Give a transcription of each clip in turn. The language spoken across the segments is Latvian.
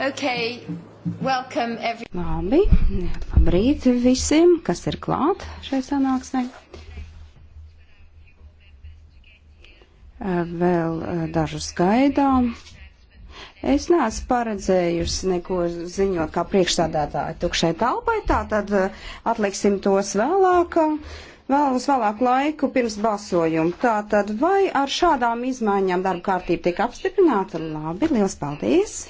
Okay. Welcome every... Labi, labrīt visiem, kas ir klāt šai sanāksmē. Vēl dažus gaidām. Es neesmu paredzējusi neko ziņot kā priekšstādātāja tukšai talpai, tā tad atliksim tos vēlāk, vēl uz vēlāku laiku pirms balsojumu. Tā tad vai ar šādām izmaiņām darba kārtība tiek apstiprināta? Labi, liels paldies!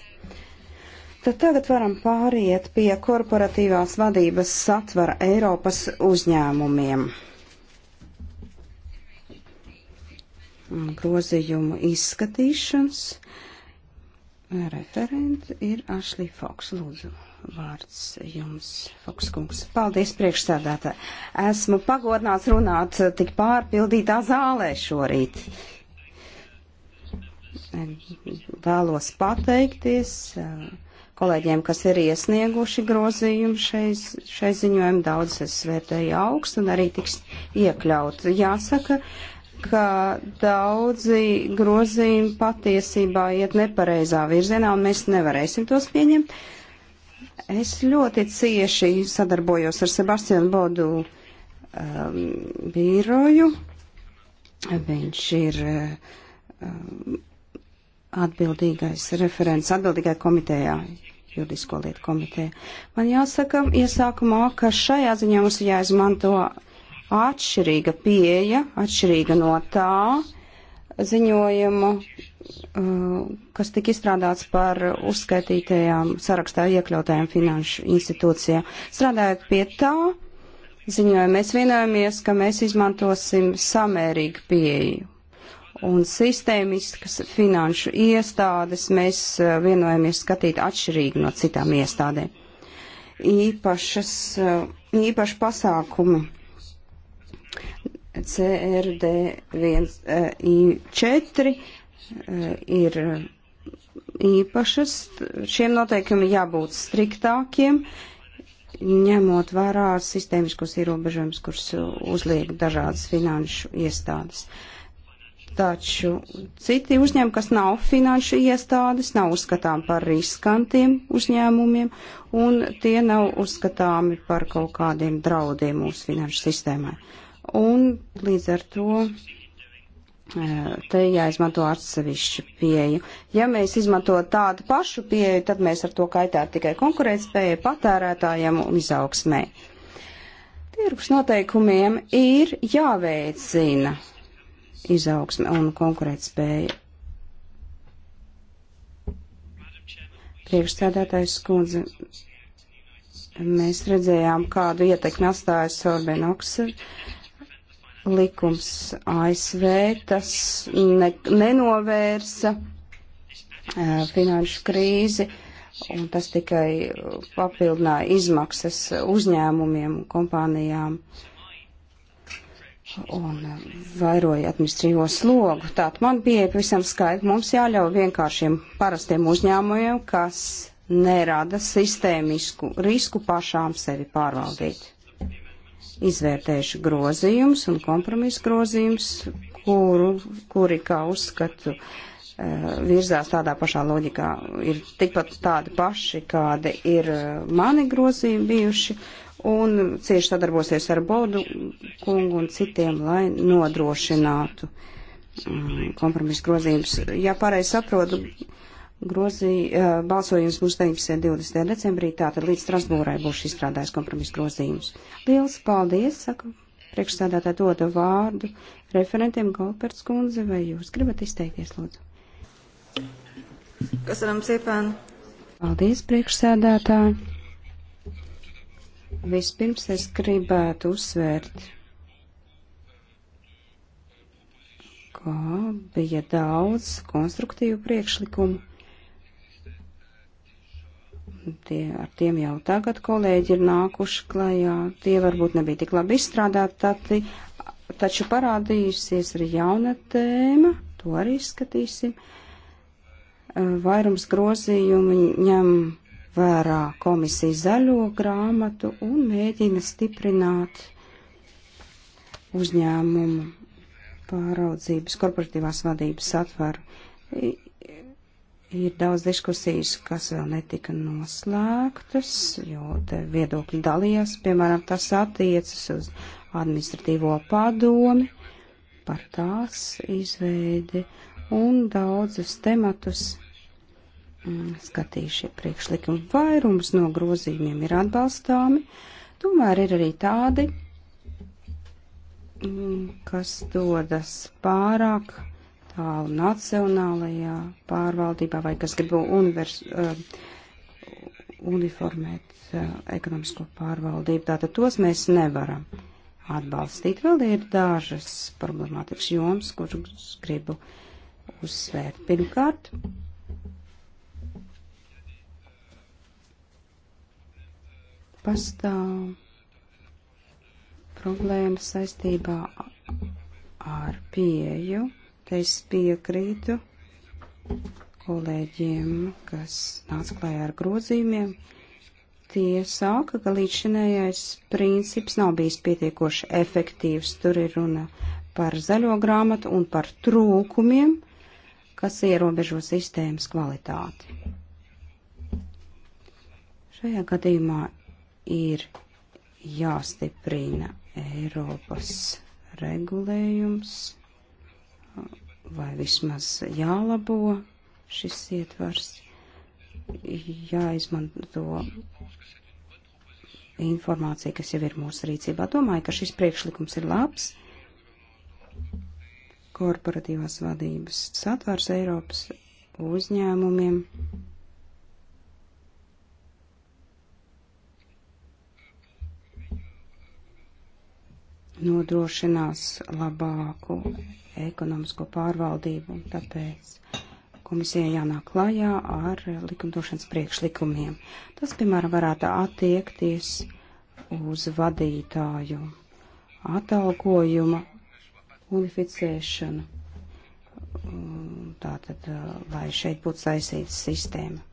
Tad tagad varam pāriet pie korporatīvās vadības satvara Eiropas uzņēmumiem. Grozījumu izskatīšanas referenti ir Ašlī Foks. Lūdzu, vārds jums, Foks kungs. Paldies, priekšstādātāji. Esmu pagodināts runāt tik pārpildītā zālē šorīt vēlos pateikties kolēģiem, kas ir iesnieguši grozījumu šai, šai ziņojumu. Daudz es vērtēju augstu un arī tiks iekļaut. Jāsaka, ka daudzi grozījumi patiesībā iet nepareizā virzienā un mēs nevarēsim tos pieņemt. Es ļoti cieši sadarbojos ar Sebastianu Bodu um, bīroju. Viņš ir um, atbildīgais referents, atbildīgai komitejā, juridisko lietu komiteja. Man jāsaka iesākumā, ka šajā ziņā mums jāizmanto atšķirīga pieeja, atšķirīga no tā ziņojuma, uh, kas tika izstrādāts par uzskaitītajām sarakstā iekļautajām finanšu institūcijām. Strādājot pie tā ziņojuma, mēs vienojamies, ka mēs izmantosim samērīgu pieeju un sistēmiskas finanšu iestādes mēs eh, vienojamies skatīt atšķirīgi no citām iestādēm. Īpašas, eh, īpaši pasākumi CRD 1I4 ir īpašas. Šiem noteikumiem jābūt striktākiem, ņemot vērā sistēmiskos ierobežojumus, kurus uzliek dažādas finanšu iestādes. Uh, Taču citi uzņēmumi, kas nav finanšu iestādes, nav uzskatām par riskantiem uzņēmumiem, un tie nav uzskatāmi par kaut kādiem draudiem mūsu finanšu sistēmai. Un līdz ar to eh, te jāizmanto atsevišķa pieeja. Ja mēs izmantojam tādu pašu pieeju, tad mēs ar to kaitētu tikai konkurētspējai, patērētājiem un izaugsmē. Tirgus noteikumiem ir jāveicina izaugsme un konkurētspēja. Priekšstādātais skundze, mēs redzējām, kādu ietekmi atstāja Sorbenoks likums ASV, tas ne, nenovērsa finanšu krīzi, un tas tikai papildināja izmaksas uzņēmumiem un kompānijām. Uh, un e, vairoja administrīvo slogu. Tātad man bija pavisam skaidri, mums jāļauj vienkāršiem parastiem uzņēmumiem, kas nerada sistēmisku risku pašām sevi pārvaldīt. Izvērtēšu grozījumus un kompromisu grozījumus, kuru, kuri, kā uzskatu, e, virzās tādā pašā loģikā. Ir tikpat tādi paši, kādi ir e, mani grozījumi bijuši, un cieši sadarbosies ar Bodu kungu un citiem, lai nodrošinātu mm, kompromisu grozījumus. Ja pareizi saprotu, grozī, eh, balsojums būs 19. 20. decembrī, tātad līdz Strasbūrai būs izstrādājis kompromisu grozījumus. Liels paldies, saka priekšstādātāja dodu vārdu referentiem Galperts kundze, vai jūs gribat izteikties, lūdzu? Kas varam ciepēn? Paldies, priekšsēdētāji. Vispirms es gribētu uzsvērt, ka bija daudz konstruktīvu priekšlikumu. Tie, ar tiem jau tagad kolēģi ir nākuši klajā. Tie varbūt nebija tik labi izstrādāti, tati, taču parādījusies arī jauna tēma. To arī skatīsim. Vairums grozījumu ņem vērā komisijas zaļo grāmatu un mēģina stiprināt uzņēmumu pāraudzības, korporatīvās vadības atvaru. Ir daudz diskusijas, kas vēl netika noslēgtas, jo te viedokļi dalījās, piemēram, tas attiecas uz administratīvo padomi par tās izveidi un daudzus tematus Mm, skatījušie priekšlikumi. Vairums no grozījumiem ir atbalstāmi, tomēr ir arī tādi, mm, kas dodas pārāk tālu nacionālajā pārvaldībā vai kas grib univers, uh, uniformēt uh, ekonomisko pārvaldību. Tātad tos mēs nevaram atbalstīt. Vēl ir dažas problemātikas jomas, kuras gribu uzsvērt. Pirmkārt, uh, pastāv problēma saistībā ar pieeju. Te es piekrītu kolēģiem, kas nāca klājā ar grozījumiem. Tie saka, ka līdzšinējais princips nav bijis pietiekoši efektīvs. Tur ir runa par zaļo grāmatu un par trūkumiem, kas ierobežo sistēmas kvalitāti. Šajā gadījumā ir jāstiprina Eiropas regulējums vai vismaz jālabo šis ietvars, jāizmanto informācija, kas jau ir mūsu rīcībā. Domāju, ka šis priekšlikums ir labs. Korporatīvās vadības satvars Eiropas uzņēmumiem nodrošinās labāku ekonomisko pārvaldību. Tāpēc komisija jānāk klajā ar likumdošanas priekšlikumiem. Tas, piemēram, varētu attiekties uz vadītāju atalgojuma unificēšanu. Tātad, lai šeit būtu saistīta sistēma.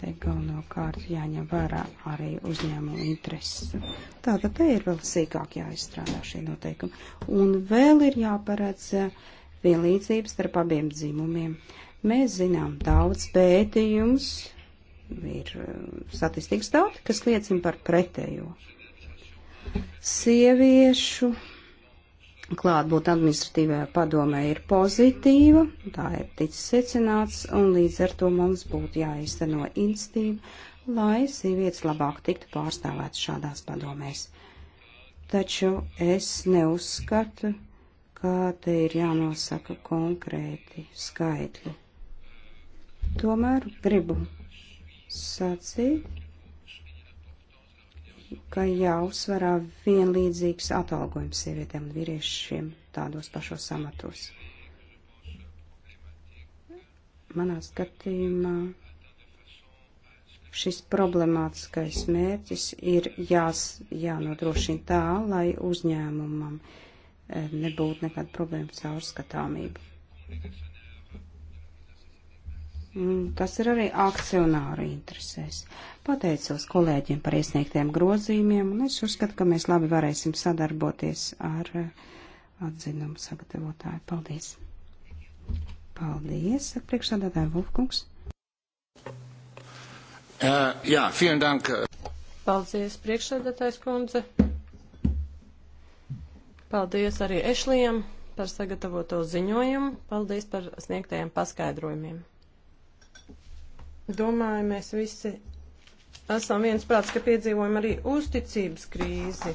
Te galvenokārt jāņem vērā arī uzņēmuma intereses. Tātad te ir vēl sīkāk jāizstrādā šie noteikumi. Un vēl ir jāparedz eh, vienlīdzības starp abiem dzimumiem. Mēs zinām daudz pētījums, ir eh, statistikas dati, kas liecina par pretējo. Sieviešu klātbūt administratīvajā padomē ir pozitīva, tā ir ticis secināts, un līdz ar to mums būtu jāizteno institīva, lai sievietes labāk tiktu pārstāvētas šādās padomēs. Taču es neuzskatu, kā te ir jānosaka konkrēti skaitļi. Tomēr gribu sacīt, ka jāuzsvarā vienlīdzīgs atalgojums sievietēm un vīriešiem tādos pašos amatos. Manā skatījumā šis problemātiskais mērķis ir jās, jānodrošina tā, lai uzņēmumam eh, nebūtu nekāda problēma caurskatāmība. Mm, tas ir arī akcionāru interesēs. Pateicos kolēģiem par iesniegtiem grozījumiem, un es uzskatu, ka mēs labi varēsim sadarboties ar eh, atzinumu sagatavotāju. Paldies! Paldies, priekšsādātāja Vulfkungs! Uh, jā, vielen dank! Paldies, priekšsēdētājs kundze! Paldies arī Ešlijam par sagatavoto ziņojumu. Paldies par sniegtajiem paskaidrojumiem. Domāju, mēs visi esam viensprāts, ka piedzīvojam arī uzticības krīzi.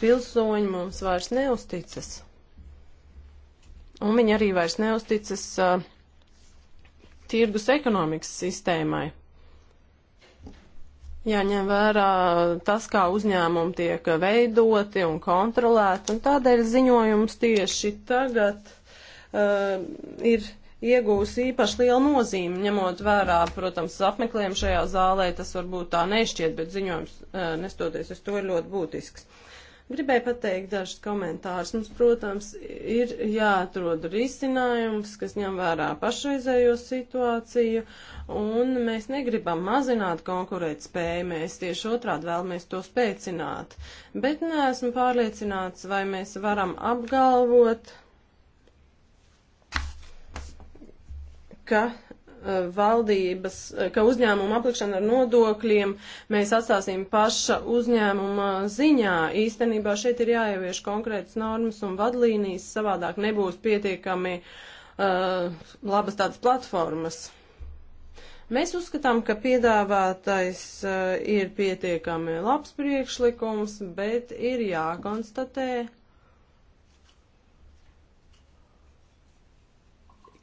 Pilsoņi mums vairs neusticas. Un viņi arī vairs neusticas uh, tirgus ekonomikas sistēmai. Jāņem vērā tas, kā uzņēmumi tiek veidoti un kontrolēti, un tādēļ ziņojums tieši tagad uh, ir iegūs īpaši lielu nozīmi, ņemot vērā, protams, apmeklējumu šajā zālē, tas varbūt tā nešķiet, bet ziņojums, nestoties uz to, ir ļoti būtisks. Gribēju pateikt dažus komentārus. Mums, protams, ir jāatrod risinājums, kas ņem vērā pašreizējo situāciju, un mēs negribam mazināt konkurēt spēju, mēs tieši otrādi vēlamies to spēcināt. Bet neesmu pārliecināts, vai mēs varam apgalvot, ka eh, valdības, eh, ka uzņēmuma aplikšana ar nodokļiem mēs atstāsim paša uzņēmuma ziņā. Īstenībā šeit ir jāievieš konkrētas normas un vadlīnijas, savādāk nebūs pietiekami uh, labas tādas platformas. Mēs uzskatām, ka piedāvātais uh, ir pietiekami labs priekšlikums, bet ir jākonstatē,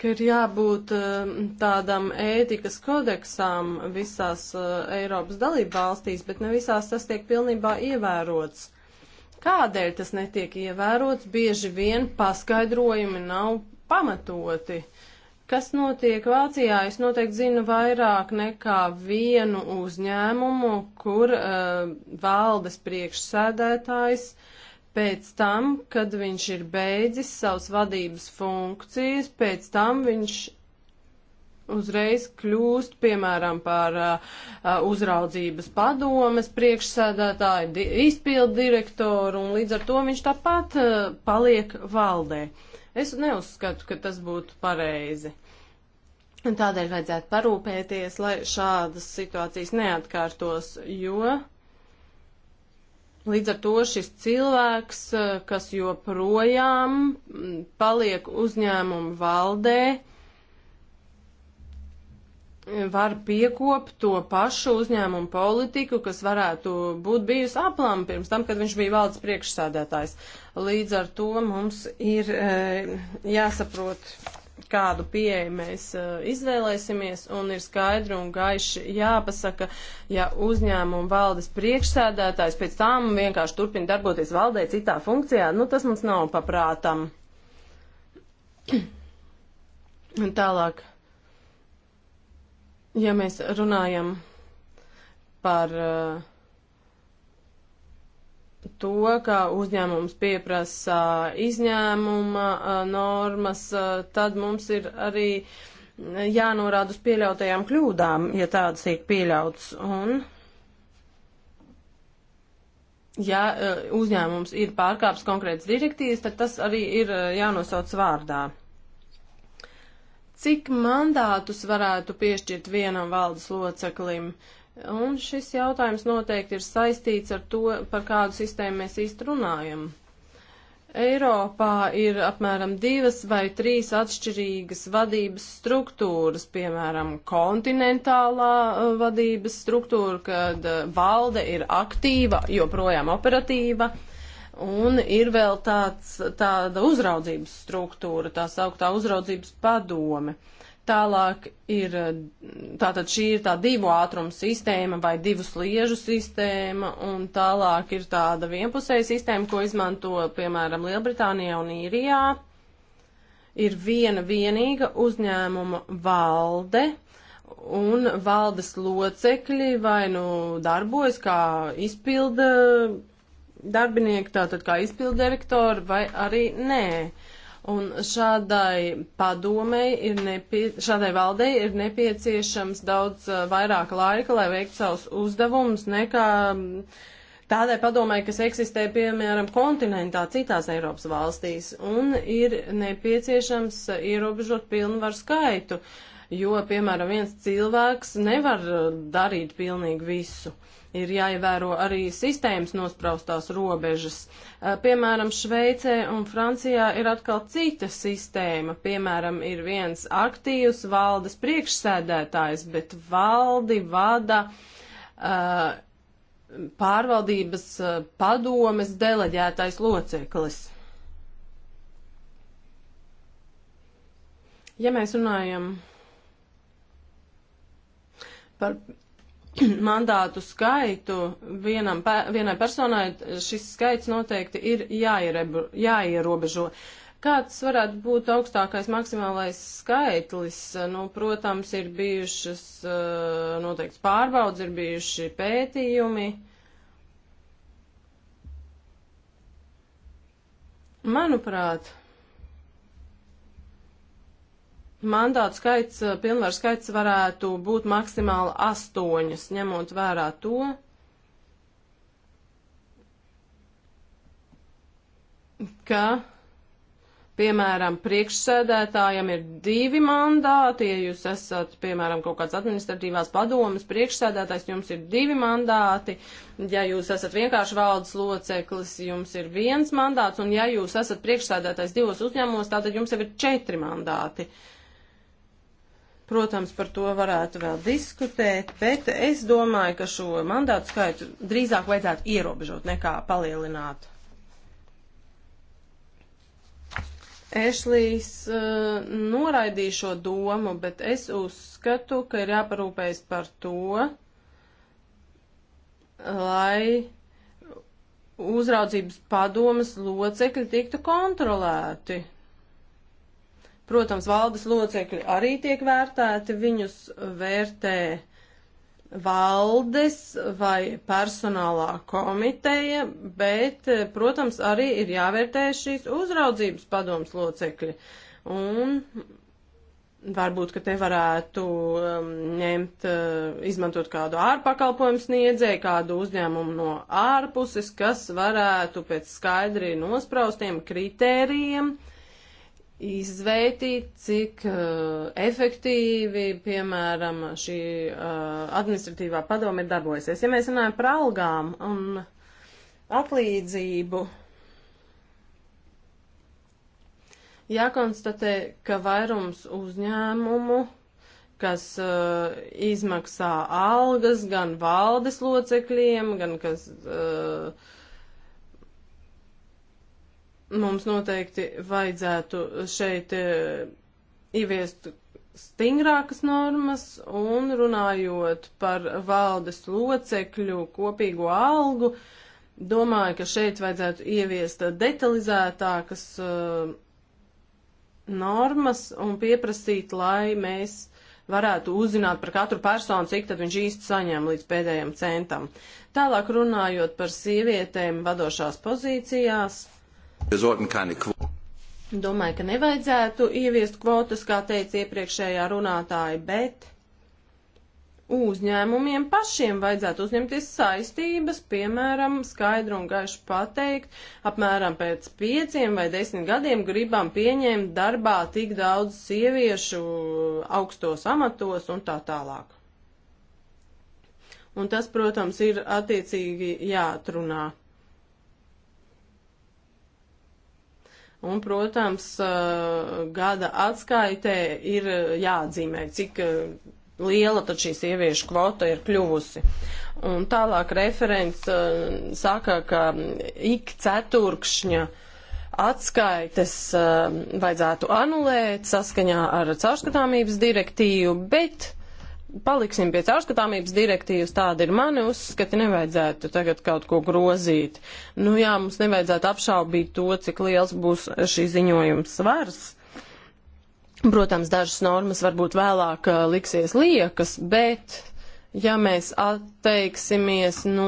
ka ir jābūt eh, tādam ētikas kodeksām visās eh, Eiropas dalību valstīs, bet ne visās tas tiek pilnībā ievērots. Kādēļ tas netiek ievērots? Bieži vien paskaidrojumi nav pamatoti. Kas notiek Vācijā? Es noteikti zinu vairāk nekā vienu uzņēmumu, kur uh, valdes priekšsēdētājs uh, pēc tam, kad viņš ir beidzis savas vadības funkcijas, pēc tam viņš uzreiz kļūst, piemēram, par uh, uh, uzraudzības padomes priekšsēdētāju, di izpildu direktoru, un līdz ar to viņš tāpat uh, paliek valdē. Es neuzskatu, ka tas būtu pareizi. Un tādēļ vajadzētu parūpēties, lai šādas situācijas neatkārtos, jo uh, Līdz ar to šis cilvēks, eh, kas joprojām mm, paliek uzņēmumu valdē, var piekopt to pašu uzņēmumu politiku, kas varētu būt bijusi aplam pirms tam, kad viņš bija valdes priekšsādētājs. Līdz ar to mums ir e, jāsaprot kādu pieeju mēs uh, izvēlēsimies, un ir skaidri un gaiši jāpasaka, ja uzņēmuma valdes priekšsēdētājs pēc tam vienkārši turpina darboties valdē citā funkcijā, nu tas mums nav paprātam. Un tālāk, ja mēs runājam par uh, to, ka uzņēmums pieprasa izņēmuma normas, tad mums ir arī jānorāda uz pieļautajām kļūdām, ja tādas tiek pieļautas. Un, ja uzņēmums ir pārkāps konkrētas direktīvas, tad tas arī ir jānosauc vārdā. Cik mandātus varētu piešķirt vienam valdes loceklim? Uh, Un šis jautājums noteikti ir saistīts ar to, par kādu sistēmu mēs īsti runājam. Eiropā ir apmēram divas vai trīs atšķirīgas vadības struktūras, piemēram, kontinentālā uh, vadības struktūra, kad uh, valde ir aktīva, joprojām operatīva, un ir vēl tāds, tāda uzraudzības struktūra, tā sauktā uzraudzības padome. Tālāk ir, tātad šī ir tā divu ātrumu sistēma vai divu sliežu sistēma, un tālāk ir tāda vienpusēja sistēma, ko izmanto, piemēram, Lielbritānijā un Īrijā. Ir viena vienīga uzņēmuma valde, un valdes locekļi vai nu darbojas kā izpilda darbinieki, tātad kā izpilda direktori, vai arī nē. Un šādai padomei ir, nepie, šādai valdei ir nepieciešams daudz vairāk laika, lai veiktu savus uzdevumus, nekā tādai padomai, kas eksistē, piemēram, kontinentā citās Eiropas valstīs. Un ir nepieciešams ierobežot pilnvaru skaitu, jo, piemēram, viens cilvēks nevar darīt pilnīgi visu. Uh, ir jāievēro arī sistēmas nospraustās robežas. Piemēram, Šveicē un Francijā ir atkal cita sistēma. Piemēram, ir viens aktīvs valdes priekšsēdētājs, bet valdi vada uh, pārvaldības padomes deleģētais loceklis. Ja mēs runājam par mandātu skaitu vienam, vienai personai, šis skaits noteikti ir jāierebu, jāierobežo. Kāds varētu būt augstākais maksimālais skaitlis? Nu, protams, ir bijušas eh, noteikts pārbaudas, ir bijuši pētījumi. Manuprāt, mandātu skaits, eh, pilnvaru skaits varētu būt maksimāli astoņas, ņemot vērā to, ka, piemēram, priekšsēdētājam ir divi mandāti, ja jūs esat, piemēram, kaut kāds administratīvās padomas priekšsēdētājs, jums ir divi mandāti, ja jūs esat vienkārši valdes loceklis, jums ir viens mandāts, un ja jūs esat priekšsēdētājs divos uzņēmumos, tātad jums jau ir četri mandāti. Uh, Protams, par to varētu vēl diskutēt, bet es domāju, ka šo mandātu skaitu drīzāk vajadzētu ierobežot nekā palielināt. Ešlijs uh, eh, noraidīja šo domu, bet es uzskatu, ka ir jāparūpējas par to, lai uzraudzības padomas locekļi tiktu kontrolēti. Protams, valdes locekļi arī tiek vērtēti, viņus vērtē valdes vai personālā komiteja, bet, protams, arī ir jāvērtē šīs uzraudzības padomas locekļi. Un Varbūt, ka te varētu um, ņemt, uh, izmantot kādu ārpakalpojumu sniedzēju, kādu uzņēmumu no ārpuses, kas varētu pēc skaidri nospraustiem kritērijiem uh, izvērtīt, cik uh, efektīvi, piemēram, šī uh, administratīvā padoma ir darbojusies. Ja mēs runājam par algām un atlīdzību, jākonstatē, ka vairums uzņēmumu, kas uh, izmaksā algas gan valdes locekļiem, gan kas. Uh, Mums noteikti vajadzētu šeit eh, ieviest stingrākas normas un runājot par valdes locekļu kopīgo algu, domāju, ka šeit vajadzētu ieviest detalizētākas uh, normas un pieprasīt, lai mēs varētu uzzināt par katru personu, cik tad viņš īsti saņem līdz pēdējiem centam. Tālāk runājot par sievietēm vadošās pozīcijās, uh, Domāju, ka nevajadzētu ieviest kvotas, kā teica iepriekšējā runātāja, bet uzņēmumiem pašiem vajadzētu uzņemties saistības, piemēram, skaidru un gaišu pateikt, apmēram pēc pieciem vai desmit gadiem gribam pieņemt darbā tik daudz sieviešu augstos amatos un tā tālāk. Un tas, protams, ir attiecīgi jāatrunā. Un, protams, gada atskaitē ir jāatzīmē, cik liela tad šī sieviešu kvota ir kļuvusi. Un tālāk referents saka, ka ik ceturkšņa atskaites vajadzētu anulēt saskaņā ar caurskatāmības direktīvu, bet paliksim pie caurskatāmības direktīvas, tāda ir mani uzskati, nevajadzētu tagad kaut ko grozīt. Nu jā, mums nevajadzētu apšaubīt to, cik liels būs šī ziņojuma svars. Protams, dažas normas varbūt vēlāk eh, liksies liekas, bet ja mēs atteiksimies no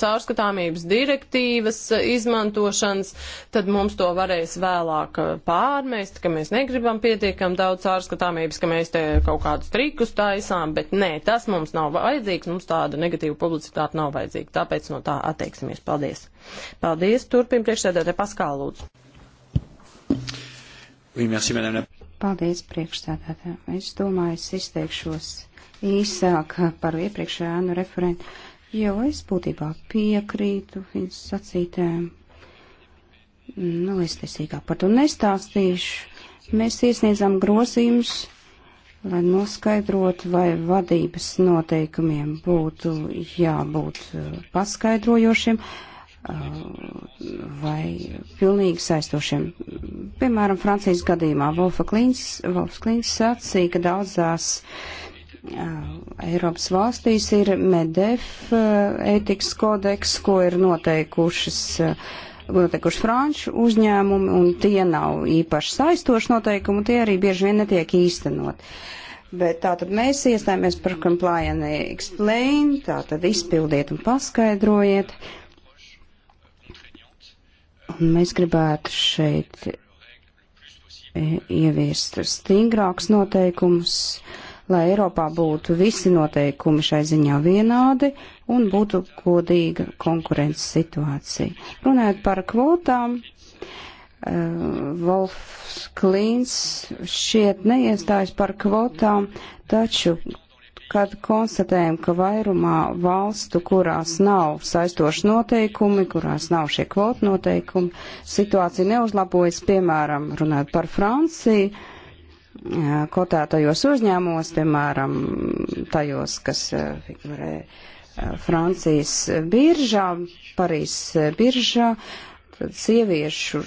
caurskatāmības direktīvas izmantošanas, tad mums to varēs vēlāk pārmest, ka mēs negribam pietiekam daudz caurskatāmības, ka mēs te kaut kādus trikus taisām, bet nē, tas mums nav vajadzīgs, mums tāda negatīva publicitāte nav vajadzīga, tāpēc no tā atteiksimies. Paldies! Paldies! Turpin priekšsēdētāji Paskālūdzu. Oui, merci, madame. Paldies, priekšsēdētāji. Es domāju, es izteikšos īsāk par iepriekšējā ēnu referentu, jo es būtībā piekrītu viņas sacītēm. Nu, es te sīkāk par to nestāstīšu. Mēs iesniedzām grozījumus, lai noskaidrotu, vai vadības noteikumiem būtu jābūt uh, paskaidrojošiem uh, vai pilnīgi saistošiem. Piemēram, Francijas gadījumā Wolfa Klīns, Wolfs Klīns sacīja, ka daudzās uh, Eiropas valstīs ir MEDEF eh, ētikas kodeks, ko ir noteikušas eh, noteikuši franču uzņēmumi, un tie nav īpaši saistoši noteikumi, tie arī bieži vien netiek īstenot. Bet tātad mēs iestājāmies par comply and explain, tātad izpildiet un paskaidrojiet. Un mēs gribētu šeit eh, ieviest stingrākus noteikumus. Uh, lai Eiropā būtu visi noteikumi šai ziņā vienādi un būtu godīga konkurences situācija. Runājot par kvotām, uh, eh, Volfs Klīns šiet neiestājas par kvotām, taču kad konstatējam, ka vairumā valstu, kurās nav saistoši noteikumi, kurās nav šie kvotu noteikumi, situācija neuzlabojas, piemēram, runājot par Franciju, kotētajos uzņēmumos, piemēram, tajos, kas figurē Francijas biržā, Parīzes biržā, tad sieviešu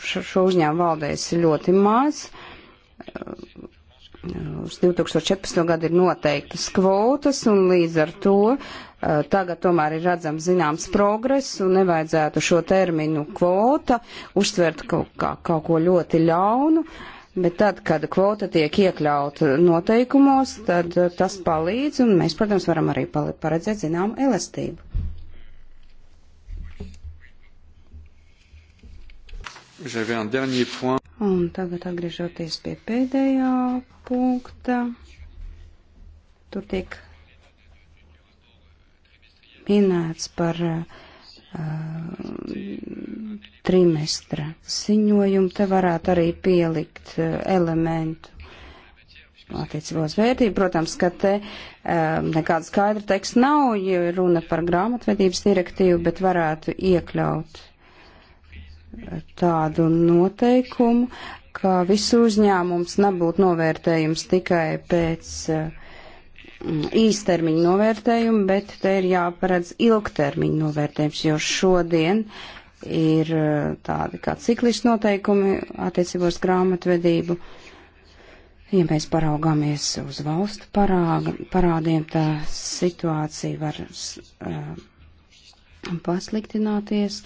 šo uzņēmumu valdēs ļoti maz. Uz 2014. gadu ir noteiktas kvotas, un līdz ar to tagad tomēr ir redzams zināms progress, un nevajadzētu šo terminu kvota uztvert kaut, kā, kaut ko ļoti ļaunu. Uh, Bet tad, kad kvota tiek iekļauta noteikumos, tad eh, tas palīdz, un mēs, protams, varam arī paredzēt zināmu elastību. Un tagad atgriežoties pie pēdējā punkta, tur tiek minēts par uh, trimestra ziņojumu. Te varētu arī pielikt elementu attiecībā uz vērtību. Protams, ka te um, nekāda skaidra teksta nav, jo runa par grāmatvedības direktīvu, bet varētu iekļaut tādu noteikumu, ka visu uzņēmums nebūtu novērtējums tikai pēc uh, Mm, īstermiņa novērtējumu, bet te ir jāparedz ilgtermiņa novērtējums, jo šodien ir eh, tādi kā cikliski noteikumi attiecībos grāmatvedību. Ja mēs paraugāmies uz valstu parāga, parādiem, tā situācija var uh, pasliktināties.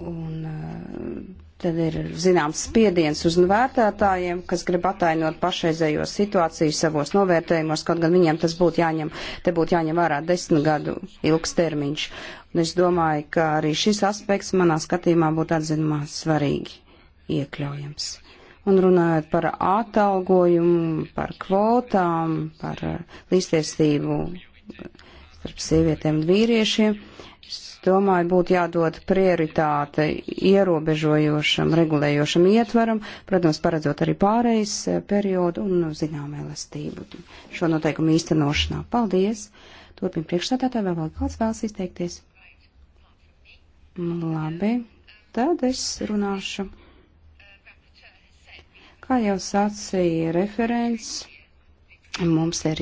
Un uh, Tad ir zināms spiediens uz vērtētājiem, kas grib attainot pašreizējo situāciju savos novērtējumos, kaut gan viņiem tas būtu jāņem, te būtu jāņem vērā desmit gadu ilgs termiņš. Un es domāju, ka arī šis aspekts manā skatījumā būtu atzinumā svarīgi iekļaujams. Un runājot par atalgojumu, par kvotām, par līdztiestību starp sievietēm un vīriešiem, es domāju, būtu jādod prioritāte ierobežojošam, regulējošam ietvaram, protams, paredzot arī pārejas eh, periodu un nu, zinām elastību šo noteikumu īstenošanā. Paldies! Turpin priekšstādātāji, vēl, vēl kāds vēlas izteikties? Labi, tad es runāšu. Kā jau sacīja referents, mums ir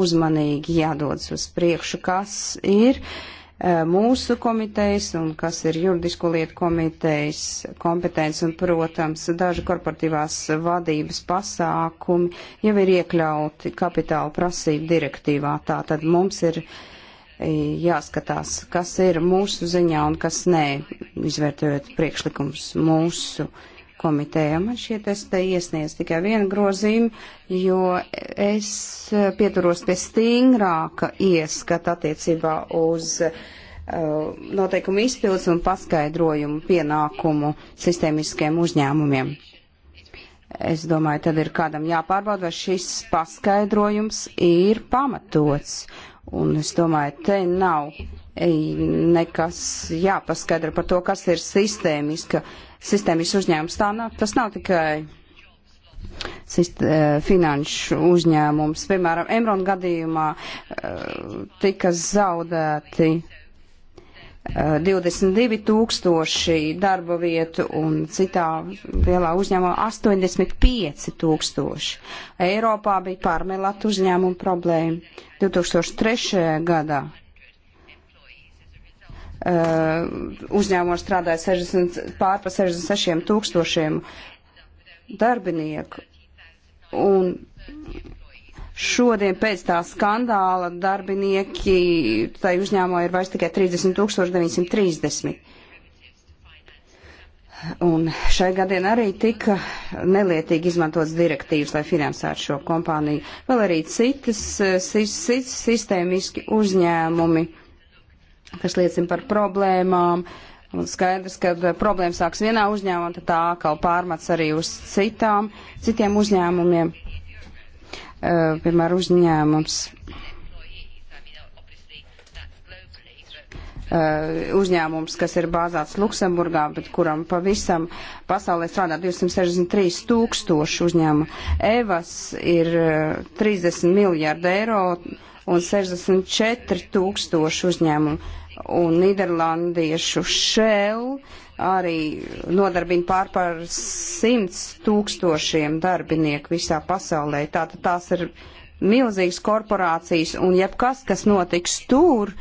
uzmanīgi jādodas uz priekšu, kas ir. Uh, Eh, mūsu komitejas un kas ir juridisko lietu komitejas kompetence un, protams, daži korporatīvās vadības pasākumi jau ir iekļauti kapitāla prasību direktīvā. Tātad mums ir eh, jāskatās, kas ir mūsu ziņā un kas nē, izvērtējot priekšlikums mūsu komitējā. Man šķiet, es te iesniedzu tikai vienu grozīmu, jo es eh, pieturos pie stingrāka ieskata attiecībā uz uh, noteikumu izpildus un paskaidrojumu pienākumu sistēmiskiem uzņēmumiem. Es domāju, tad ir kādam jāpārbauda, vai šis paskaidrojums ir pamatots. Un es domāju, te nav nekas jāpaskaidro par to, kas ir sistēmiska uh, sistēmas uzņēmums. Tā nav, tas nav tikai sist, eh, finanšu uzņēmums. Piemēram, Emron gadījumā eh, tika zaudēti 22 eh, tūkstoši darba vietu un citā lielā uzņēmumā 85 tūkstoši. Eiropā bija pārmelāt uzņēmumu problēma 2003. gadā Uh, uzņēmumos strādāja 60, pār pa 66 tūkstošiem darbinieku. Un šodien pēc tā skandāla darbinieki tai uzņēmumā ir vairs tikai 30 930. Un šai gadien arī tika nelietīgi izmantots direktīvas, lai finansētu šo kompāniju. Vēl arī citas eh, sistēmiski uzņēmumi kas liecina par problēmām. Un skaidrs, ka eh, problēma sāks vienā uzņēmumā, tad tā atkal pārmats arī uz citām, citiem uzņēmumiem. Uh, piemēram, uzņēmums. Uh, uzņēmums, kas ir bāzāts Luksemburgā, bet kuram pavisam pasaulē strādā 263 tūkstoši uzņēmumu. Evas ir uh, 30 miljārdi eiro, uh, un 64 tūkstoši uzņēmumu. Un Nīderlandiešu Shell arī nodarbina pār par 100 tūkstošiem darbinieku visā pasaulē. Tātad tās ir milzīgas korporācijas, un jebkas, kas notiks tur,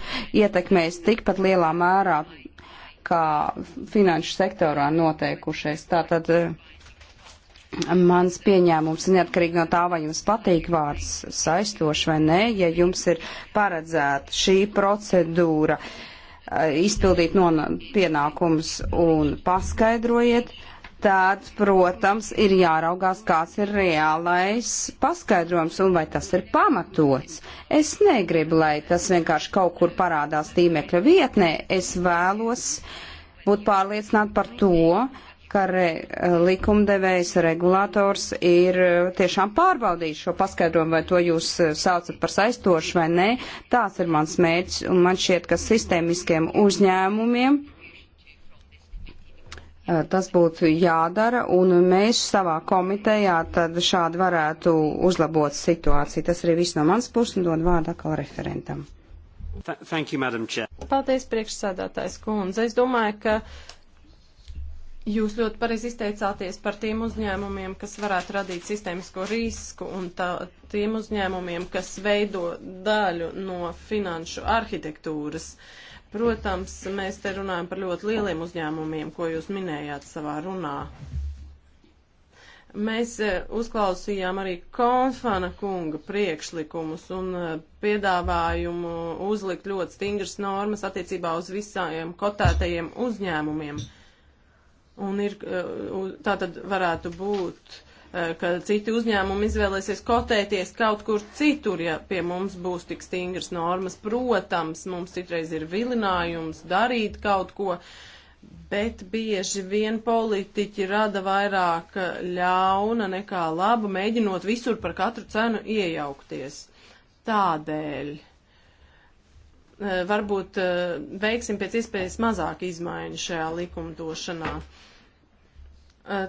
ietekmēs tikpat lielā mērā kā finanšu sektorā noteikušais. Tātad uh, mans pieņēmums, neatkarīgi no tā, vai jums patīk vārds saistoši vai nē, ja jums ir paredzēta šī procedūra, eh, izpildīt no pienākums un paskaidrojiet, tad, protams, ir jāraugās, kāds ir reālais paskaidrojums un vai tas ir pamatots. Es negribu, lai tas vienkārši kaut kur parādās tīmekļa vietnē. Es vēlos būt pārliecināta par to, uh, ka re, likumdevējs, regulators ir e, tiešām pārbaudījis šo paskaidrojumu, vai to jūs e, saucat par saistošu vai nē. Tās ir mans mērķis, un man šķiet, ka sistēmiskiem uzņēmumiem e, tas būtu jādara, un mēs savā komitejā tad šādi varētu uzlabot situāciju. Tas arī viss no mans puses, un dod vārdu atkal referentam. Th thank you, Madam Chair. Paldies, priekšsēdētājs kundze. Es domāju, ka Jūs ļoti pareizi izteicāties par tiem uzņēmumiem, kas varētu radīt sistēmisko risku un tā, tiem uzņēmumiem, kas veido daļu no finanšu arhitektūras. Protams, mēs te runājam par ļoti lieliem uzņēmumiem, ko jūs minējāt savā runā. Mēs eh, uzklausījām arī Konfana kunga priekšlikumus un eh, piedāvājumu uzlikt ļoti stingras normas attiecībā uz visām kotētajiem uzņēmumiem. Un ir, eh, tā tad varētu būt, eh, ka citi uzņēmumi izvēlēsies kotēties kaut kur citur, ja pie mums būs tik stingras normas. Protams, mums citreiz ir vilinājums darīt kaut ko, bet bieži vien politiķi rada vairāk eh, ļauna nekā laba, mēģinot visur par katru cenu iejaukties. Tādēļ varbūt veiksim pēc iespējas mazāk izmaiņu šajā likumdošanā.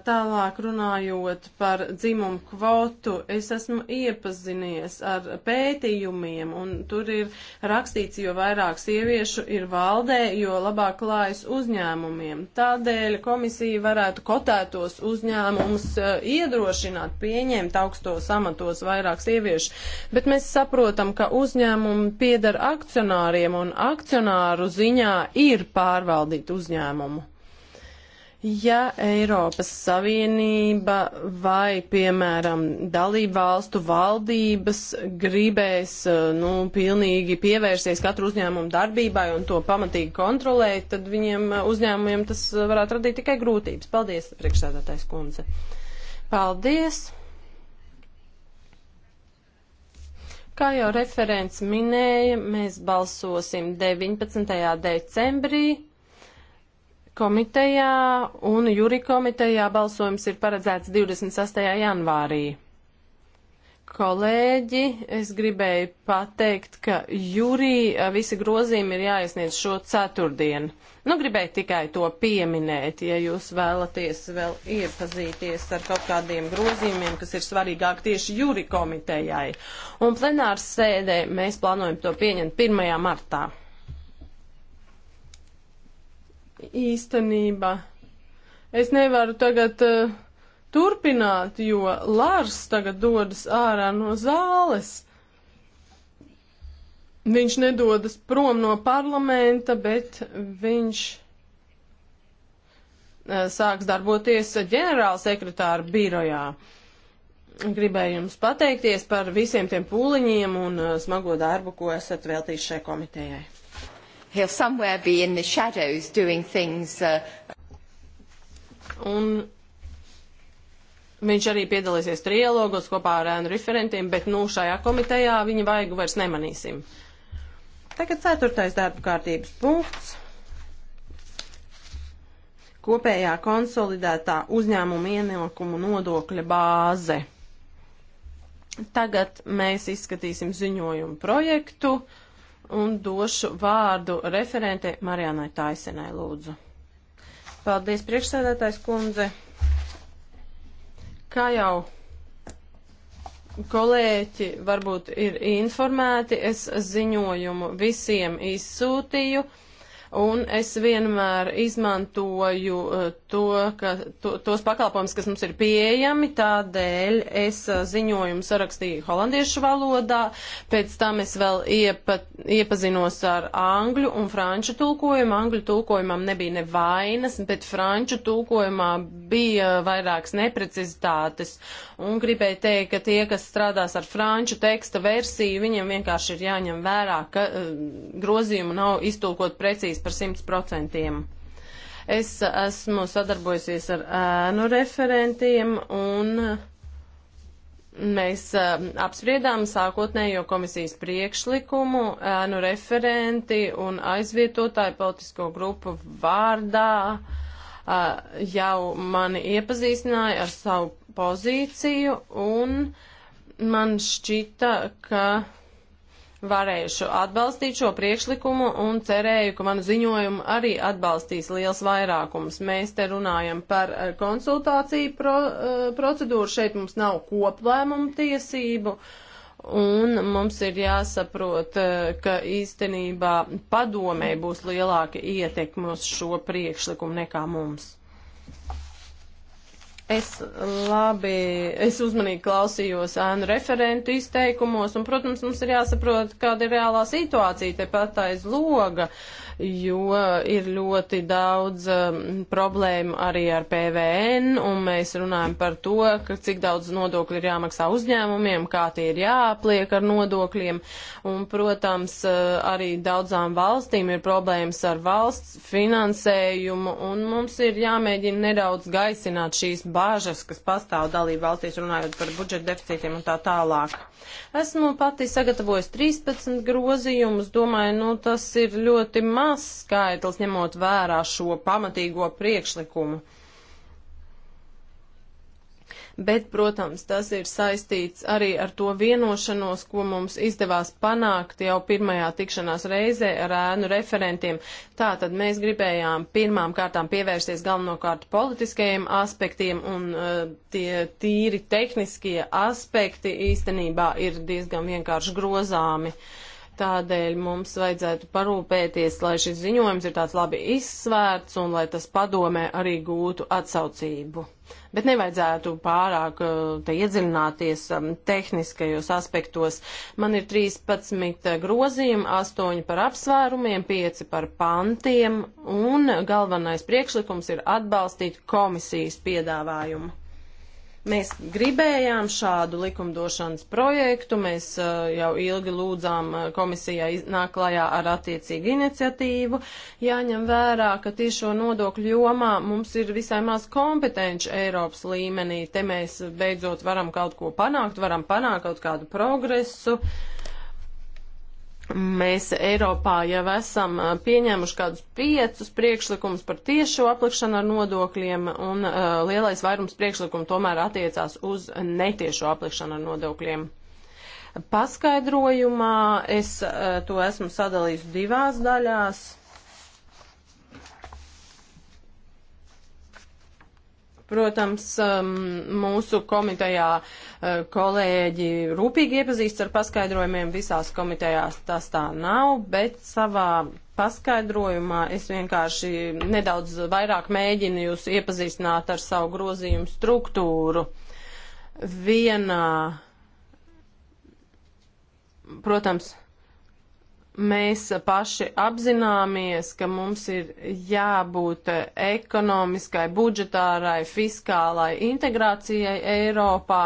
Tālāk runājot par dzimumu kvotu, es esmu iepazinies ar pētījumiem, un tur ir rakstīts, jo vairāk sieviešu ir valdē, jo labāk klājas uzņēmumiem. Tādēļ komisija varētu kotētos uzņēmumus iedrošināt pieņemt augstos amatos vairāk sieviešu, bet mēs saprotam, ka uzņēmumi piedara akcionāriem, un akcionāru ziņā ir pārvaldīt uzņēmumu. Ja Eiropas Savienība vai, piemēram, dalību valstu valdības gribēs eh, nu, pilnīgi pievērsties katru uzņēmumu darbībai un to pamatīgi kontrolēt, tad viņiem eh, uzņēmumiem tas eh, varētu radīt tikai grūtības. Paldies, priekšsēdētājs kundze. Paldies. Kā jau referents minēja, mēs balsosim 19. decembrī komitejā un juri komitejā balsojums ir paredzēts 28. janvārī. Kolēģi, es gribēju pateikt, ka jūrī eh, visi grozījumi ir jāiesniedz šo ceturtdienu. Nu, gribēju tikai to pieminēt, ja jūs vēlaties vēl iepazīties ar kaut kādiem grozījumiem, kas ir svarīgāk tieši jūri komitejai. Un plenārs sēdē mēs plānojam to pieņemt 1. martā īstenība. Es nevaru tagad uh, turpināt, jo Lārs tagad dodas ārā no zāles. Viņš nedodas prom no parlamenta, bet viņš eh, sāks darboties ģenerāla sekretāra birojā. Gribēju jums pateikties par visiem tiem pūliņiem un eh, smago darbu, ko esat veltījis šai komitejai he'll somewhere be in the shadows doing things. Uh, Un viņš arī piedalīsies trialogos kopā ar ēnu referentiem, bet nu šajā komitejā viņa vaigu vairs nemanīsim. Tagad ceturtais darba kārtības punkts. Kopējā konsolidētā uzņēmuma ienākumu nodokļa bāze. Tagad mēs izskatīsim ziņojumu projektu. Uh, un došu vārdu referentei Marianai Taisenai lūdzu. Paldies, priekšsēdētājs kundze. Kā jau kolēģi varbūt ir informēti, es ziņojumu visiem izsūtīju. Un es vienmēr izmantoju eh, to, ka to, tos pakalpojumus, kas mums ir pieejami, tādēļ es ziņojumu sarakstīju holandiešu valodā, pēc tam es vēl iepa, iepazinos ar angļu un franču tulkojumu. Angļu tulkojumam nebija ne vainas, bet franču tulkojumā bija vairākas neprecizitātes. Un gribēju teikt, ka tie, kas strādās ar franču teksta versiju, viņiem vienkārši ir jāņem vērā, ka uh, grozījumu nav iztulkot precīzi par 100%. Es esmu sadarbojusies ar ēnu referentiem un mēs uh, apspriedām sākotnējo komisijas priekšlikumu, ēnu referenti un aizvietotāju politisko grupu vārdā uh, jau mani iepazīstināja ar savu pozīciju un man šķita, ka varēšu atbalstīt šo priekšlikumu un cerēju, ka manu ziņojumu arī atbalstīs liels vairākums. Mēs te runājam par eh, konsultāciju pro, eh, procedūru, šeit mums nav koplēmumu tiesību. Un mums ir jāsaprot, eh, ka īstenībā padomē būs lielāka ietekme uz šo priekšlikumu nekā mums. Es labi, es uzmanīgi klausījos ēnu referentu izteikumos, un, protams, mums ir jāsaprot, kāda ir reālā situācija tepat aiz loga. Uh, jo ir ļoti daudz um, problēmu arī ar PVN, un mēs runājam par to, ka cik daudz nodokļu ir jāmaksā uzņēmumiem, kā tie ir jāapliek ar nodokļiem, un, protams, uh, arī daudzām valstīm ir problēmas ar valsts finansējumu, un mums ir jāmēģina nedaudz gaisināt šīs bāžas, kas pastāv dalību valstīs runājot par budžeta deficītiem un tā tālāk. Esmu pati sagatavojis 13 grozījumus, domāju, nu tas ir ļoti maz mazs skaitlis, ņemot vērā šo pamatīgo priekšlikumu. Bet, protams, tas ir saistīts arī ar to vienošanos, ko mums izdevās panākt jau pirmajā tikšanās reizē ar ēnu referentiem. Tātad mēs gribējām pirmām kārtām pievērsties galvenokārt politiskajiem aspektiem, un uh, tie tīri tehniskie aspekti īstenībā ir diezgan vienkārši grozāmi. Uh, Tādēļ mums vajadzētu parūpēties, lai šis ziņojums ir tāds labi izsvērts un lai tas padomē arī gūtu atsaucību. Bet nevajadzētu pārāk eh, te iedziļināties um, tehniskajos aspektos. Man ir 13 eh, grozījumi, 8 par apsvērumiem, 5 par pantiem un galvenais priekšlikums ir atbalstīt komisijas piedāvājumu. Mēs gribējām šādu likumdošanas projektu, mēs uh, jau ilgi lūdzām uh, komisijai nāk klajā ar attiecīgu iniciatīvu. Jāņem vērā, ka tiešo nodokļu jomā mums ir visai maz kompetenci Eiropas līmenī. Te mēs beidzot varam kaut ko panākt, varam panākt kaut kādu progresu. Uh, Mēs Eiropā jau esam pieņēmuši kādus piecus priekšlikumus par tiešo aplikšanu ar nodokļiem, un uh, lielais vairums priekšlikumu tomēr attiecās uz netiešo aplikšanu ar nodokļiem. Paskaidrojumā es uh, to esmu sadalījis divās daļās. Protams, um, mūsu komitejā uh, kolēģi rūpīgi iepazīst ar paskaidrojumiem, visās komitejās tas tā nav, bet savā paskaidrojumā es vienkārši nedaudz vairāk mēģinu jūs iepazīstināt ar savu grozījumu struktūru. Vienā, protams, mēs paši apzināmies, ka mums ir jābūt ekonomiskai, budžetārai, fiskālai integrācijai Eiropā.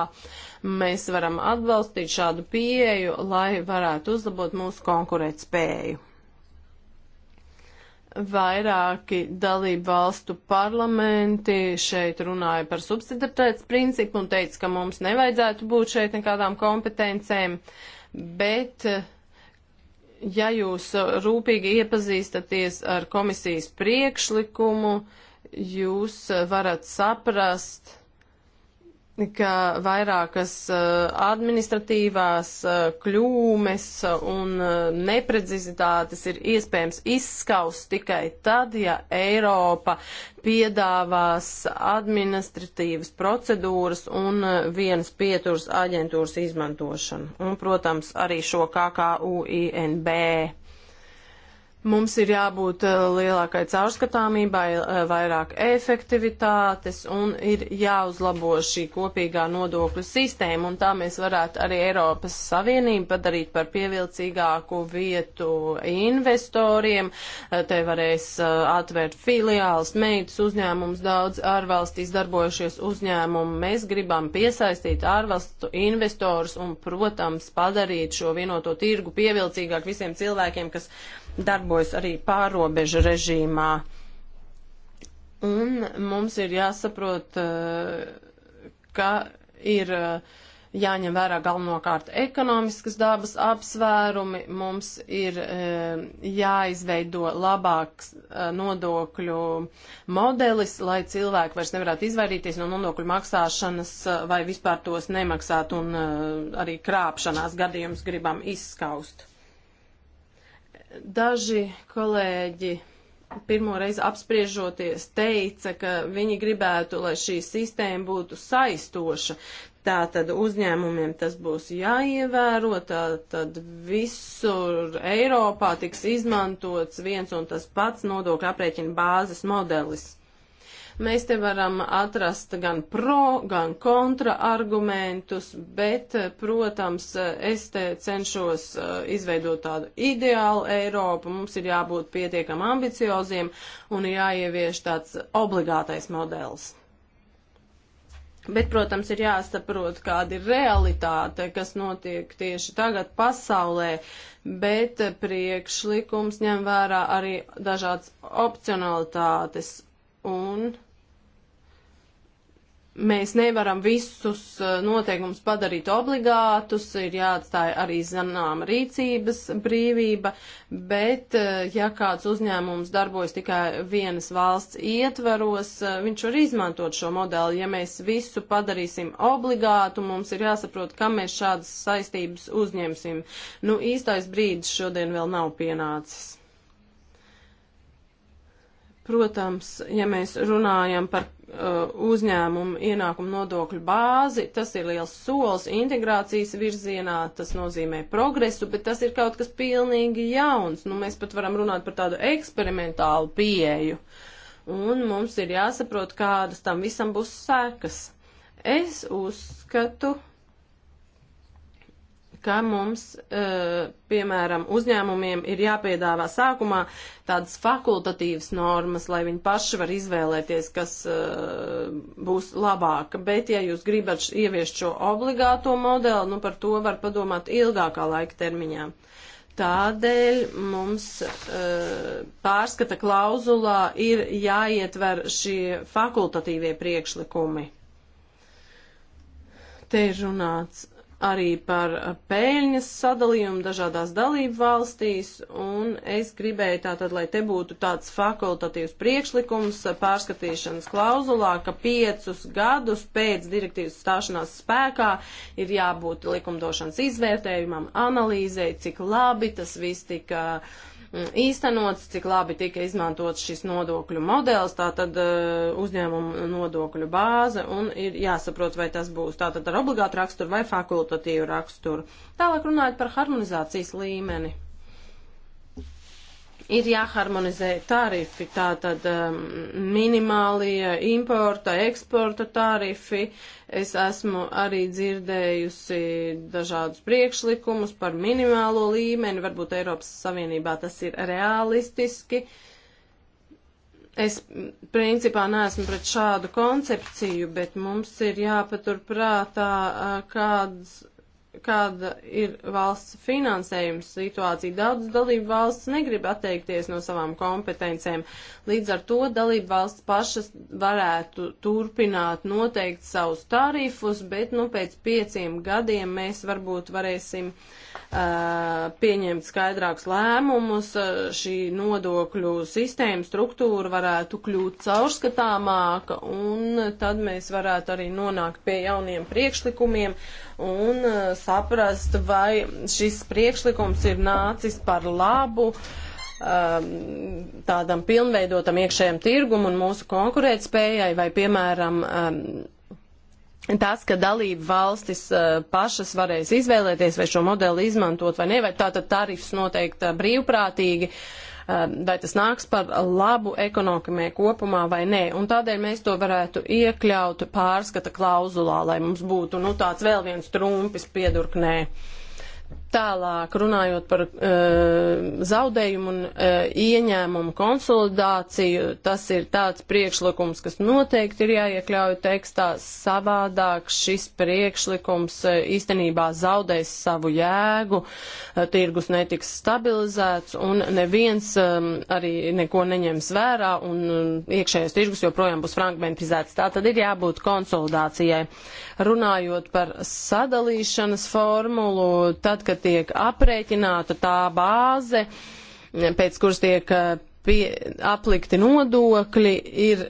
Mēs varam atbalstīt šādu pieeju, lai varētu uzlabot mūsu konkurētspēju. Vairāki dalību valstu parlamenti šeit runāja par subsidiaritātes principu un teica, ka mums nevajadzētu būt šeit nekādām kompetencēm, bet uh, ja jūs uh, rūpīgi iepazīstaties ar komisijas priekšlikumu, jūs uh, varat saprast, ka vairākas eh, administratīvās eh, kļūmes un eh, neprecizitātes ir iespējams izskaust tikai tad, ja Eiropa piedāvās administratīvas procedūras un vienas pieturas aģentūras izmantošanu. Un, protams, arī šo KKUINB. Mums ir jābūt eh, lielākai caurskatāmībai, eh, vairāk efektivitātes un ir jāuzlabo šī kopīgā nodokļu sistēma, un tā mēs varētu arī Eiropas Savienību padarīt par pievilcīgāku vietu investoriem. Eh, te varēs atvērt filiāls, meitas uzņēmums, daudz ārvalstīs darbojušies uzņēmumu. Mēs gribam piesaistīt ārvalstu investorus un, protams, padarīt šo vienoto tirgu pievilcīgāk visiem cilvēkiem, kas darbojas arī pārobežu režīmā. Un mums ir jāsaprot, eh, ka ir eh, jāņem vērā galvenokārt ekonomiskas dabas apsvērumi, mums ir e, jāizveido labāks e, nodokļu modelis, lai cilvēki vairs nevarētu izvairīties no nodokļu maksāšanas vai vispār tos nemaksāt un e, arī krāpšanās gadījumus gribam izskaust. Daži kolēģi pirmo reizi apspriežoties teica, ka viņi gribētu, lai šī sistēma būtu saistoša. Tātad uzņēmumiem tas būs jāievēro, tātad visur Eiropā tiks izmantots viens un tas pats nodokļu aprēķina bāzes modelis. Mēs te varam atrast gan pro, gan kontra argumentus, bet, protams, es te cenšos eh, izveidot tādu ideālu Eiropu. Mums ir jābūt pietiekam ambicioziem un jāievieš tāds obligātais modelis. Bet, protams, ir jāsaprot, kāda ir realitāte, kas notiek tieši tagad pasaulē, bet priekšlikums ņem vērā arī dažādas opcionalitātes un mēs nevaram visus eh, noteikumus padarīt obligātus, ir jāatstāja arī zināma rīcības brīvība, bet eh, ja kāds uzņēmums darbojas tikai vienas valsts ietveros, eh, viņš var izmantot šo modeli. Ja mēs visu padarīsim obligātu, mums ir jāsaprot, kam mēs šādas saistības uzņemsim. Nu, īstais brīdis šodien vēl nav pienācis. Protams, ja mēs runājam par uh, uzņēmumu ienākumu nodokļu bāzi, tas ir liels solis integrācijas virzienā, tas nozīmē progresu, bet tas ir kaut kas pilnīgi jauns. Nu, mēs pat varam runāt par tādu eksperimentālu pieeju. Un mums ir jāsaprot, kādas tam visam būs sekas. Es uzskatu, ka mums, e, piemēram, uzņēmumiem ir jāpiedāvā sākumā tādas fakultatīvas normas, lai viņi paši var izvēlēties, kas e, būs labāka. Bet, ja jūs gribat ieviest šo obligāto modeli, nu par to var padomāt ilgākā laika termiņā. Tādēļ mums e, pārskata klauzulā ir jāietver šie fakultatīvie priekšlikumi. Te ir runāts arī par pēļņas sadalījumu dažādās dalību valstīs, un es gribēju tātad, lai te būtu tāds fakultatīvs priekšlikums pārskatīšanas klauzulā, ka piecus gadus pēc direktīvas stāšanās spēkā ir jābūt likumdošanas izvērtējumam, analīzei, cik labi tas viss tika uh, Mm, īstenots, cik labi tika izmantots šis nodokļu modelis, tātad eh, uzņēmuma nodokļu bāze, un ir jāsaprot, vai tas būs tātad ar obligātu raksturu vai fakultatīvu raksturu. Tālāk runājot par harmonizācijas līmeni ir jāharmonizē tarifi, tātad um, minimālie importa, eksporta tarifi. Es esmu arī dzirdējusi dažādus priekšlikumus par minimālo līmeni, varbūt Eiropas Savienībā tas ir realistiski. Es principā neesmu pret šādu koncepciju, bet mums ir jāpatur prātā, uh, kādas kāda ir valsts finansējuma situācija. Daudz dalību valsts negrib atteikties no savām kompetencēm. Līdz ar to dalību valsts pašas varētu turpināt noteikt savus tarifus, bet nu, pēc pieciem gadiem mēs varbūt varēsim uh, pieņemt skaidrākus lēmumus. Uh, šī nodokļu sistēma struktūra varētu kļūt caurskatāmāka, un tad mēs varētu arī nonākt pie jauniem priekšlikumiem un uh, saprast, vai šis priekšlikums ir nācis par labu um, tādam pilnveidotam iekšējam tirgum un mūsu konkurētspējai, vai piemēram um, tas, ka dalība valstis uh, pašas varēs izvēlēties, vai šo modeli izmantot vai ne, vai tātad tarifs noteikti uh, brīvprātīgi. Uh, Um, vai tas nāks par labu ekonomikai kopumā vai nē. Un tādēļ mēs to varētu iekļaut pārskata klauzulā, lai mums būtu nu, tāds vēl viens trumpis piedurknē. Tālāk runājot par e, zaudējumu un e, ieņēmumu konsolidāciju, tas ir tāds priekšlikums, kas noteikti ir jāiekļauj tekstā. Savādāk šis priekšlikums e, īstenībā zaudēs savu jēgu, e, tirgus netiks stabilizēts un neviens e, arī neko neņems vērā un e, iekšējais tirgus joprojām būs frankmentizēts. Tā tad ir jābūt konsolidācijai. Runājot par sadalīšanas formulu, tad, tad, kad tiek aprēķināta tā bāze, pēc kuras tiek eh, pie, aplikti nodokļi, ir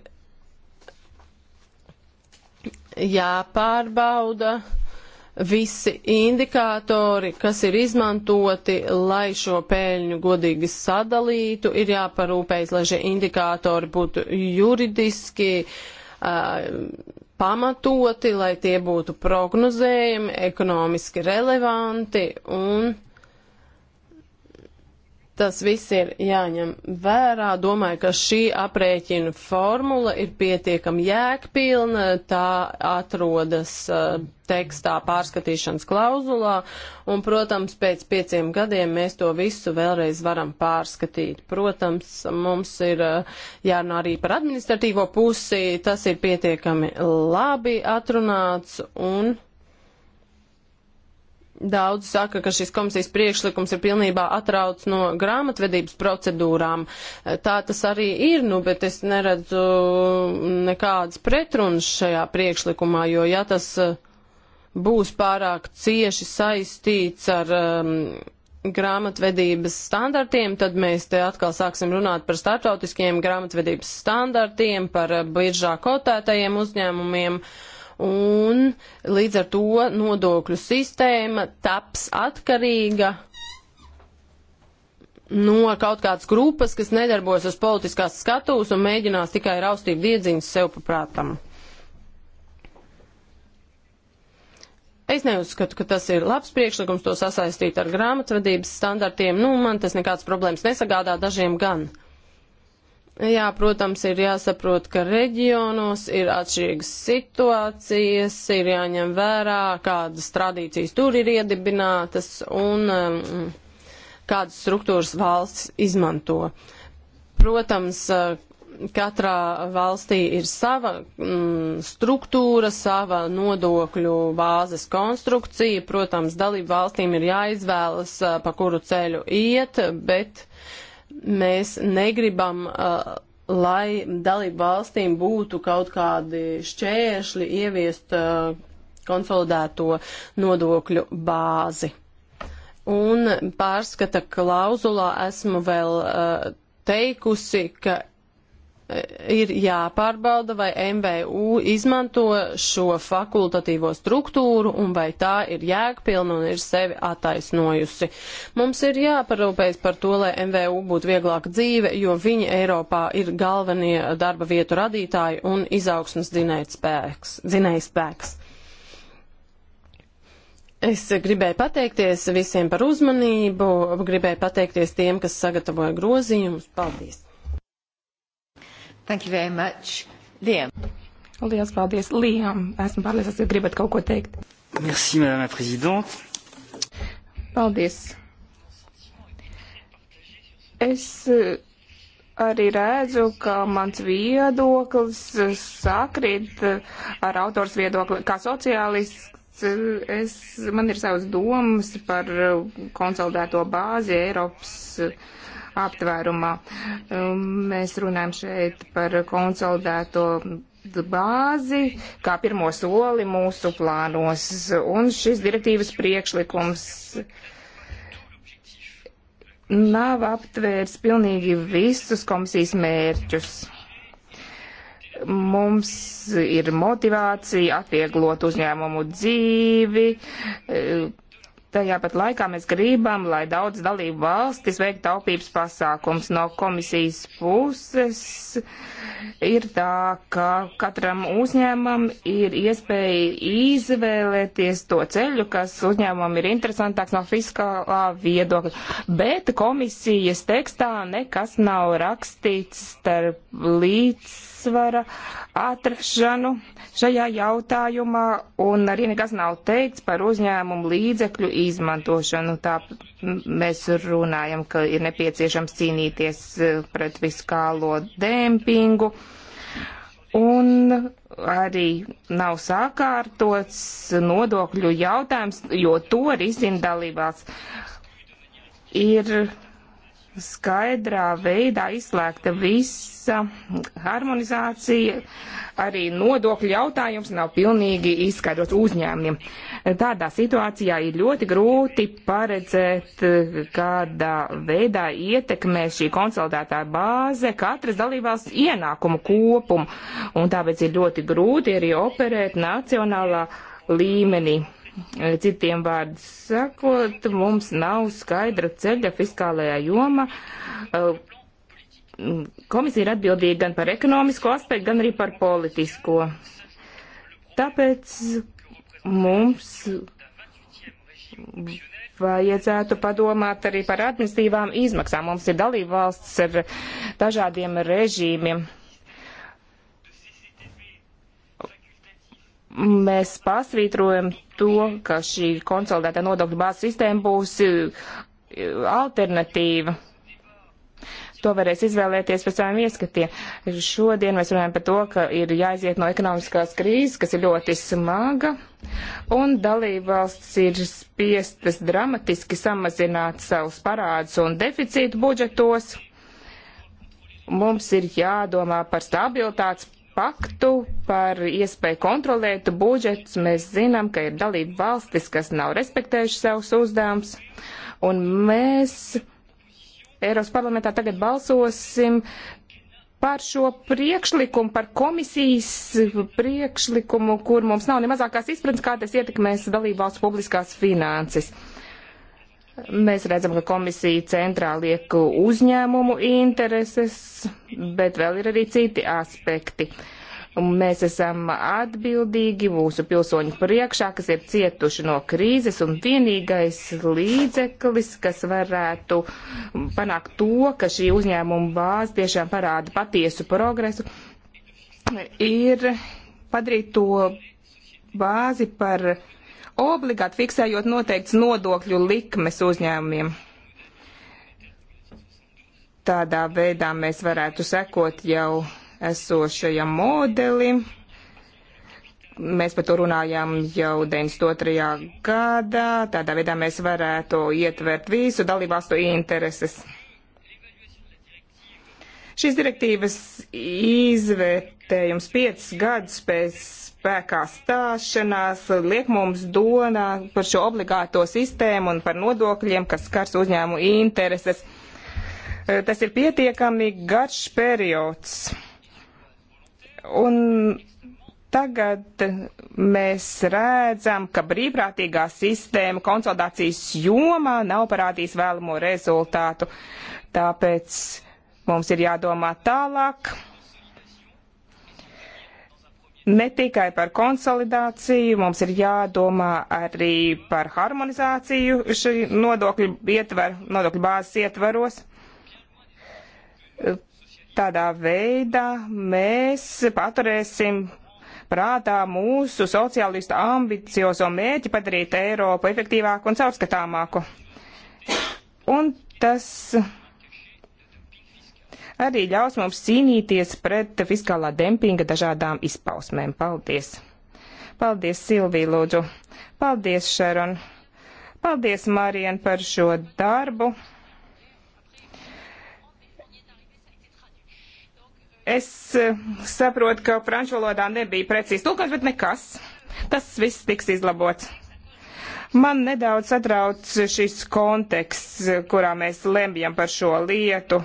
jāpārbauda visi indikātori, kas ir izmantoti, lai šo pēļņu godīgi sadalītu, ir jāparūpējas, lai šie indikātori būtu juridiski uh, pamatoti, lai tie būtu prognozējami, ekonomiski relevanti un Tas viss ir jāņem vērā. Domāju, ka šī aprēķina formula ir pietiekami jēgpilna. Tā atrodas uh, tekstā pārskatīšanas klauzulā. Un, protams, pēc pieciem gadiem mēs to visu vēlreiz varam pārskatīt. Protams, mums ir uh, jārunā arī par administratīvo pusi. Tas ir pietiekami labi atrunāts. Un, uh, Daudz saka, ka šis komisijas priekšlikums ir pilnībā atrauts no grāmatvedības procedūrām. Tā tas arī ir, nu, bet es neredzu nekādas pretrunas šajā priekšlikumā, jo ja tas eh, būs pārāk cieši saistīts ar um, grāmatvedības standartiem, tad mēs te atkal sāksim runāt par starptautiskiem grāmatvedības standartiem, par eh, biržā kotētajiem uzņēmumiem. Uh, un līdz ar to nodokļu sistēma taps atkarīga no kaut kādas grupas, kas nedarbojas uz politiskās skatūs un mēģinās tikai raustīt diedziņas sev paprātam. Es neuzskatu, ka tas ir labs priekšlikums to sasaistīt ar grāmatvedības standartiem. Nu, man tas nekāds problēmas nesagādā, dažiem gan. Uh, Jā, protams, ir jāsaprot, ka reģionos ir atšķirīgas situācijas, ir jāņem vērā, kādas tradīcijas tur ir iedibinātas un um, kādas struktūras valsts izmanto. Protams, uh, katrā valstī ir sava mm, struktūra, sava nodokļu bāzes konstrukcija. Protams, dalību valstīm ir jāizvēlas, uh, pa kuru ceļu iet, bet Mēs negribam. Uh, lai dalību valstīm būtu kaut kādi šķēršļi ieviest uh, konsolidēto nodokļu bāzi. Un pārskata klauzulā esmu vēl uh, teikusi, ka ir jāpārbauda, vai MVU izmanto šo fakultatīvo struktūru un vai tā ir jēgpilna un ir sevi attaisnojusi. Mums ir jāparūpējas par to, lai MVU būtu vieglāka dzīve, jo viņi Eiropā ir galvenie darba vietu radītāji un izaugsmas dzinējas spēks. Es gribēju pateikties visiem par uzmanību, gribēju pateikties tiem, kas sagatavoja grozījumus. Paldies! Thank you very much. Liam. Lielas paldies, Liam. Esmu pārliecināts, ka gribat kaut ko teikt. Merci, madame la présidente. Paldies. Es eh, arī redzu, ka mans viedoklis eh, sakrīt eh, ar autors viedokli kā sociālists. Es, man ir savas domas par konsolidēto bāzi Eiropas uh, aptvērumā. Um, mēs runājam šeit par konsolidēto bāzi kā pirmo soli mūsu plānos. Un šis direktīvas priekšlikums nav aptvērs pilnīgi visus komisijas mērķus. Mums ir motivācija atvieglot uzņēmumu dzīvi, Tajā pat laikā mēs gribam, lai daudz dalību valstis veik taupības pasākums no komisijas puses. Ir tā, ka katram uzņēmam ir iespēja izvēlēties to ceļu, kas uzņēmumam ir interesantāks no fiskālā viedokļa. Bet komisijas tekstā nekas nav rakstīts starp līdz līdzsvara atrašanu šajā jautājumā, un arī nekas nav teikts par uzņēmumu līdzekļu izmantošanu. Tā mēs runājam, ka ir nepieciešams cīnīties eh, pret fiskālo dēmpingu. Un arī nav sākārtots nodokļu jautājums, jo to risina dalībās. Ir skaidrā veidā izslēgta visa harmonizācija, arī nodokļu jautājums nav pilnīgi izskaidrots uzņēmumiem. Tādā situācijā ir ļoti grūti paredzēt, kādā veidā ietekmē šī konsolidētā bāze katras dalībvalsts ienākumu kopumu, un tāpēc ir ļoti grūti arī operēt nacionālā līmenī Citiem vārdiem sakot, mums nav skaidra ceļa fiskālajā jomā. Komisija ir atbildīga gan par ekonomisko aspektu, gan arī par politisko. Tāpēc mums vajadzētu padomāt arī par administrīvām izmaksām. Mums ir dalībvalsts ar dažādiem režīmiem mēs pasvītrojam to, ka šī konsolidētā nodokļu bāzes sistēma būs e, e, alternatīva. To varēs izvēlēties pēc saviem ieskatiem. Šodien mēs runājam par to, ka ir jāiziet no ekonomiskās krīzes, kas ir ļoti smaga, un dalībvalsts ir spiestas dramatiski samazināt savus parādus un deficītu budžetos. Mums ir jādomā par stabilitātes paktu par iespēju kontrolēt budžets, mēs zinām, ka ir dalība valstis, kas nav respektējuši savus uzdevums, un mēs Eiropas parlamentā tagad balsosim par šo priekšlikumu, par komisijas priekšlikumu, kur mums nav ne mazākās izpratnes, kā tas ietekmēs dalību valsts publiskās finanses. Uh, Mēs redzam, ka komisija centrā liek uzņēmumu intereses, bet vēl ir arī citi aspekti. Mēs esam atbildīgi mūsu pilsoņu priekšā, kas ir cietuši no krīzes, un vienīgais līdzeklis, kas varētu panākt to, ka šī uzņēmuma bāze tiešām parāda patiesu progresu, ir padarīt to bāzi par uh, obligāti fiksējot noteikts nodokļu likmes uzņēmumiem. Tādā veidā mēs varētu sekot jau esošajam modelim. Mēs par to runājām jau 92. gadā. Tādā veidā mēs varētu ietvert visu dalībvalstu intereses. Šīs direktīvas izvērtējums 5 gadus pēc spēkā stāšanās liek mums domā par šo obligāto sistēmu un par nodokļiem, kas skars uzņēmu intereses. Eh, tas ir pietiekami garš periods. Un tagad mēs redzam, ka brīvprātīgā sistēma konsolidācijas jomā nav parādījis vēlamo rezultātu. Tāpēc mums ir jādomā tālāk ne tikai par konsolidāciju, mums ir jādomā arī par harmonizāciju šī nodokļu, ietver, nodokļu bāzes ietvaros. Tādā veidā mēs paturēsim prātā mūsu sociālistu ambiciozo mērķi padarīt Eiropu efektīvāku un caurskatāmāku. Un tas arī ļaus mums cīnīties pret fiskālā dempinga dažādām izpausmēm. Paldies! Paldies, Silvija Lūdzu! Paldies, Šeron! Paldies, Marien, par šo darbu! Es eh, saprotu, ka franču valodā nebija precīzi tulkojums, bet nekas. Tas viss tiks izlabots. Man nedaudz satrauc šis konteksts, kurā mēs lemjam par šo lietu.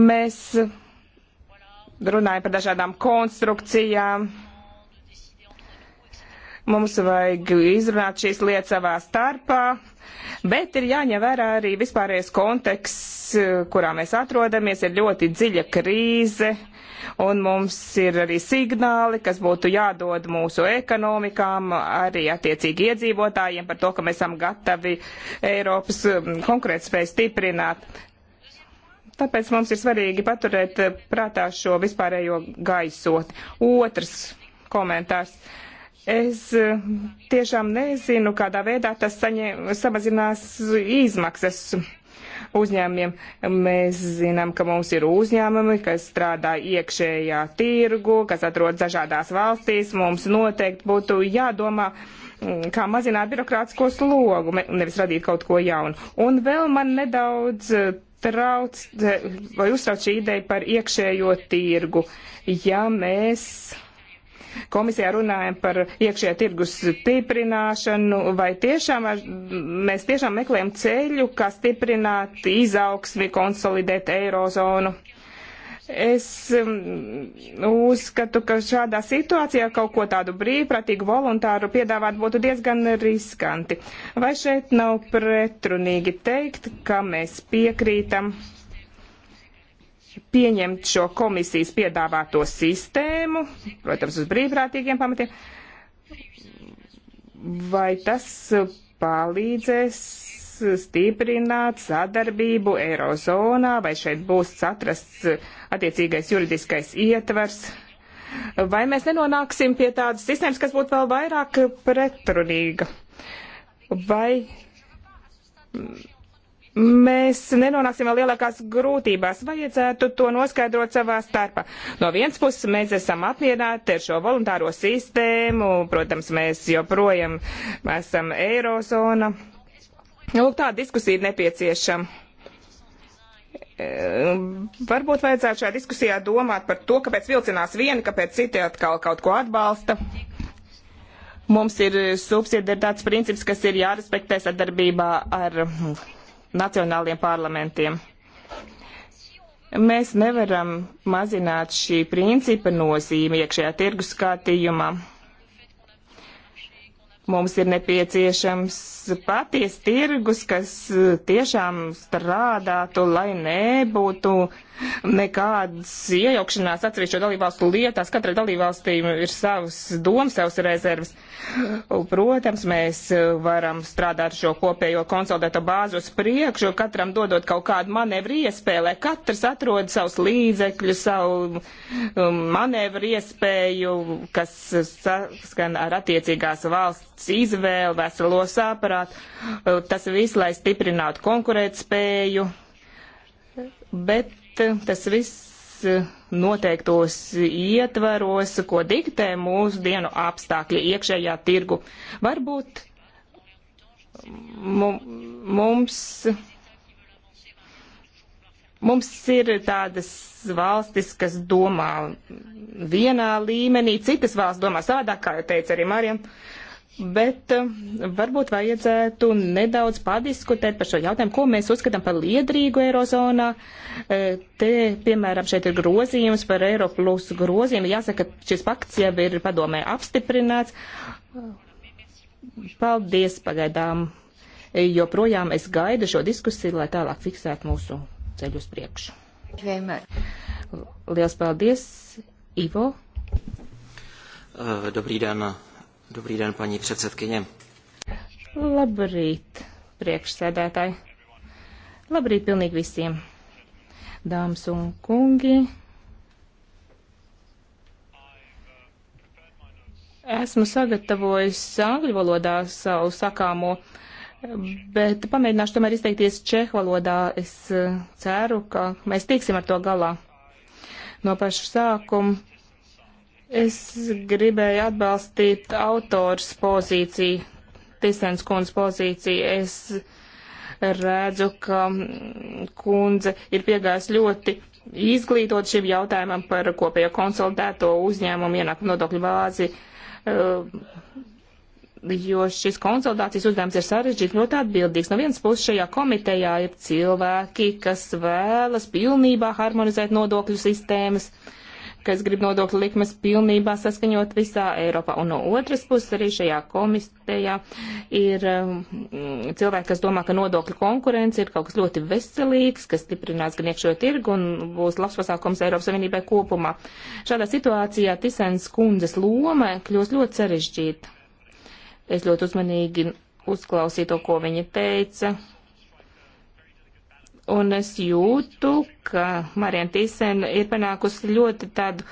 Mēs runājam par dažādām konstrukcijām. Mums vajag izrunāt šīs lietas savā starpā, bet ir jāņem vērā arī vispārējais konteksts, kurā mēs atrodamies, ir ļoti dziļa krīze, un mums ir arī signāli, kas būtu jādod mūsu ekonomikām, arī attiecīgi iedzīvotājiem par to, ka mēs esam gatavi Eiropas um, konkurētspēju stiprināt. Tāpēc mums ir svarīgi paturēt eh, prātā šo vispārējo gaisot. Otrs komentārs. Es eh, tiešām nezinu, kādā veidā tas saņem, samazinās izmaksas uzņēmumiem. Mēs zinām, ka mums ir uzņēmumi, kas strādā iekšējā tirgu, kas atrodas dažādās valstīs. Mums noteikti būtu jādomā, mm, kā mazināt birokrātisko slogu, nevis radīt kaut ko jaunu. Un vēl man nedaudz eh, uztrauc vai uztrauc šī ideja par iekšējo tirgu. Ja mēs komisijā runājam par iekšējā tirgus stiprināšanu, vai tiešām mēs tiešām meklējam ceļu, kā stiprināt izaugsmi, konsolidēt eirozonu. Es mm, uzskatu, ka šādā situācijā kaut ko tādu brīvprātīgu voluntāru piedāvāt būtu diezgan riskanti. Vai šeit nav pretrunīgi teikt, ka mēs piekrītam pieņemt šo komisijas piedāvāto sistēmu, protams, uz brīvprātīgiem pamatiem, vai tas palīdzēs stiprināt sadarbību Eirozonā, vai šeit būs atrasts attiecīgais juridiskais ietvers. Vai mēs nenonāksim pie tādas sistēmas, kas būtu vēl vairāk pretrunīga? Vai mēs nenonāksim vēl lielākās grūtībās. Vajadzētu to noskaidrot savā starpā. No vienas puses mēs esam apmierināti ar šo voluntāro sistēmu, protams, mēs joprojām esam Eirozona. Nu, lūk, tā diskusija ir nepieciešama. E, varbūt vajadzētu šajā diskusijā domāt par to, kāpēc vilcinās vieni, kāpēc citi atkal kaut ko atbalsta. Mums ir subsidiaritātes princips, kas ir jārespektē sadarbībā ar nacionāliem parlamentiem. Mēs nevaram mazināt šī principa nozīmi iekšējā tirgus skatījumā. Mums ir nepieciešams paties tirgus, kas eh, tiešām strādātu, lai nebūtu nekādas iejaukšanās atsevišķo dalībvalstu lietās. Katrai dalībvalstīm ir savas domas, savas rezervas. Protams, mēs varam strādāt šo kopējo konsolidēto bāzi uz priekšu, katram dodot kaut kādu manevru iespēju, lai katrs atrod savus līdzekļus, savu um, manevru iespēju, kas saskan ar attiecīgās valsts izvēli, veselos aparātu, tas viss, lai stiprinātu konkurētspēju, bet tas viss noteiktos ietvaros, ko diktē mūsu dienu apstākļi iekšējā tirgu. Varbūt mums, mums ir tādas valstis, kas domā vienā līmenī, citas valsts domā savādāk, kā jau teica arī Marijam bet eh, varbūt vajadzētu nedaudz padiskutēt par šo jautājumu, ko mēs uzskatām par liedrīgu Eirozonā. Eh, te, piemēram, šeit ir grozījums par Eiro plus grozījumu. Jāsaka, šis pakts jau ir padomē apstiprināts. Paldies pagaidām. Joprojām es gaidu šo diskusiju, lai tālāk fiksētu mūsu ceļu uz priekšu. Vienmēr. Liels paldies, Ivo. Eh, dobrý den, Dobrý den, paní předsedkyně. Labrīt, priekšsēdētāji. Labrīt pilnīgi visiem. Dāmas un kungi. Esmu sagatavojis angļu valodā savu sakāmo, bet pamēģināšu tomēr izteikties čehu valodā. Es eh, ceru, ka mēs tiksim ar to galā. No paša sākuma Es gribēju atbalstīt autors pozīciju, Tisens kundz pozīciju. Es redzu, ka kundze ir piegājis ļoti izglītot šim jautājumam par kopējo konsolidēto uzņēmumu ienākumu nodokļu bāzi. Uh, jo šis konsultācijas uzdevums ir sarežģīts, ļoti atbildīgs. No vienas puses šajā komitejā ir cilvēki, kas vēlas pilnībā harmonizēt nodokļu sistēmas. Uh, ka es gribu nodokļu likmes pilnībā saskaņot visā Eiropā. Un no otras puses arī šajā komistejā ir um, cilvēki, kas domā, ka nodokļu konkurence ir kaut kas ļoti veselīgs, kas stiprinās gan iekšējo tirgu un būs labs pasākums Eiropas Savienībai kopumā. Šādā situācijā Tisens kundzes loma kļūst ļoti sarežģīta. Es ļoti uzmanīgi uzklausīju to, ko viņa teica un es jūtu, ka Marija Tīsena ir panākusi ļoti tādu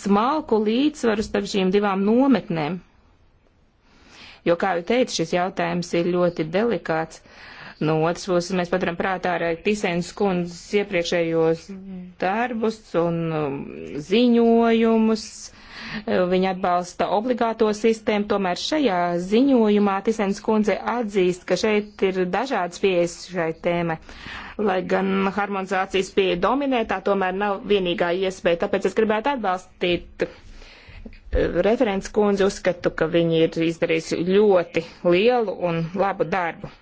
smalku līdzsvaru starp šīm divām nometnēm. Jo, kā jau teicu, šis jautājums ir ļoti delikāts. No otras puses, mēs paturam prātā arī Tisēnas kundzes iepriekšējos darbus un um, ziņojumus. Viņa atbalsta obligāto sistēmu, tomēr šajā ziņojumā Tisēnas kundze atzīst, ka šeit ir dažādas pieejas šai tēmai. Lai gan harmonizācijas pieeja dominē, tā tomēr nav vienīgā iespēja. Tāpēc es gribētu atbalstīt eh, referents kundzi. Uzskatu, ka viņi ir izdarījusi ļoti lielu un labu darbu.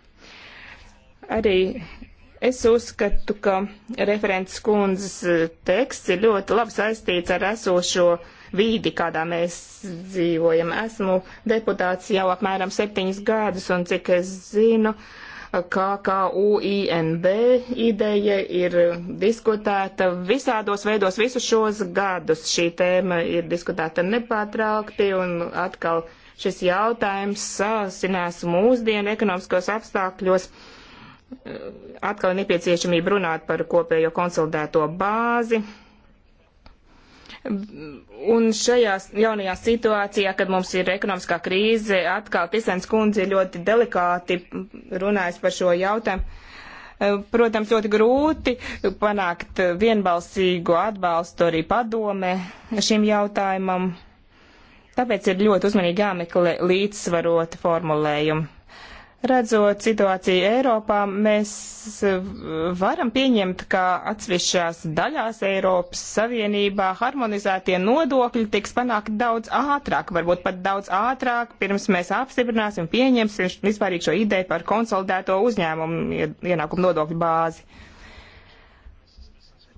Arī Es uzskatu, ka referents kundzes eh, teksts ir ļoti labi saistīts ar esošo vīdi, kādā mēs dzīvojam. Esmu deputāts jau apmēram septiņus gadus, un cik es zinu, uh, KKUINB ideja ir diskutēta visādos veidos visus šos gadus. Šī tēma ir diskutēta nepārtraukti un atkal šis jautājums sāsinās mūsdienu ekonomiskos apstākļos. Atkal nepieciešamība runāt par kopējo konsolidēto bāzi, Un šajā jaunajā situācijā, kad mums ir ekonomiskā krīze, atkal Tisens kundze ļoti delikāti runājas par šo jautājumu. Eh, protams, ļoti grūti panākt vienbalsīgu atbalstu arī padome šim jautājumam. Tāpēc ir ļoti uzmanīgi jāmeklē līdzsvaroti formulējumi. Redzot situāciju Eiropā, mēs eh, varam pieņemt, ka atsevišķās daļās Eiropas Savienībā harmonizētie nodokļi tiks panākt daudz ātrāk, varbūt pat daudz ātrāk, pirms mēs apstiprināsim, pieņemsim vispārīgi šo ideju par konsolidēto uzņēmumu ienākumu nodokļu bāzi.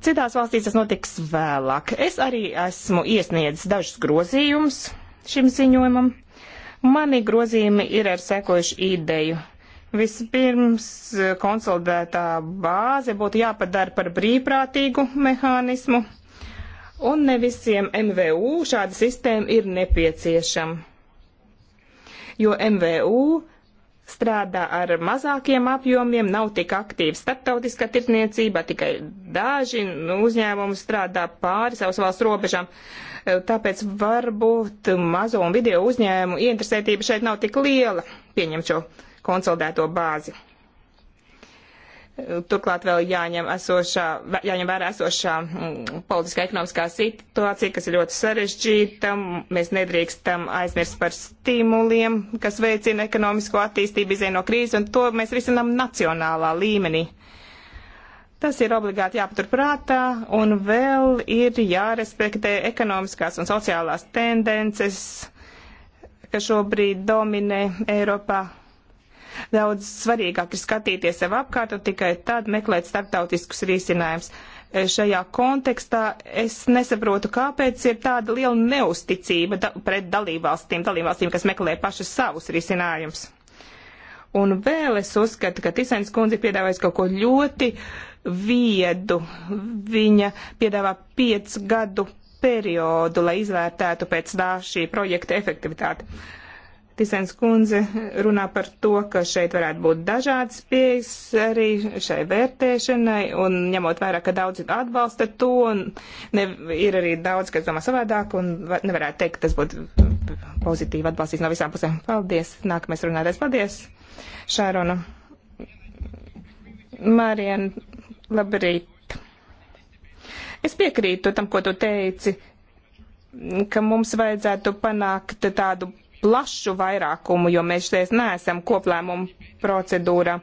Citās valstīs tas notiks vēlāk. Es arī esmu iesniedzis dažus grozījumus šim ziņojumam. Mani grozījumi ir ar sekojušu ideju. Vispirms eh, konsolidētā bāze būtu jāpadara par brīvprātīgu mehānismu, un ne visiem MVU šāda sistēma ir nepieciešama, jo MVU strādā ar mazākiem apjomiem, nav tik aktīva starptautiskā tirdzniecība, tikai daži nu, uzņēmumi strādā pāri savas valsts robežām. Uh, Tāpēc varbūt mazo un video uzņēmumu ieinteresētība šeit nav tik liela pieņemt šo konsolidēto bāzi. Turklāt vēl jāņem, esošā, jāņem vērā esošā mm, politiskā ekonomiskā situācija, kas ir ļoti sarežģīta. Mēs nedrīkstam aizmirst par stimuliem, kas veicina ekonomisko attīstību, izēno krīzi, un to mēs risinām nacionālā līmenī. Tas ir obligāti jāpaturprātā, un vēl ir jārespektē ekonomiskās un sociālās tendences, kas šobrīd dominē Eiropā. Daudz svarīgāk ir skatīties sev apkārt un tikai tad meklēt starptautiskus risinājumus. Šajā kontekstā es nesaprotu, kāpēc ir tāda liela neusticība da pret dalībvalstīm, dalībvalstīm, kas meklē pašas savus risinājumus. Un vēl es uzskatu, ka Tisens kundze ir piedāvājis kaut ko ļoti uh, viedu. Viņa piedāvā piecu gadu periodu, lai izvērtētu pēc tā šī projekta efektivitāti. Tisens kundze runā par to, ka šeit varētu būt dažādas pieejas arī šai vērtēšanai, un ņemot vērā, ka daudzi atbalsta to, un ne, ir arī daudz, kas domā savādāk, un var, nevarētu teikt, ka tas būtu pozitīvi atbalstīts no visām pusēm. Paldies! Nākamais runātais, paldies! Šārona. Marien, Labrīt. Es piekrītu tam, ko tu teici, ka mums vajadzētu panākt tādu plašu vairākumu, jo mēs šeit neesam koplēmumu procedūrā.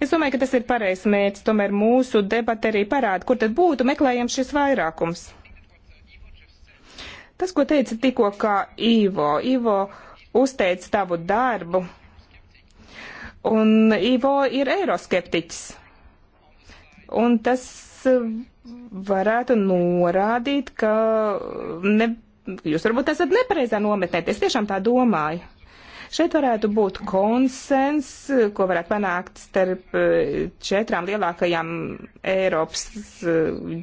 Es domāju, ka tas ir pareizs mērķis, tomēr mūsu debata arī parāda, kur tad būtu meklējams šis vairākums. Tas, ko teica tikko kā Ivo, Ivo uzteica tavu darbu, un Ivo ir eiroskeptiķis. Un tas e, varētu norādīt, ka ne, jūs varbūt esat nepareizā nometnē. Es tiešām tā domāju. Šeit varētu būt konsens, ko varētu panākt starp e, četrām lielākajām Eiropas e,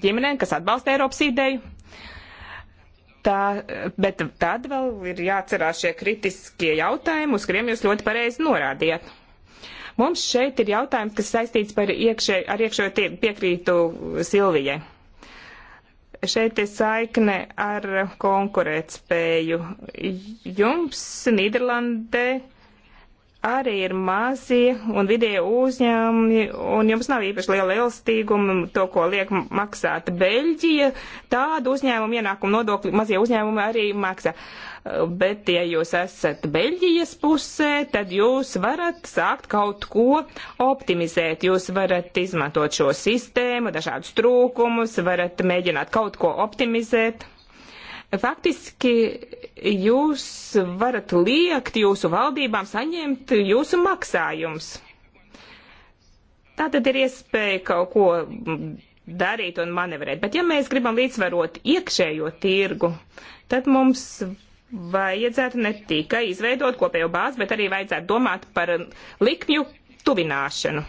ģimenēm, kas atbalsta Eiropas ideju. Tā, bet tad vēl ir jāatcerās šie kritiskie jautājumi, uz kuriem jūs ļoti pareizi norādījāt. Mums šeit ir jautājums, kas saistīts par iekšē, ar iekšējo tirgu. Piekrītu Silvijai šeit ir saikne ar konkurētspēju. Jums Nīderlandē arī ir mazie un vidēji uzņēmumi, un jums nav īpaši liela elastīguma to, ko liek maksāt Beļģija. Tādu uzņēmumu ienākumu nodokļu mazie uzņēmumi arī maksā. Uh, bet, ja jūs esat Beļģijas pusē, tad jūs varat sākt kaut ko optimizēt. Jūs varat izmantot šo sistēmu, dažādus trūkumus, varat mēģināt kaut ko optimizēt faktiski jūs varat liekt jūsu valdībām saņemt jūsu maksājums. Tā tad ir iespēja kaut ko darīt un manevrēt. Bet ja mēs gribam līdzsvarot iekšējo tirgu, tad mums vajadzētu ne tikai izveidot kopējo bāzi, bet arī vajadzētu domāt par likmju tuvināšanu.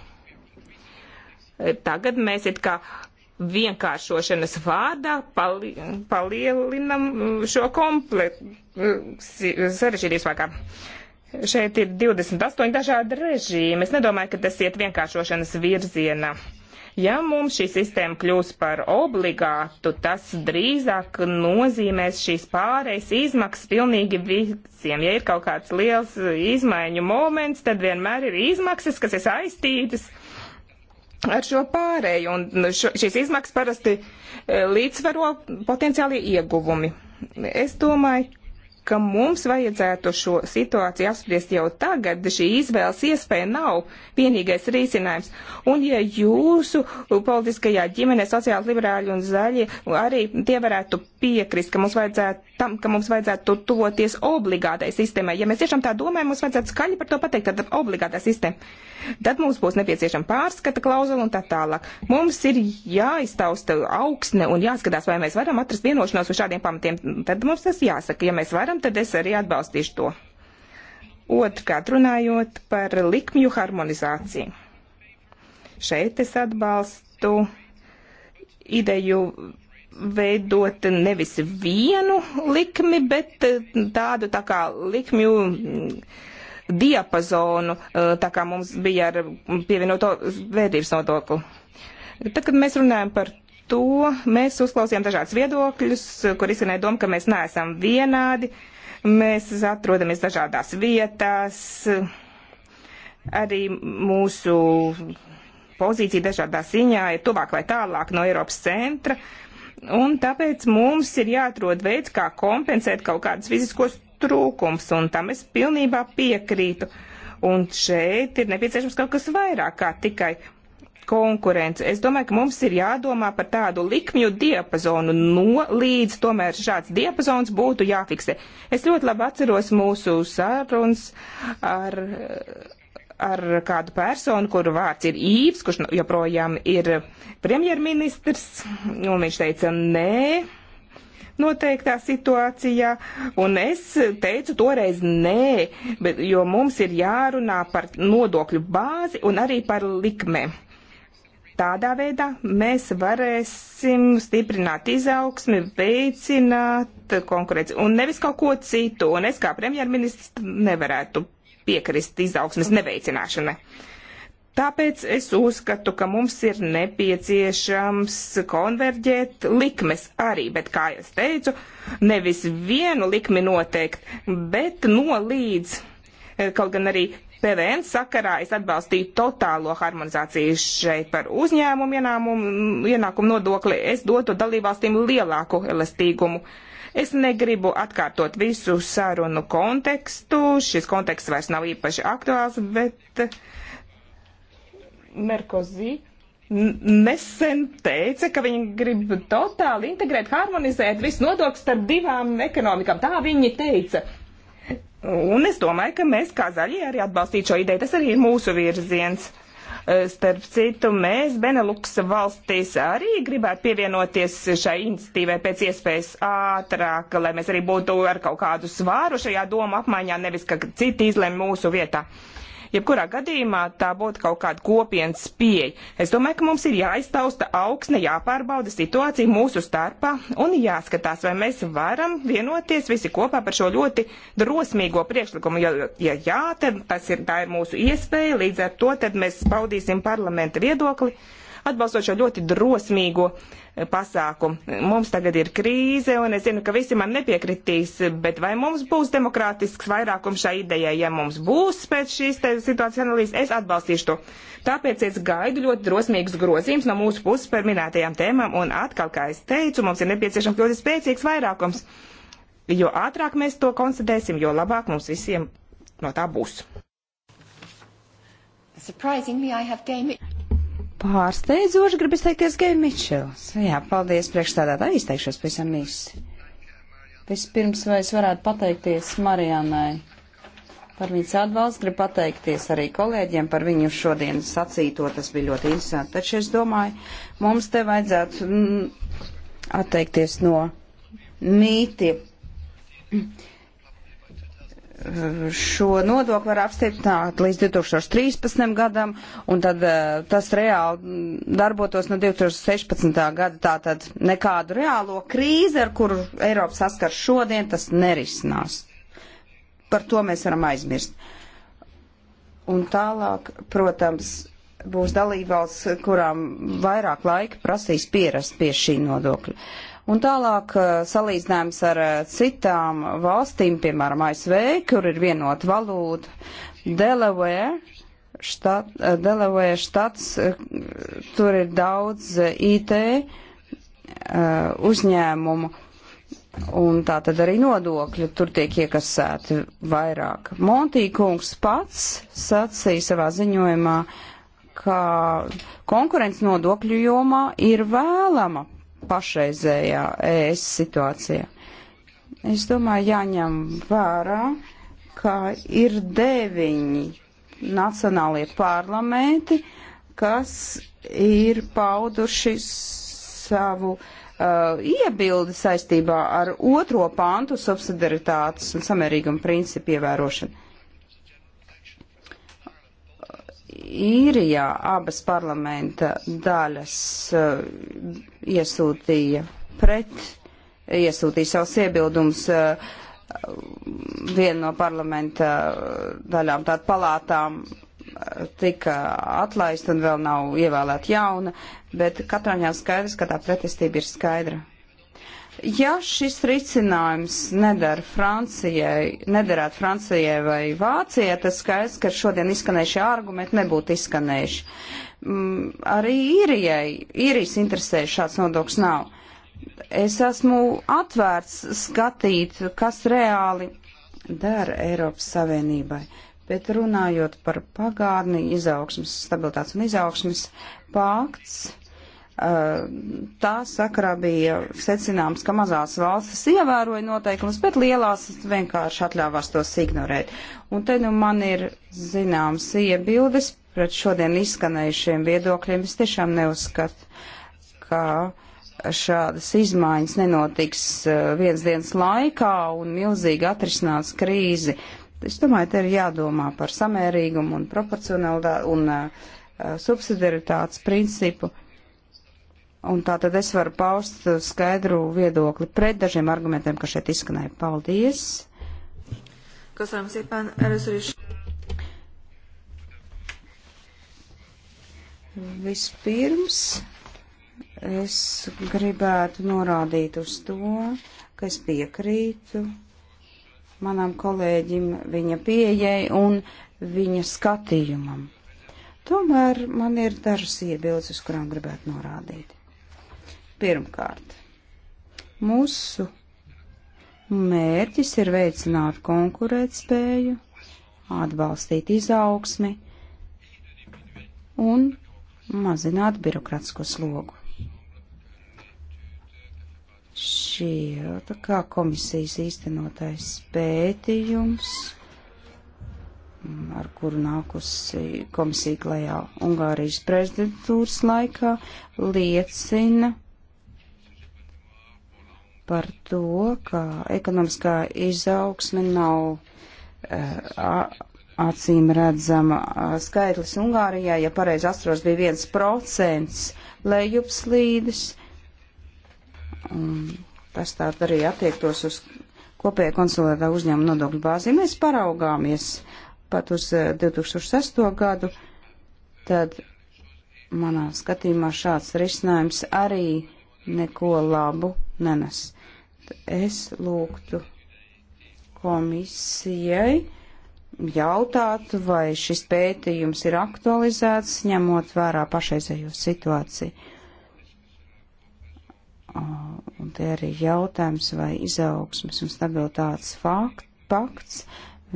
Tagad mēs it kā uh, vienkāršošanas vārdā pali, palielinam mm, šo kompleksu sarežģītības vārdā. Šeit ir 28 dažādi režīmi. Es nedomāju, ka tas iet vienkāršošanas virzienā. Ja mums šī sistēma kļūs par obligātu, tas drīzāk nozīmēs šīs pārējas izmaksas pilnīgi visiem. Ja ir kaut kāds liels izmaiņu moments, tad vienmēr ir izmaksas, kas ir saistītas ar šo pārēju, un šo, šīs izmaksas parasti e, līdzsvaro potenciāli ieguvumi. Es domāju, ka mums vajadzētu šo situāciju apspriest jau tagad. Šī izvēles iespēja nav vienīgais risinājums. Un ja jūsu politiskajā ģimenē sociāli liberāļi un zaļi arī tie varētu piekrist, ka mums vajadzētu tam, ka mums vajadzētu tuvoties obligātai sistēmai. Ja mēs tiešām tā domājam, mums vajadzētu skaļi par to pateikt, tad obligātā sistēma. Tad mums būs nepieciešama pārskata klauzula un tā tālāk. Mums ir jāiztausta augsne un jāskatās, vai mēs varam atrast vienošanos uz šādiem pamatiem. Tad mums tas jāsaka. Ja mēs varam, ziņojumu, tad es arī atbalstīšu to. Otrkārt, runājot par likmju harmonizāciju. Šeit es atbalstu ideju veidot nevis vienu likmi, bet eh, tādu tā kā likmju mm, diapazonu, eh, tā kā mums bija ar pievienoto vērtības nodokli. Tad, kad mēs runājam par to mēs uzklausījām dažādas viedokļus, kur izskanēja doma, ka mēs neesam vienādi, mēs atrodamies dažādās vietās, arī mūsu pozīcija dažādā ziņā ir tuvāk vai tālāk no Eiropas centra, un tāpēc mums ir jāatrod veids, kā kompensēt kaut kādus fiziskos trūkums, un tam es pilnībā piekrītu. Un šeit ir nepieciešams kaut kas vairāk kā tikai konkurence. Es domāju, ka mums ir jādomā par tādu likmju diapazonu no līdz, tomēr šāds diapazons būtu jāfiksē. Es ļoti labi atceros mūsu sarunas ar, ar kādu personu, kuru vārds ir Īvs, kurš nu joprojām ir premjerministrs, un viņš teica, nē, noteiktā situācijā, un es teicu toreiz nē, bet, jo mums ir jārunā par nodokļu bāzi un arī par likmēm. Tādā veidā mēs varēsim stiprināt izaugsmi, veicināt konkurenci un nevis kaut ko citu. Un es kā premjerministrs nevarētu piekrist izaugsmes neveicināšanai. Tāpēc es uzskatu, ka mums ir nepieciešams konverģēt likmes arī, bet, kā jau es teicu, nevis vienu likmi noteikt, bet nolīdz. Eh, kaut gan arī PVN sakarā es atbalstīju totālo harmonizāciju šeit par uzņēmumu ienākumu, ienākumu nodokli. Es dotu dalībvalstīm lielāku elastīgumu. Es negribu atkārtot visu sarunu kontekstu. Šis konteksts vairs nav īpaši aktuāls, bet Merkozī nesen teica, ka viņi grib totāli integrēt, harmonizēt visu nodokli starp divām ekonomikām. Tā viņi teica. Un es domāju, ka mēs kā zaļie arī atbalstītu šo ideju. Tas arī ir mūsu virziens. Eh, starp citu, mēs Beneluksa valstīs arī gribētu pievienoties šai iniciatīvai pēc iespējas ātrāk, lai mēs arī būtu ar kaut kādu svāru šajā domu apmaiņā, nevis ka citi izlem mūsu vietā. Uh, Jebkurā gadījumā tā būtu kaut kāda kopienas pieeja. Es domāju, ka mums ir jāiztausta augsne, jāpārbauda situācija mūsu starpā un jāskatās, vai mēs varam vienoties visi kopā par šo ļoti drosmīgo priekšlikumu. Jo, ja jā, tad tas ir, tā ir mūsu iespēja, līdz ar to tad mēs baudīsim parlamenta viedokli atbalstot šo ļoti drosmīgo e, pasākumu. Mums tagad ir krīze, un es zinu, ka visi man nepiekritīs, bet vai mums būs demokrātisks vairākums šai idejai? Ja mums būs pēc šīs situācijas analīzes, es atbalstīšu to. Tāpēc es gaidu ļoti drosmīgus grozījums no mūsu puses par minētajām tēmām, un atkal, kā es teicu, mums ir nepieciešams ļoti spēcīgs vairākums. Jo ātrāk mēs to konstatēsim, jo labāk mums visiem no tā būs. Pārsteidzoši grib izteikties Geja Mičels. Jā, paldies priekšstādātāji, izteikšos pavisam īsi. Vispirms vai es varētu pateikties Marijanai par viņas atbalstu, gribu pateikties arī kolēģiem par viņu šodien sacīto, tas bija ļoti interesanti. Taču es domāju, mums te vajadzētu mm, atteikties no mīti šo nodokli var apstiprināt līdz 2013. gadam, un tad eh, tas reāli darbotos no 2016. gada. Tātad nekādu reālo krīzi, ar kuru Eiropa saskar šodien, tas nerisinās. Par to mēs varam aizmirst. Un tālāk, protams, būs dalībvalsts, kurām vairāk laika prasīs pierast pie šī nodokļa. Uh, Un tālāk eh, salīdzinājums ar eh, citām valstīm, piemēram, ASV, kur ir vienota valūta, Delaware, štat, eh, Delaware štats, tur ir daudz IT uzņēmumu. Un tā tad arī nodokļi tur tiek iekasēti vairāk. Montīkungs pats sacīja savā ziņojumā, ka konkurence nodokļu jomā ir vēlama pašreizējā ES situācijā. Es domāju, jāņem vērā, ka ir deviņi nacionālie parlamenti, kas ir pauduši savu uh, iebildi saistībā ar otro pantu subsidaritātes un samērīguma principu ievērošanu. īrijā abas parlamenta daļas uh, iesūtīja pret, iesūtīja savus iebildumus uh, eh, viena no parlamenta daļām, tātad palātām eh, tika atlaista un vēl nav ievēlēta jauna, bet katrā ņā skaidrs, ka tā pretestība ir skaidra. Ja šis risinājums nedara Francijai, nederētu Francijai vai Vācijai, tad skaidrs, ka šodien izskanējušie argumenti nebūtu izskanējuši. Mm, arī īrijai, īrijas interesē šāds nodoklis nav. Es esmu atvērts skatīt, kas reāli dara Eiropas Savienībai. Bet runājot par pagātni, izaugsmas, stabilitātes un izaugsmas pakts tā sakarā bija secināms, ka mazās valstis ievēroja noteikumus, bet lielās vienkārši atļāvās tos ignorēt. Un te nu man ir zināms iebildes pret šodien izskanējušiem viedokļiem. Es tiešām neuzskatu, ka šādas izmaiņas nenotiks eh, viens dienas laikā un milzīgi atrisinās krīzi. Es domāju, te ir jādomā par samērīgumu un proporcionalitāti un uh, subsidiaritātes principu. Uh, Un tā tad es varu paust skaidru viedokli pret dažiem argumentiem, kas šeit izskanēja. Paldies! Köszönöm szépen. Először is Vispirms es gribētu norādīt uz to, ka es piekrītu manam kolēģim viņa pieejai un viņa skatījumam. Tomēr man ir dažas iebildes, uz kurām gribētu norādīt. Pirmkārt, mūsu mērķis ir veicināt konkurētspēju, atbalstīt izaugsmi un mazināt birokratisko slogu. Šie tā kā komisijas īstenotais pētījums, ar kuru nākusi komisija klajā Ungārijas prezidentūras laikā, liecina, par to, ka ekonomiskā izaugsme nav uh, acīm redzama uh, skaitlis Ungārijā, ja pareizi astros bija viens procents lejupslīdes. Um, tas tā arī attiektos uz kopējā konsolidētā uzņēmuma nodokļu bāzi. Ja mēs paraugāmies pat uz 2006. Eh, gadu, tad manā skatījumā šāds risinājums arī neko labu nenes es lūgtu komisijai jautāt, vai šis pētījums ir aktualizēts, ņemot vērā pašreizējo situāciju. Un te arī jautājums, vai izaugsmes un stabilitātes fakt, pakts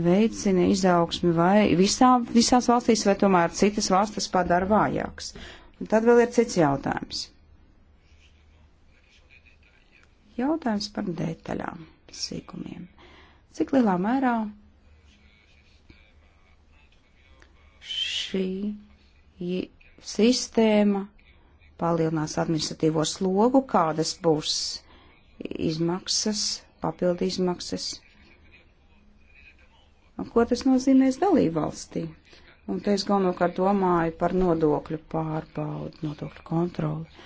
veicina izaugsmi vai visā, visās valstīs, vai tomēr citas valstis padara vājāks. Un tad vēl ir cits jautājums. Jautājums par detaļām, sīkumiem. Cik lielā mērā šī sistēma palielinās administratīvo slogu, kādas būs izmaksas, papildu izmaksas, un ko tas nozīmēs dalībvalstī. Un te es galvenokārt domāju par nodokļu pārbaudu, nodokļu kontroli.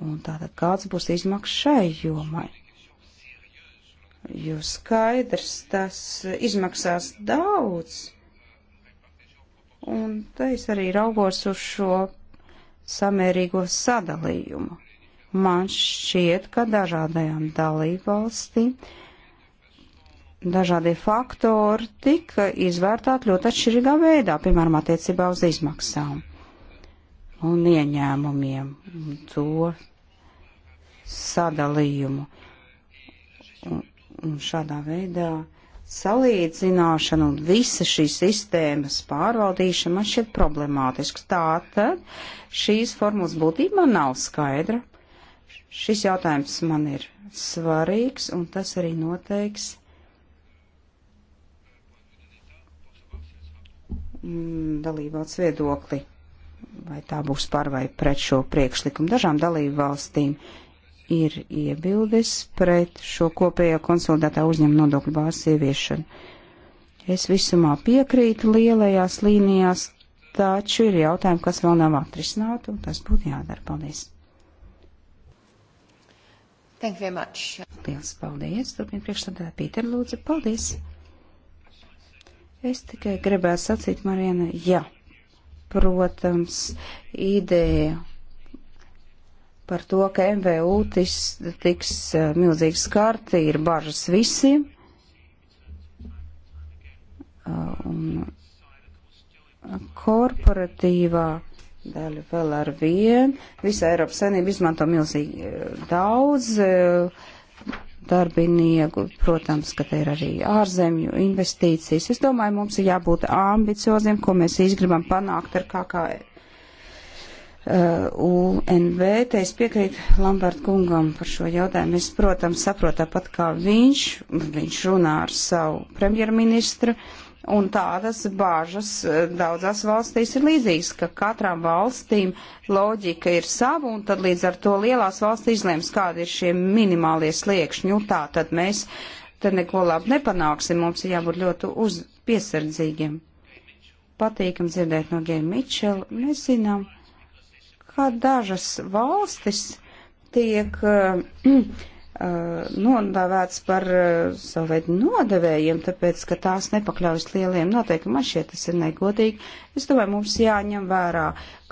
Un tātad kāds būs izmaksas šai jomai? Jo skaidrs, tas izmaksās daudz. Un te es arī raugos uz šo samērīgo sadalījumu. Man šķiet, ka dažādajām dalībvalstīm dažādie faktori tika izvērtāti ļoti atšķirīgā veidā, piemēram, attiecībā uz izmaksām un ieņēmumiem un to sadalījumu. Un, un šādā veidā salīdzināšana un visa šīs sistēmas pārvaldīšana man šķiet problemātisks. Tātad šīs formulas būtībā nav skaidra. Šis jautājums man ir svarīgs un tas arī noteiks mm, dalībvalsts viedokli vai tā būs par vai pret šo priekšlikumu. Dažām dalību valstīm ir iebildes pret šo kopējo konsolidētā uzņēmuma nodokļu bāzes ieviešanu. Es visumā piekrītu lielajās līnijās, taču ir jautājumi, kas vēl nav atrisināti, un tas būtu jādara. Paldies! Thank you very much. Liels paldies! Turpin priekšstādāja Pīter Lūdzu. Paldies! Es tikai gribētu sacīt, Mariana, jā. Ja protams, ideja par to, ka MVU tis, tiks eh, milzīgs skarti, ir bažas visiem. Eh, un korporatīvā daļa vēl ar vienu. Visa Eiropas saimnība izmanto milzīgi eh, daudz darbinieku, protams, ka te ir arī ārzemju investīcijas. Es domāju, mums ir jābūt ambicioziem, ko mēs izgribam panākt ar KK e, uh, UNV. Te es piekrītu Lambert kungam par šo jautājumu. Es, protams, saprotu tāpat kā viņš, viņš runā ar savu premjerministru. Uh, Un tādas bāžas eh, daudzās valstīs ir līdzīgas, ka katram valstīm loģika ir sava, un tad līdz ar to lielās valsts izlēms, kādi ir šie minimālie sliekšņi, un nu, tā tad mēs te neko labu nepanāksim, mums ir jābūt ļoti uz piesardzīgiem. Patīkam dzirdēt no Gēja Mičela, mēs zinām, kā dažas valstis tiek. Uh, Uh, nodāvēts par uh, savu veidu nodevējiem, tāpēc, ka tās nepakļaujas lieliem noteikumiem. Man šķiet, tas ir negodīgi. Es domāju, mums jāņem vērā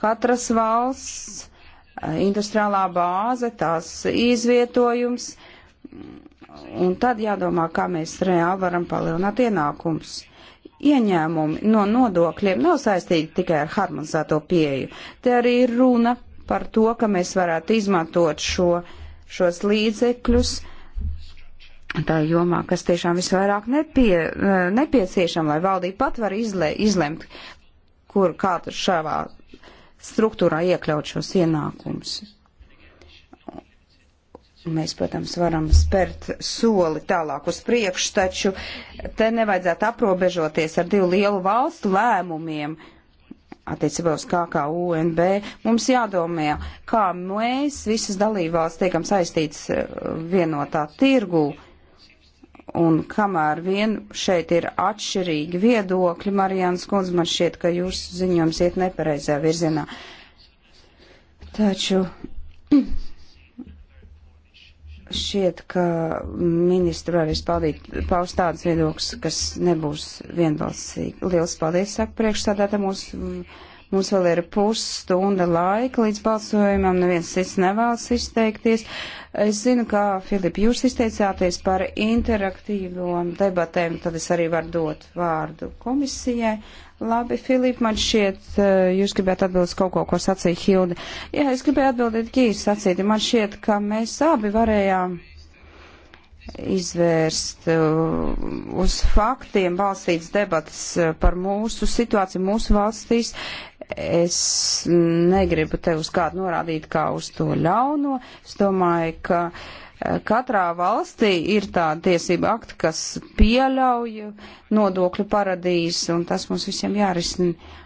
katras valsts uh, industriālā bāze, tās izvietojums, un tad jādomā, kā mēs reāli varam palielināt ienākums. Ieņēmumi no nodokļiem nav saistīti tikai ar harmonizēto pieeju. Te arī ir runa par to, ka mēs varētu izmantot šo uh, šos līdzekļus tā jomā, kas tiešām visvairāk nepie, eh, nepieciešama, lai valdība pat var izlē, izlemt, kur kādu šāvā struktūrā iekļaut šos ienākumus. Mēs, protams, varam spērt soli tālāk uz priekšu, taču te nevajadzētu aprobežoties ar divu lielu valstu lēmumiem, uh, attiecībā uz KKU un B, mums jādomā, kā mēs visas dalībvalsts tiekam saistīts eh, vienotā tirgū. Un kamēr vien šeit ir atšķirīgi viedokļi, Marijāns Kundze, man šķiet, ka jūsu ziņojums iet nepareizā virzienā. Taču Šķiet, ka ministru arī spaldīt, paust tādas viedokļas, kas nebūs vienbalsīgi. Liels paldies, saka priekšstādātā mūsu. Mums vēl ir pusstunda laika līdz balsojumam, neviens cits nevēlas izteikties. Es zinu, kā Filipa, jūs izteicāties par interaktīvām debatēm, tad es arī varu dot vārdu komisijai. Labi, Filipa, man šķiet, eh, jūs gribētu atbildēt kaut ko, ko sacīja Hilde. Jā, es gribēju atbildēt Gīs sacīt, man šķiet, ka mēs abi varējām izvērst eh, uz faktiem balstīts debats eh, par mūsu situāciju mūsu valstīs. Es negribu te uz kādu norādīt kā uz to ļauno. Es domāju, ka eh, katrā valstī ir tāda tiesība akta, kas pieļauj nodokļu paradīzes, un tas mums visiem jārisina.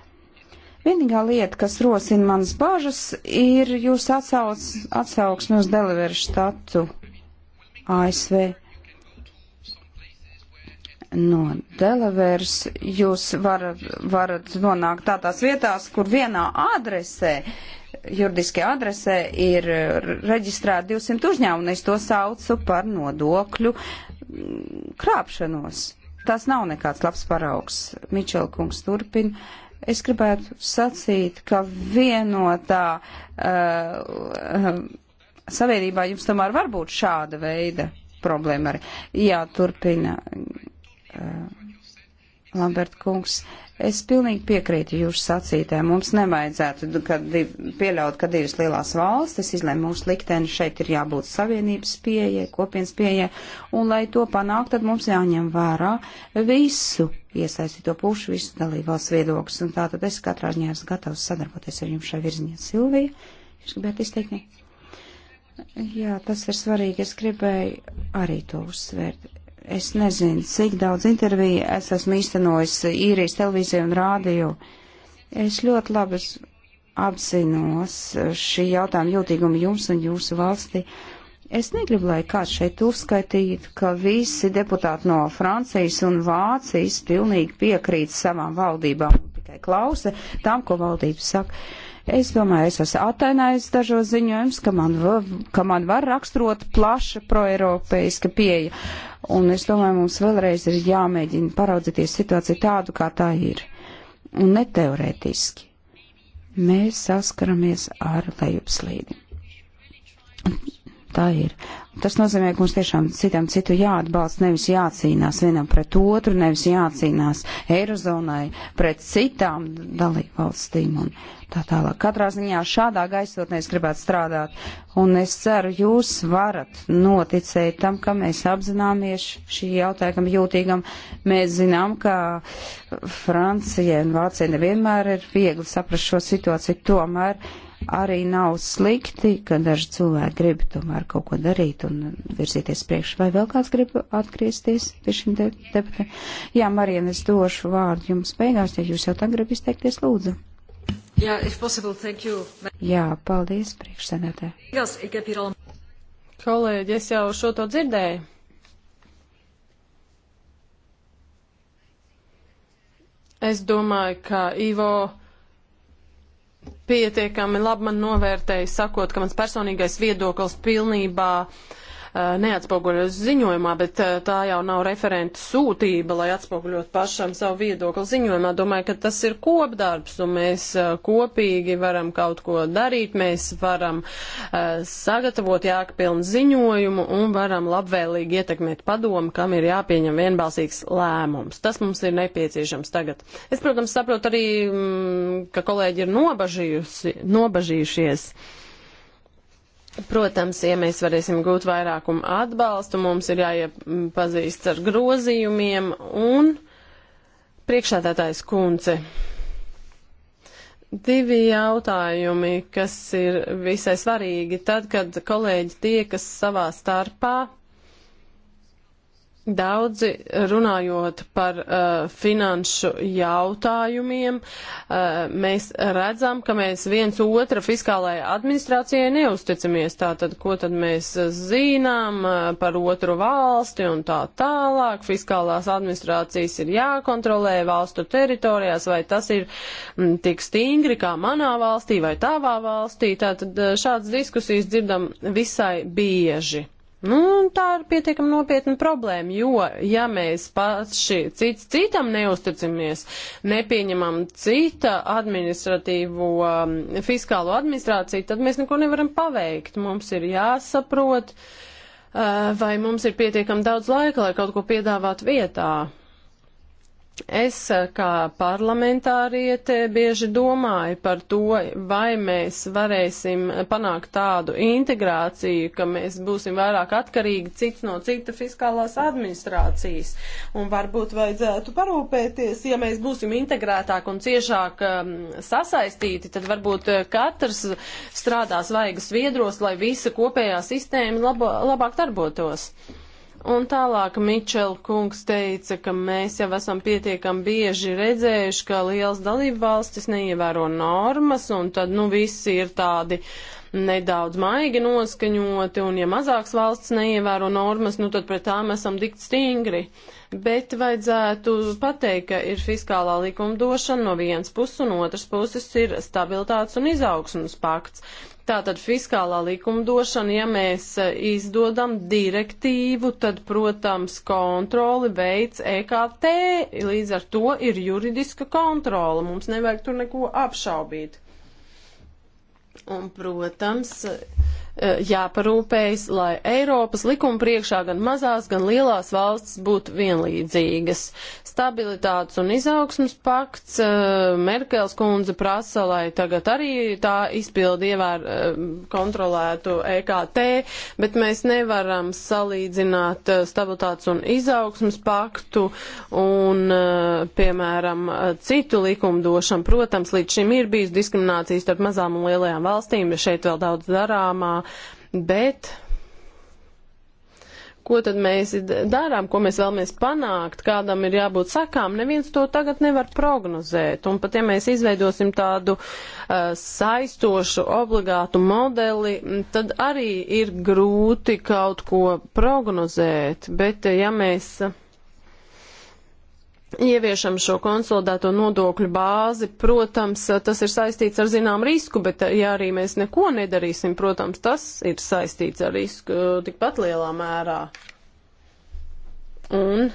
Vienīgā lieta, kas rosina manas bažas, ir jūs atsauc, atsauksmi uz Delaveru štatu ASV no Delavērs, jūs varat, varat nonākt tādās vietās, kur vienā adresē, juridiskajā adresē ir reģistrēta 200 uzņēmumu, un es to saucu par nodokļu mm, krāpšanos. Tas nav nekāds labs paraugs. Mičela kungs turpina. Es gribētu sacīt, ka vienotā uh, uh, savienībā jums tomēr var būt šāda veida problēma arī. Jā, turpina Eh, Lambert kungs, es pilnīgi piekrītu jūsu sacītē. Mums nevajadzētu kad pieļaut, ka divas lielās valstis izlēma mūsu likteni. Šeit ir jābūt savienības pieejai, kopienas pieejai. Un, lai to panākt, tad mums jāņem vērā visu iesaistīto pušu, visu dalībvalsts viedoklis. Un tātad es katrā ziņā esmu gatavs sadarboties ar jums šai virziņā. Silvija, jūs gribētu izteikt? Jā, tas ir svarīgi. Es gribēju arī to uzsvērt Es nezinu, cik daudz interviju es esmu īstenojis īrijas televīziju un rādiju. Es ļoti labi apzinos šī jautājuma jūtīgumu jums un jūsu valsti. Es negribu, lai kāds šeit uzskaitītu, ka visi deputāti no Francijas un Vācijas pilnīgi piekrīt savām valdībām, tikai klausa tam, ko valdības saka. Es domāju, es esmu atainājis dažos ziņojums, ka man, ka man var raksturot plaša proeiropeiska pieeja. Uh, Un es domāju, mums vēlreiz ir jāmēģina paraudzīties situāciju tādu, kā tā ir. Un ne teorētiski. Mēs saskaramies ar lejupslīdi tā ir. Tas nozīmē, ka mums tiešām citam citu jāatbalsta, nevis jācīnās vienam pret otru, nevis jācīnās Eirozonai pret citām dalībvalstīm un tā tālāk. Katrā ziņā šādā gaisotnē es gribētu strādāt, un es ceru, jūs varat noticēt tam, ka mēs apzināmies šī jautājumam jūtīgam. Mēs zinām, ka Francijai un Vācijai nevienmēr ir viegli saprast šo situāciju, tomēr arī nav slikti, ka daži cilvēki grib tomēr kaut ko darīt un virzīties priekš. Vai vēl kāds grib atgriezties pie šim de debatēm? Jā, Marien, es došu vārdu jums beigās, ja jūs jau tagad grib izteikties, lūdzu. Jā, yeah, possible, Jā paldies, priekšsēdētē. Kolēģi, es jau šo to dzirdēju. Es domāju, ka Ivo pietiekami labi man novērtēja, sakot, ka mans personīgais viedoklis pilnībā uh, Eh, neatspoguļos ziņojumā, bet eh, tā jau nav referenta sūtība, lai atspoguļot pašam savu viedokli ziņojumā. Domāju, ka tas ir kopdarbs, un mēs eh, kopīgi varam kaut ko darīt, mēs varam sagatavot jākpilnu ziņojumu un varam labvēlīgi ietekmēt padomu, kam ir jāpieņem vienbalsīgs lēmums. Tas mums ir nepieciešams tagad. Es, protams, saprotu arī, mm, ka kolēģi ir nobažījušies. Protams, ja mēs varēsim gūt vairākumu atbalstu, mums ir jāiepazīst ar grozījumiem un priekšādātājs kundze. Divi jautājumi, kas ir visai svarīgi tad, kad kolēģi tiekas savā starpā Daudzi runājot par uh, finanšu jautājumiem, uh, mēs redzam, ka mēs viens otra fiskālajai administrācijai neusticamies. Tātad, ko tad mēs zinām uh, par otru valsti un tā tālāk. Fiskālās administrācijas ir jākontrolē valstu teritorijās, vai tas ir m, mm, tik stingri kā manā valstī vai tavā valstī. Tātad uh, šādas diskusijas dzirdam visai bieži. Nu, tā ir pietiekami nopietna problēma, jo, ja mēs paši cits citam neusticamies, nepieņemam cita administratīvo, um, fiskālo administrāciju, tad mēs neko nevaram paveikt. Mums ir jāsaprot, uh, vai mums ir pietiekami daudz laika, lai kaut ko piedāvātu vietā. Es eh, kā parlamentāriete bieži domāju par to, vai mēs varēsim panākt tādu integrāciju, ka mēs būsim vairāk atkarīgi cits no cita fiskālās administrācijas. Un varbūt vajadzētu parūpēties, ja mēs būsim integrētāk un ciešāk um, sasaistīti, tad varbūt eh, katrs strādās vaigas viedros, lai visa kopējā sistēma labo, labāk darbotos. Un tālāk Mičela kungs teica, ka mēs jau esam pietiekami bieži redzējuši, ka liels dalību valstis neievēro normas, un tad, nu, visi ir tādi nedaudz maigi noskaņoti, un ja mazāks valsts neievēro normas, nu, tad pret tām esam dikt stingri. Bet vajadzētu pateikt, ka ir fiskālā likumdošana no vienas puses, un otras puses ir stabilitātes un izaugsmas pakts. Tātad fiskālā likumdošana, ja mēs e, izdodam direktīvu, tad, protams, kontroli veids EKT, līdz ar to ir juridiska kontrola, mums nevajag tur neko apšaubīt. Un, protams, E, jāparūpējas, lai Eiropas likuma priekšā gan mazās, gan lielās valsts būtu vienlīdzīgas. Stabilitātes un izaugsmas pakts e, Merkels kundze prasa, lai tagad arī tā izpildi ievēr e, kontrolētu EKT, bet mēs nevaram salīdzināt stabilitātes un izaugsmas paktu un, piemēram, citu likumdošanu. Protams, līdz šim ir bijusi diskriminācija starp mazām un lielajām valstīm, bet šeit vēl daudz darāmā bet ko tad mēs darām, ko mēs vēlamies panākt, kādam ir jābūt sakām, neviens to tagad nevar prognozēt. Un pat ja mēs izveidosim tādu uh, saistošu obligātu modeli, tad arī ir grūti kaut ko prognozēt. Bet ja mēs. Uh, ieviešam šo konsolidēto nodokļu bāzi, protams, tas ir saistīts ar zinām risku, bet eh, ja arī mēs neko nedarīsim, protams, tas ir saistīts ar risku eh, tikpat lielā mērā. Un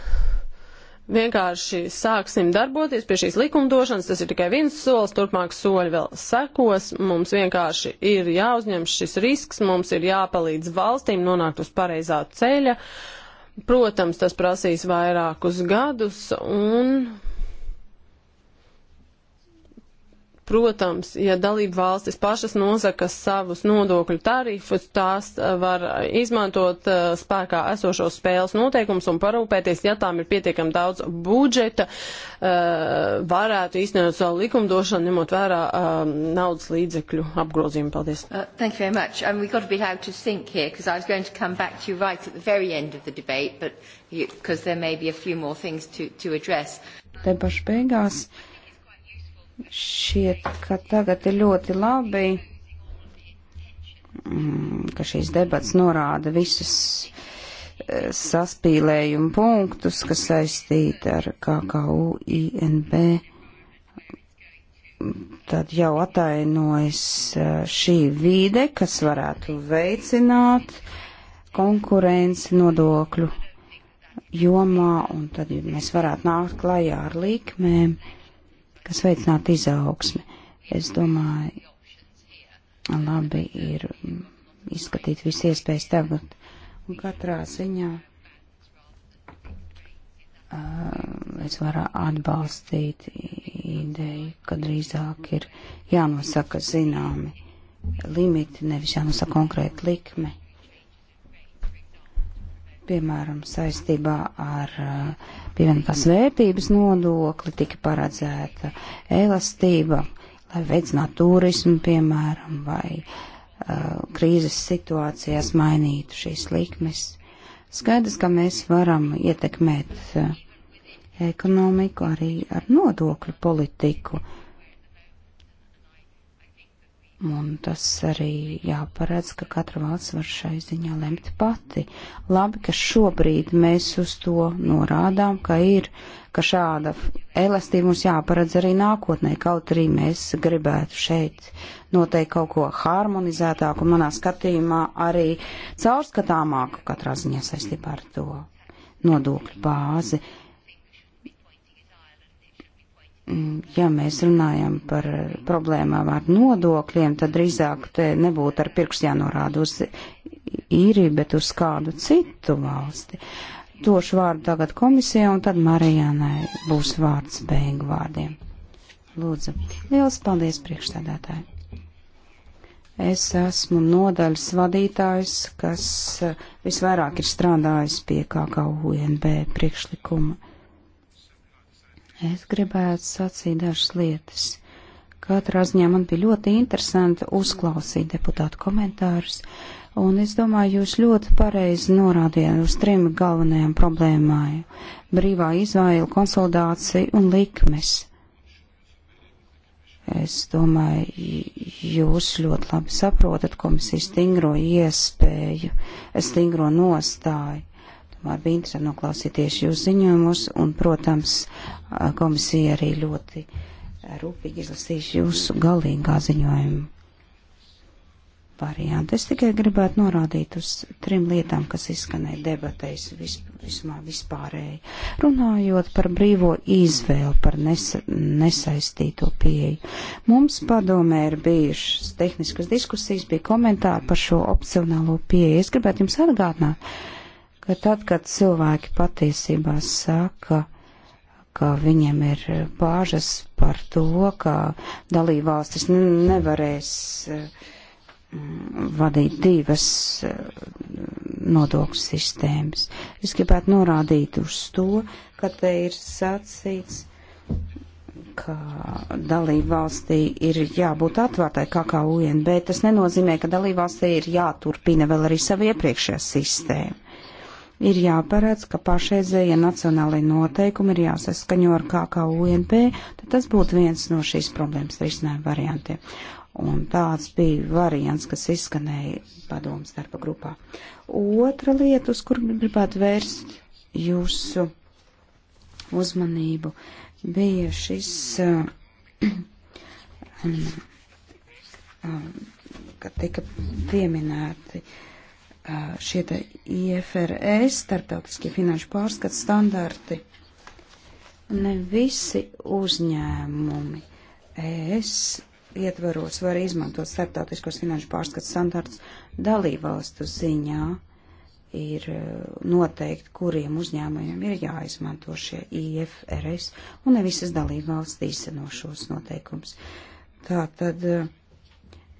vienkārši sāksim darboties pie šīs likumdošanas, tas ir tikai viens solis, turpmāk soļi vēl sekos, mums vienkārši ir jāuzņem šis risks, mums ir jāpalīdz valstīm nonākt uz pareizā ceļa. Uh, Protams, tas prasīs vairākus gadus un Protams, ja dalību valstis pašas nozaka savus nodokļu tarifus, tās eh, var izmantot eh, spēkā esošos spēles noteikumus un parūpēties, ja tām ir pietiekami daudz budžeta, eh, varētu īstenot savu likumdošanu, ņemot vērā ehm, naudas līdzekļu apgrozījumu. Paldies. Uh, thank you very much. And um, we got a bit out of sync here because I was going to come back to you right at the very end of the debate, but because there may be a few more things to, to address. Te pašu beigās. Uh, Šiet, ka tagad ir ļoti labi, mm, ka šīs debats norāda visus e, saspīlējumu punktus, kas saistīti ar KKU, INB. Tad jau atainojas e, šī vīde, kas varētu veicināt konkurenci nodokļu jomā, un tad mēs varētu nākt klajā ar likmēm. Uh, kas veicinātu izaugsmi. Es domāju, labi ir izskatīt visu iespējas tagad. Un katrā ziņā uh, es varu atbalstīt ideju, ka drīzāk ir jānosaka zināmi limiti, nevis jānosaka konkrēti likme. Piemēram, saistībā ar uh, pievienotās vērtības nodokli, tika paredzēta elastība, lai veicinātu turismu, piemēram, vai uh, krīzes situācijās mainītu šīs likmes. Skaidrs, ka mēs varam ietekmēt uh, ekonomiku arī ar nodokļu politiku. Uh, Un tas arī jāparedz, ka katra valsts var šai ziņā lemt pati. Labi, ka šobrīd mēs uz to norādām, ka ir, ka šāda elastība mums jāparedz arī nākotnē, kaut arī mēs gribētu šeit noteikti kaut ko harmonizētāku, manā skatījumā arī caurskatāmāku katrā ziņā saistībā ar to nodokļu bāzi ja mēs runājam par problēmām ar nodokļiem, tad drīzāk te nebūtu ar pirkstu jānorāda uz īriju, bet uz kādu citu valsti. Došu vārdu tagad komisijai, un tad Marijānai būs vārds beigu vārdiem. Lūdzu, liels paldies priekšstādātāji. Es esmu nodaļas vadītājs, kas eh, visvairāk ir strādājis pie KKUNB priekšlikuma Es gribētu sacīt dažas lietas. Katrā ziņā man bija ļoti interesanti uzklausīt deputātu komentārus, un es domāju, jūs ļoti pareizi norādījāt uz trim galvenajām problēmām - brīvā izvēle, konsolidācija un likmes. Es domāju, jūs ļoti labi saprotat komisijas stingro iespēju, stingro nostāju Man bija interesanti noklausīties jūsu ziņojumus, un, protams, komisija arī ļoti rūpīgi izlasīs jūsu galīgā ziņojumu variantu. Es tikai gribētu norādīt uz trim lietām, kas izskanēja debatēs visp, vismā vispārēji. Runājot par brīvo izvēlu, par nes, nesaistīto pieeju. Mums padomē ir bijušas tehniskas diskusijas, bija komentāri par šo opcionālo pieeju. Es gribētu jums atgādināt ka tad, kad cilvēki patiesībā saka, ka viņiem ir bāžas par to, ka dalībvalstis nevarēs mm, vadīt divas mm, nodokļu sistēmas. Es gribētu norādīt uz to, ka te ir sacīts, ka dalībvalstī ir jābūt atvērtai KKUN, bet tas nenozīmē, ka dalībvalstī ir jāturpina vēl arī savu iepriekšējā sistēmu ir jāparedz, ka pašreizējie nacionālajie noteikumi ir jāsaskaņo ar KKUNP, tad tas būtu viens no šīs problēmas risinājuma variantiem. Un tāds bija variants, kas izskanēja padomas darba grupā. Otra lieta, uz kuru gribētu vērst jūsu uzmanību, bija šis. Uh, um, ka tika pieminēti uh, šie te IFRS, e starptautiskie finanšu pārskats standarti, ne visi uzņēmumi ES ietvaros var izmantot starptautiskos finanšu pārskats standarts dalībvalstu ziņā ir uh, noteikti, kuriem uzņēmumiem ir jāizmanto šie IFRS un ne visas dalībvalsts īsteno šos noteikumus. Tā tad uh,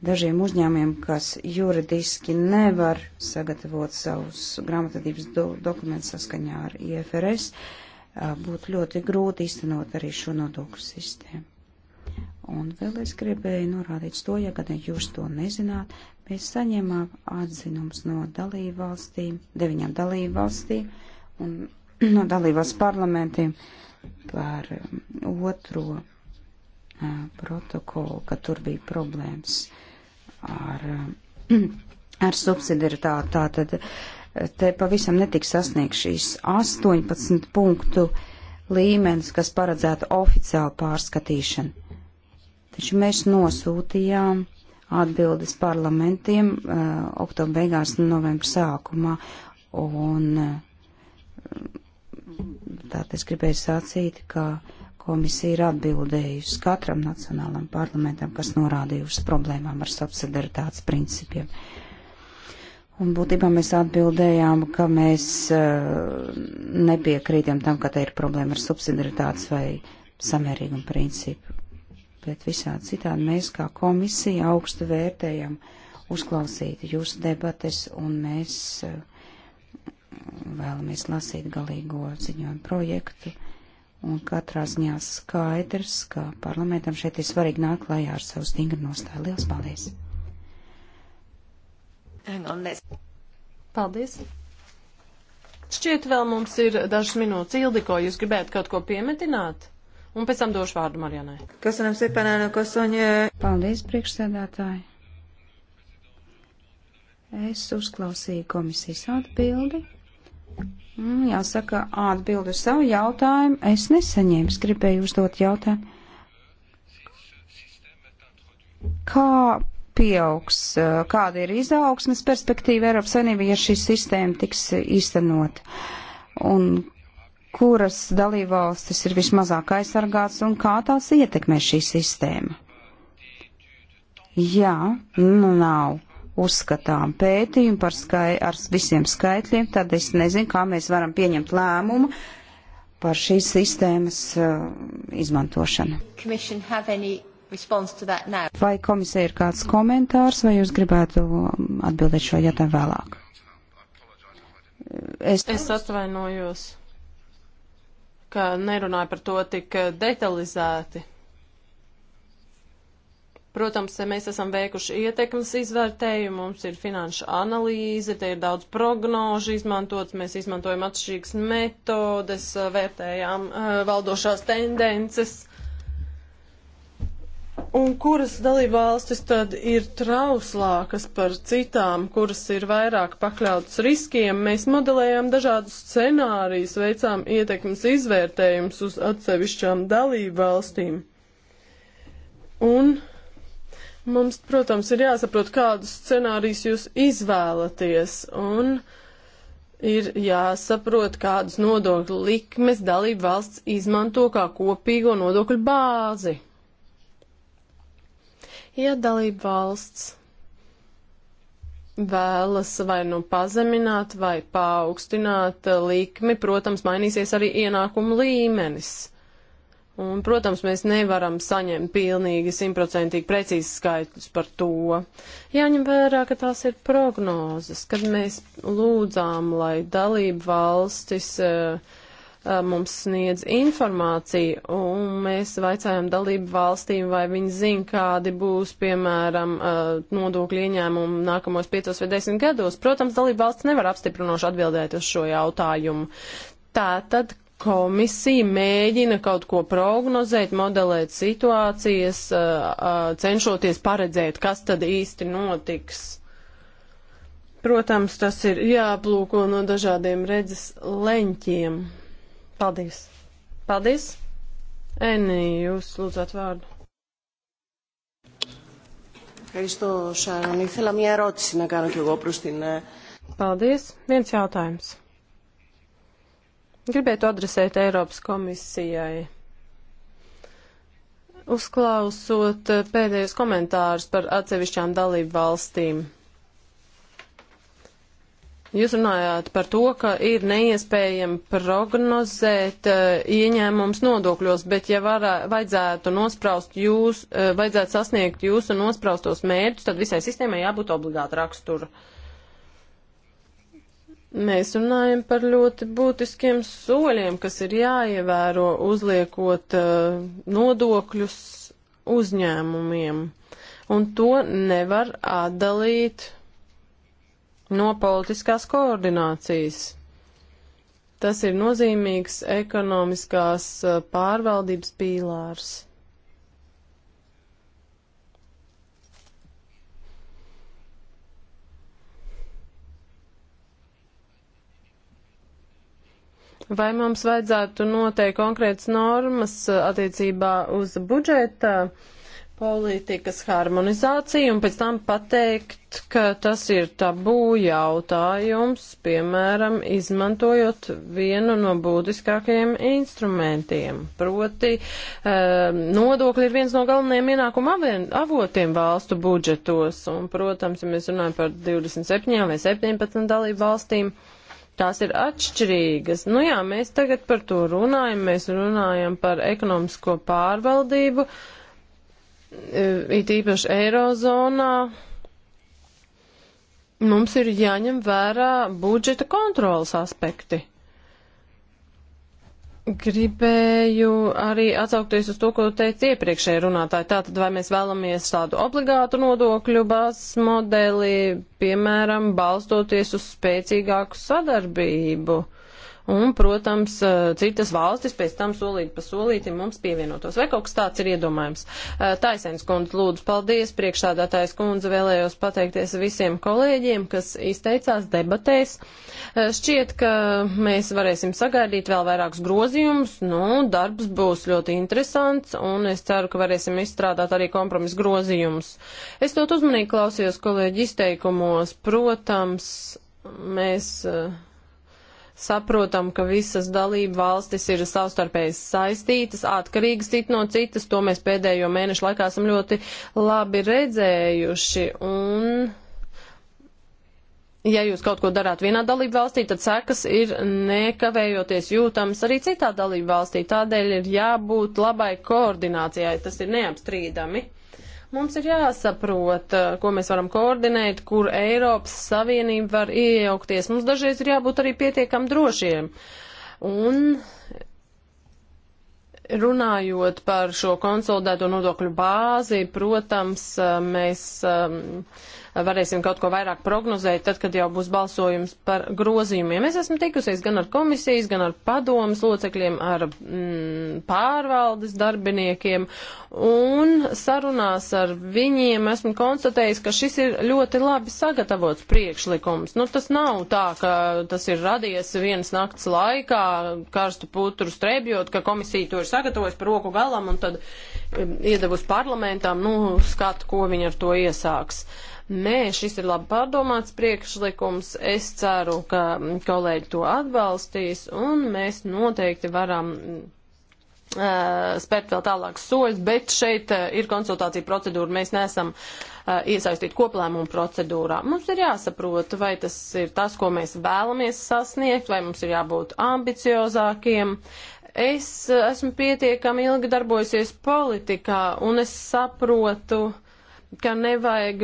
dažiem uzņēmiem, kas juridiski nevar sagatavot savus grāmatvedības do dokumentus saskaņā ar IFRS, būtu ļoti grūti iztenot arī šo nodokļu sistēmu. Un vēl es gribēju norādīt to, ja gan jūs to nezināt, mēs saņemām atzinums no dalību valstīm, deviņām dalību valstīm un no dalībās parlamentiem par um, otro uh, protokolu, ka tur bija problēmas. Uh, ar, ar subsidiaritāti. Tātad te pavisam netiks sasniegt šīs 18 punktu līmenis, kas paredzētu oficiālu pārskatīšanu. Taču mēs nosūtījām atbildes parlamentiem uh, oktobra beigās un novembra sākumā. Un uh, eh, tā es gribēju sacīt, ka Komisija ir atbildējusi katram nacionālam parlamentam, kas norādīja uz problēmām ar subsidaritātes principiem. Un būtībā mēs atbildējām, ka mēs uh, nepiekrītam tam, ka te ir problēma ar subsidaritātes vai samērīgumu principu. Bet visādi citādi mēs kā komisija augstu vērtējam uzklausīt jūsu debates un mēs uh, vēlamies lasīt galīgo ziņojumu projektu. Uh, Un katrā ziņā skaidrs, ka parlamentam šeit ir svarīgi nākt klajā ar savu stingru nostāju. Lielas paldies! Paldies! Šķiet, vēl mums ir dažas minūtes Ildiko, jūs gribētu kaut ko piemetināt? Un pēc tam došu vārdu Marijanai. Kas varam sepanēno kosoņē? Paldies, priekšsēdētāji! Es uzklausīju komisijas atbildi Mm, jāsaka, atbildu savu jautājumu. Es nesaņēmu, es gribēju uzdot jautājumu. Kā pieaugs, kāda ir izaugsmes perspektīva Eiropas Savienībā, ja šī sistēma tiks īstenot? Un kuras dalībvalstis ir vismazāk aizsargāts un kā tās ietekmē šī sistēma? Jā, nu nav uzskatām pētījumu par skai, ar visiem skaitļiem, tad es nezinu, kā mēs varam pieņemt lēmumu par šīs sistēmas uh, izmantošanu. Vai komisija ir kāds komentārs, vai jūs gribētu um, atbildēt šo jautājumu vēlāk? Uh, es, es atvainojos, ka nerunāju par to tik uh, detalizēti. Protams, mēs esam veikuši ietekmes izvērtējumu, mums ir finanšu analīze, te ir daudz prognožu izmantots, mēs izmantojam atšķirīgas metodes, eh, vērtējām eh, valdošās tendences. Un kuras dalībvalstis tad ir trauslākas par citām, kuras ir vairāk pakļautas riskiem? Mēs modelējām dažādus scenārijus, veicām ietekmes izvērtējumus uz atsevišķām dalībvalstīm. Un Mums, protams, ir jāsaprot, kādus scenārijus jūs izvēlaties, un ir jāsaprot, kādas nodokļu likmes dalību valsts izmanto kā kopīgo nodokļu bāzi. Ja dalību valsts vēlas vai nu pazemināt vai paaugstināt likmi, protams, mainīsies arī ienākumu līmenis. Un, protams, mēs nevaram saņemt pilnīgi simtprocentīgi precīzi skaitļus par to. Jāņem vērā, ka tās ir prognozes, kad mēs lūdzām, lai dalību valstis uh, mums sniedz informāciju, un mēs vaicājām dalību valstīm, vai viņi zina, kādi būs, piemēram, eh, nodokļu ieņēmumi nākamos piecos vai desmit gados. Protams, dalību valsts nevar apstiprinoši atbildēt uz šo jautājumu. Tā tad komisija mēģina kaut ko prognozēt, modelēt situācijas, cenšoties paredzēt, kas tad īsti notiks. Protams, tas ir jāplūko no dažādiem redzes leņķiem. Paldies! Paldies! Enī, jūs lūdzat vārdu. Ευχαριστώ, Σάρων. Ήθελα μια ερώτηση να κάνω κι εγώ προς την... Paldies. Viens jautājums. Gribētu adresēt Eiropas komisijai. Uzklausot eh, pēdējos komentārus par atsevišķām dalību valstīm. Jūs runājāt par to, ka ir neiespējami prognozēt uh, ieņēmums nodokļos, bet ja varā, vajadzētu, nospraust jūs, uh, vajadzētu sasniegt jūsu nospraustos mērķus, tad visai sistēmai jābūt obligāta rakstura. Uh, Mēs runājam par ļoti būtiskiem soļiem, kas ir jāievēro uzliekot uh, nodokļus uzņēmumiem, un to nevar atdalīt no politiskās koordinācijas. Tas ir nozīmīgs ekonomiskās eh, pārvaldības pīlārs. Vai mums vajadzētu noteikt konkrētas normas uh, attiecībā uz budžeta politikas harmonizāciju un pēc tam pateikt, ka tas ir tabū jautājums, piemēram, izmantojot vienu no būtiskākajiem instrumentiem. Proti, eh, nodokļi ir viens no galvenajiem ienākuma avotiem valstu budžetos, un, protams, ja mēs runājam par 27 vai 17 dalību valstīm, eh, tās ir atšķirīgas. Nu jā, mēs tagad par to runājam, mēs runājam par ekonomisko pārvaldību, e, it īpaši Eirozonā. Mums ir jāņem vērā budžeta kontrolas aspekti. Gribēju arī atsaukties uz to, ko teica iepriekšēja runātāja. Tātad, vai mēs vēlamies tādu obligātu nodokļu bāzes modeli, piemēram, balstoties uz spēcīgāku sadarbību? Uh, un, protams, eh, citas valstis pēc tam solīt pa solīti mums pievienotos. Vai kaut kas tāds ir iedomājams? Eh, Taisens kundze, lūdzu, paldies. Priekšstādātājs kundze vēlējos pateikties visiem kolēģiem, kas izteicās debatēs. Eh, Šķiet, ka mēs varēsim sagaidīt vēl vairākus grozījumus. Nu, darbs būs ļoti interesants, un es ceru, ka varēsim izstrādāt arī kompromisu grozījumus. Es ļoti uzmanīgi klausījos kolēģi izteikumos. Protams, mēs. Uh, Saprotam, ka visas dalība valstis ir savstarpēji saistītas, atkarīgas cit no citas, to mēs pēdējo mēnešu laikā esam ļoti labi redzējuši. Un, ja jūs kaut ko darāt vienā dalību valstī, tad sekas ir nekavējoties jūtams arī citā dalību valstī. Tādēļ ir jābūt labai koordinācijai, tas ir neapstrīdami. Mums ir jāsaprot, eh, ko mēs varam koordinēt, kur Eiropas Savienība var iejaukties. Mums dažreiz ir jābūt arī pietiekam drošiem. Un runājot par šo konsolidēto nodokļu bāzi, protams, eh, mēs eh, varēsim kaut ko vairāk prognozēt, tad, kad jau būs balsojums par grozījumiem. Es esmu tikusies gan ar komisijas, gan ar padomas locekļiem, ar mm, pārvaldes darbiniekiem, un sarunās ar viņiem esmu konstatējis, ka šis ir ļoti labi sagatavots priekšlikums. Nu, tas nav tā, ka tas ir radies vienas nakts laikā, karstu putru strebjot, ka komisija to ir sagatavojusi par roku galam un tad mm, iedevusi parlamentam, nu, skatu, ko viņi ar to iesāks. Uh, Nē, šis ir labi pārdomāts priekšlikums. Es ceru, ka kolēģi to atbalstīs un mēs noteikti varam uh, spērt vēl tālākus soļus, bet šeit uh, ir konsultācija procedūra. Mēs neesam uh, iesaistīti koplēmumu procedūrā. Mums ir jāsaprot, vai tas ir tas, ko mēs vēlamies sasniegt, vai mums ir jābūt ambiciozākiem. Es esmu pietiekami ilgi darbojusies politikā, un es saprotu, uh, ka nevajag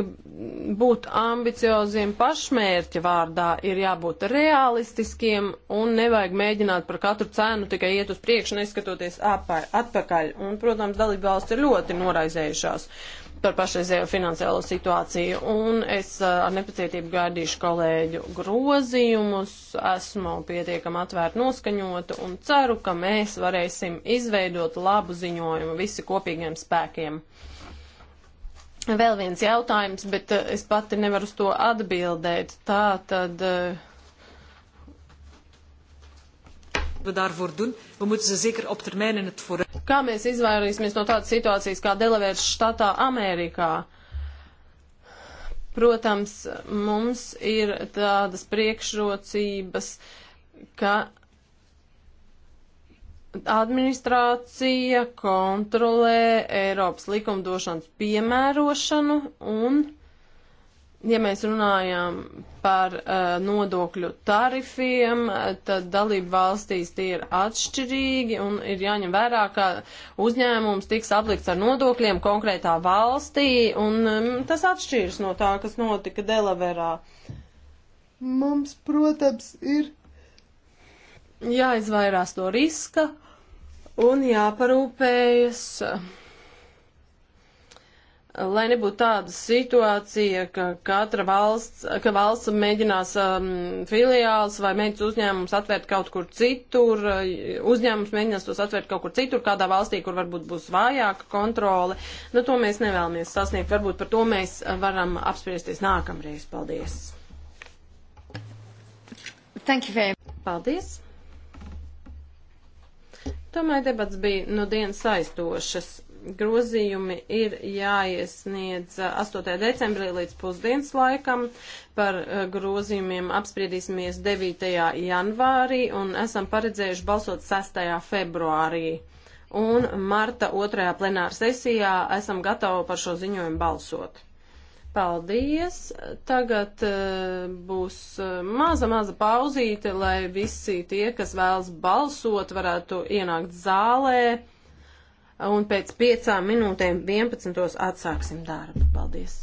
būt ambicioziem pašmērķa vārdā, ir jābūt realistiskiem un nevajag mēģināt par katru cenu tikai iet uz priekšu, neskatoties apai, atpakaļ. Un, protams, dalībvalsts ir ļoti noraizējušās par pašreizējo finansiālo situāciju, un es uh, ar nepacietību gaidīšu kolēģu grozījumus, esmu pietiekam atvērt noskaņotu un ceru, ka mēs varēsim izveidot labu ziņojumu visi kopīgiem spēkiem vēl viens jautājums, bet eh, es pati nevaru uz to atbildēt. Tā tad. Eh, kā mēs izvairīsimies no tādas situācijas kā Delavērs štatā Amerikā? Protams, mums ir tādas priekšrocības, ka administrācija kontrolē Eiropas likumdošanas piemērošanu un, ja mēs runājam par uh, nodokļu tarifiem, tad dalību valstīs tie ir atšķirīgi un ir jāņem vērā, ka uzņēmums tiks aplikts ar nodokļiem konkrētā valstī un um, tas atšķiras no tā, kas notika Delaverā. Mums, protams, ir jāizvairās no riska, un jāparūpējas, lai nebūtu tāda situācija, ka katra valsts, ka valsts mēģinās um, filiāls vai mēģinās uzņēmums atvērt kaut kur citur, uzņēmums mēģinās tos atvērt kaut kur citur, kādā valstī, kur varbūt būs vājāka kontrole. Nu, to mēs nevēlamies sasniegt. Varbūt par to mēs varam apspriesties nākamreiz. Paldies! Thank you very much. Paldies! Tomēr debats bija no dienas aizstošas. Grozījumi ir jāiesniedz 8. Uh, decembrī līdz pusdienas laikam. Par uh, grozījumiem apspriedīsimies 9. janvārī un esam paredzējuši balsot 6. februārī. Un marta 2. plenāra sesijā esam gatavi par šo ziņojumu balsot. Paldies! Tagad uh, būs eh, maza, maza pauzīte, lai visi tie, kas vēlas balsot, varētu ienākt zālē. Un pēc piecām minūtēm 11. atsāksim darbu. Paldies!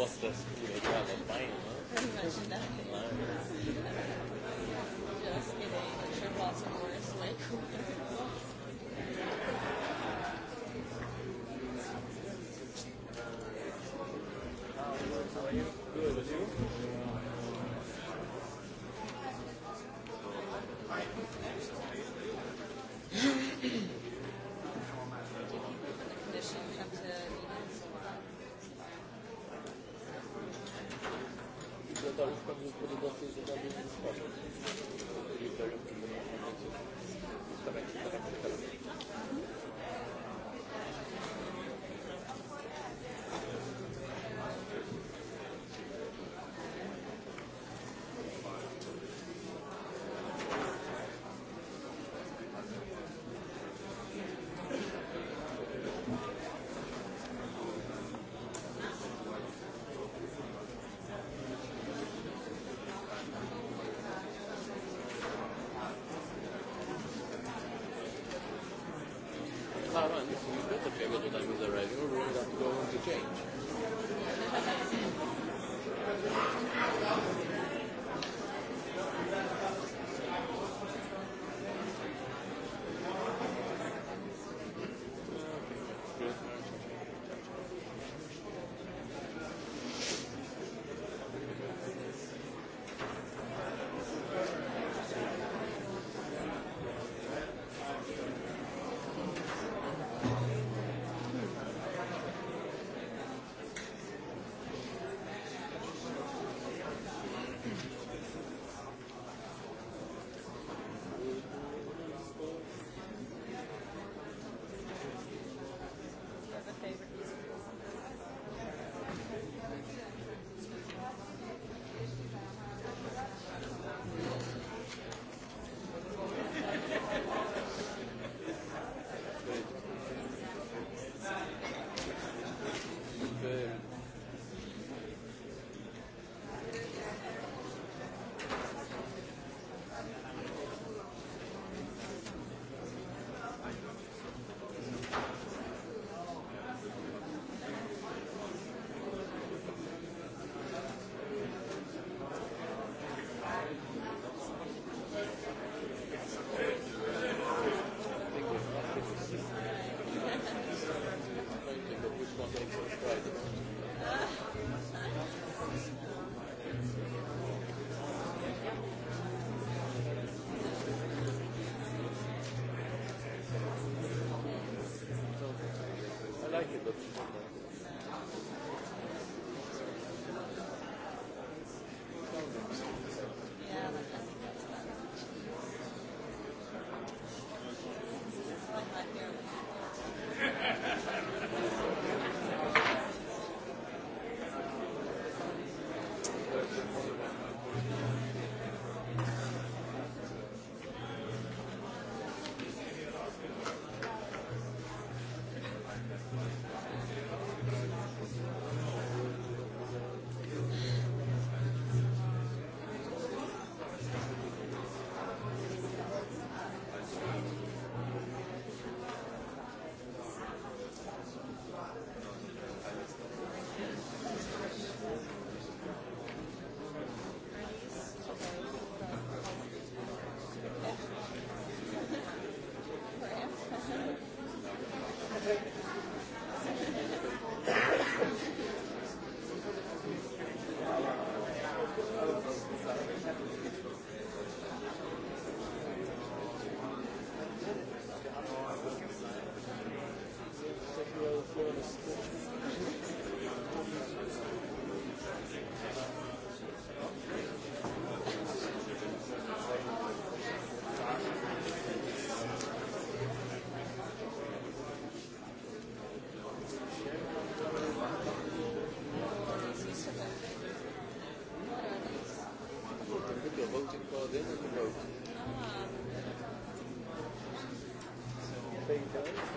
głos też.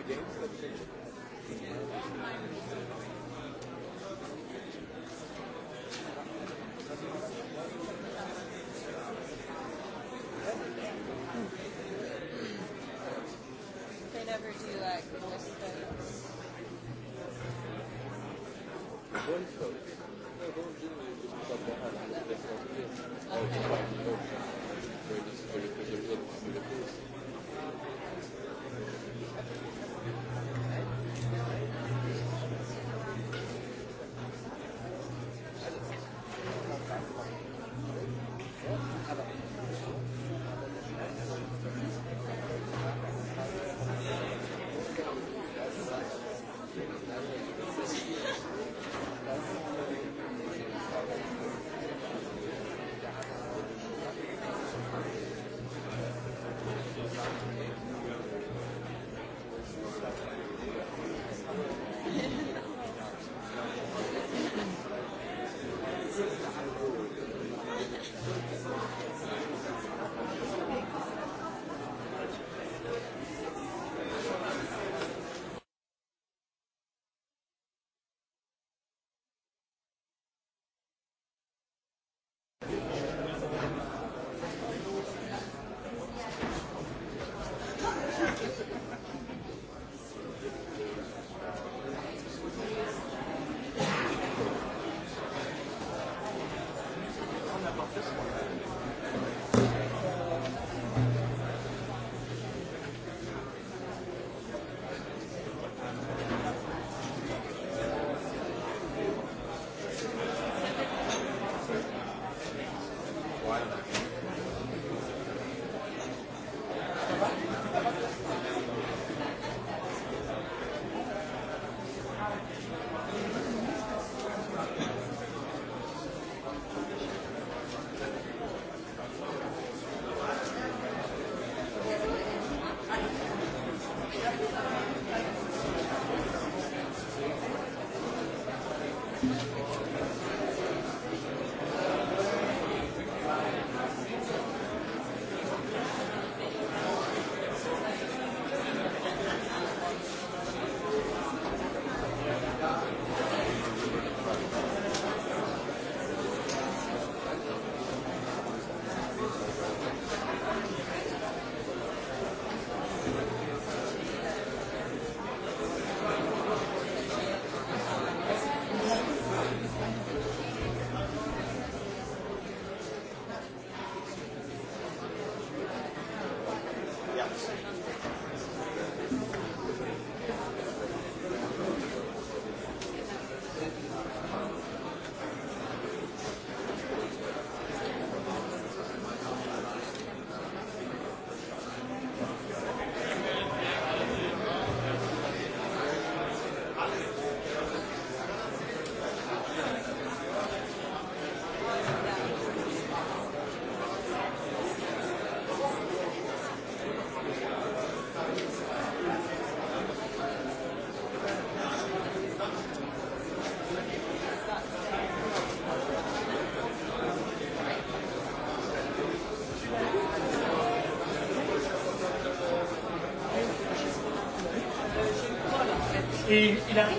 Okay. Et il arrive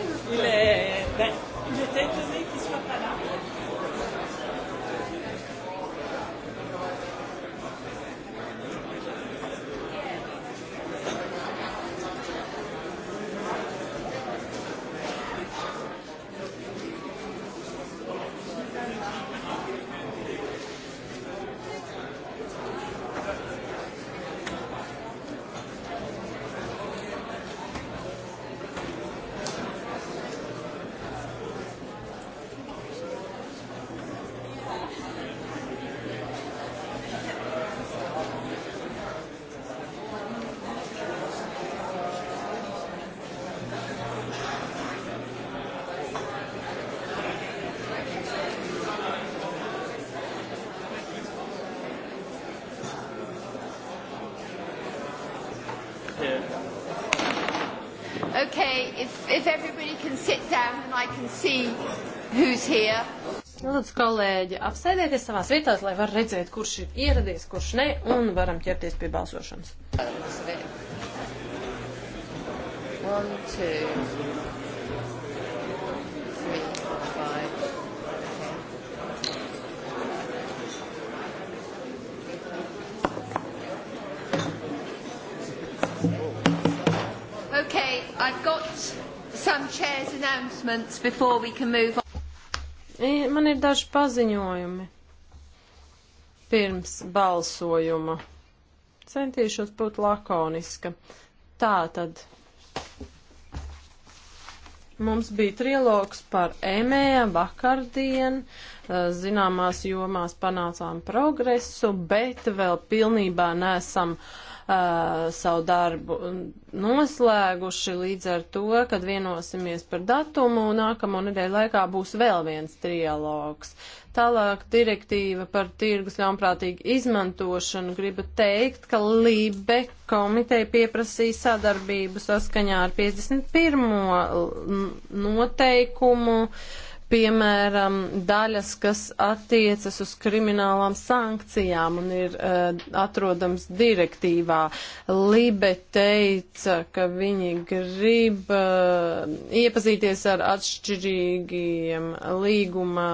if everybody can sit down and I can see who's here. Nu, lūdzu, kolēģi, apsēdieties savās vietās, lai var redzēt, kurš ir ieradies, kurš ne, un varam ķerties pie balsošanas. One, two. announcements before we can move on. E, man ir daži paziņojumi pirms balsojuma. Centīšos būt lakoniska. Tā tad. Mums bija trilogs par emēju vakardien, e, zināmās jomās panācām progresu, bet vēl pilnībā nesam uh, uh, savu darbu noslēguši. Līdz ar to, kad vienosimies par datumu, nākamo nedēļu laikā būs vēl viens trialogs. Tālāk direktīva par tirgus ļaunprātīgu izmantošanu. Gribu teikt, ka Lībe komiteja pieprasīja sadarbību saskaņā ar 51. noteikumu. Uh, piemēram, daļas, kas attiecas uz kriminālām sankcijām un ir uh, atrodams direktīvā. Libe teica, ka viņi grib uh, iepazīties ar atšķirīgiem līguma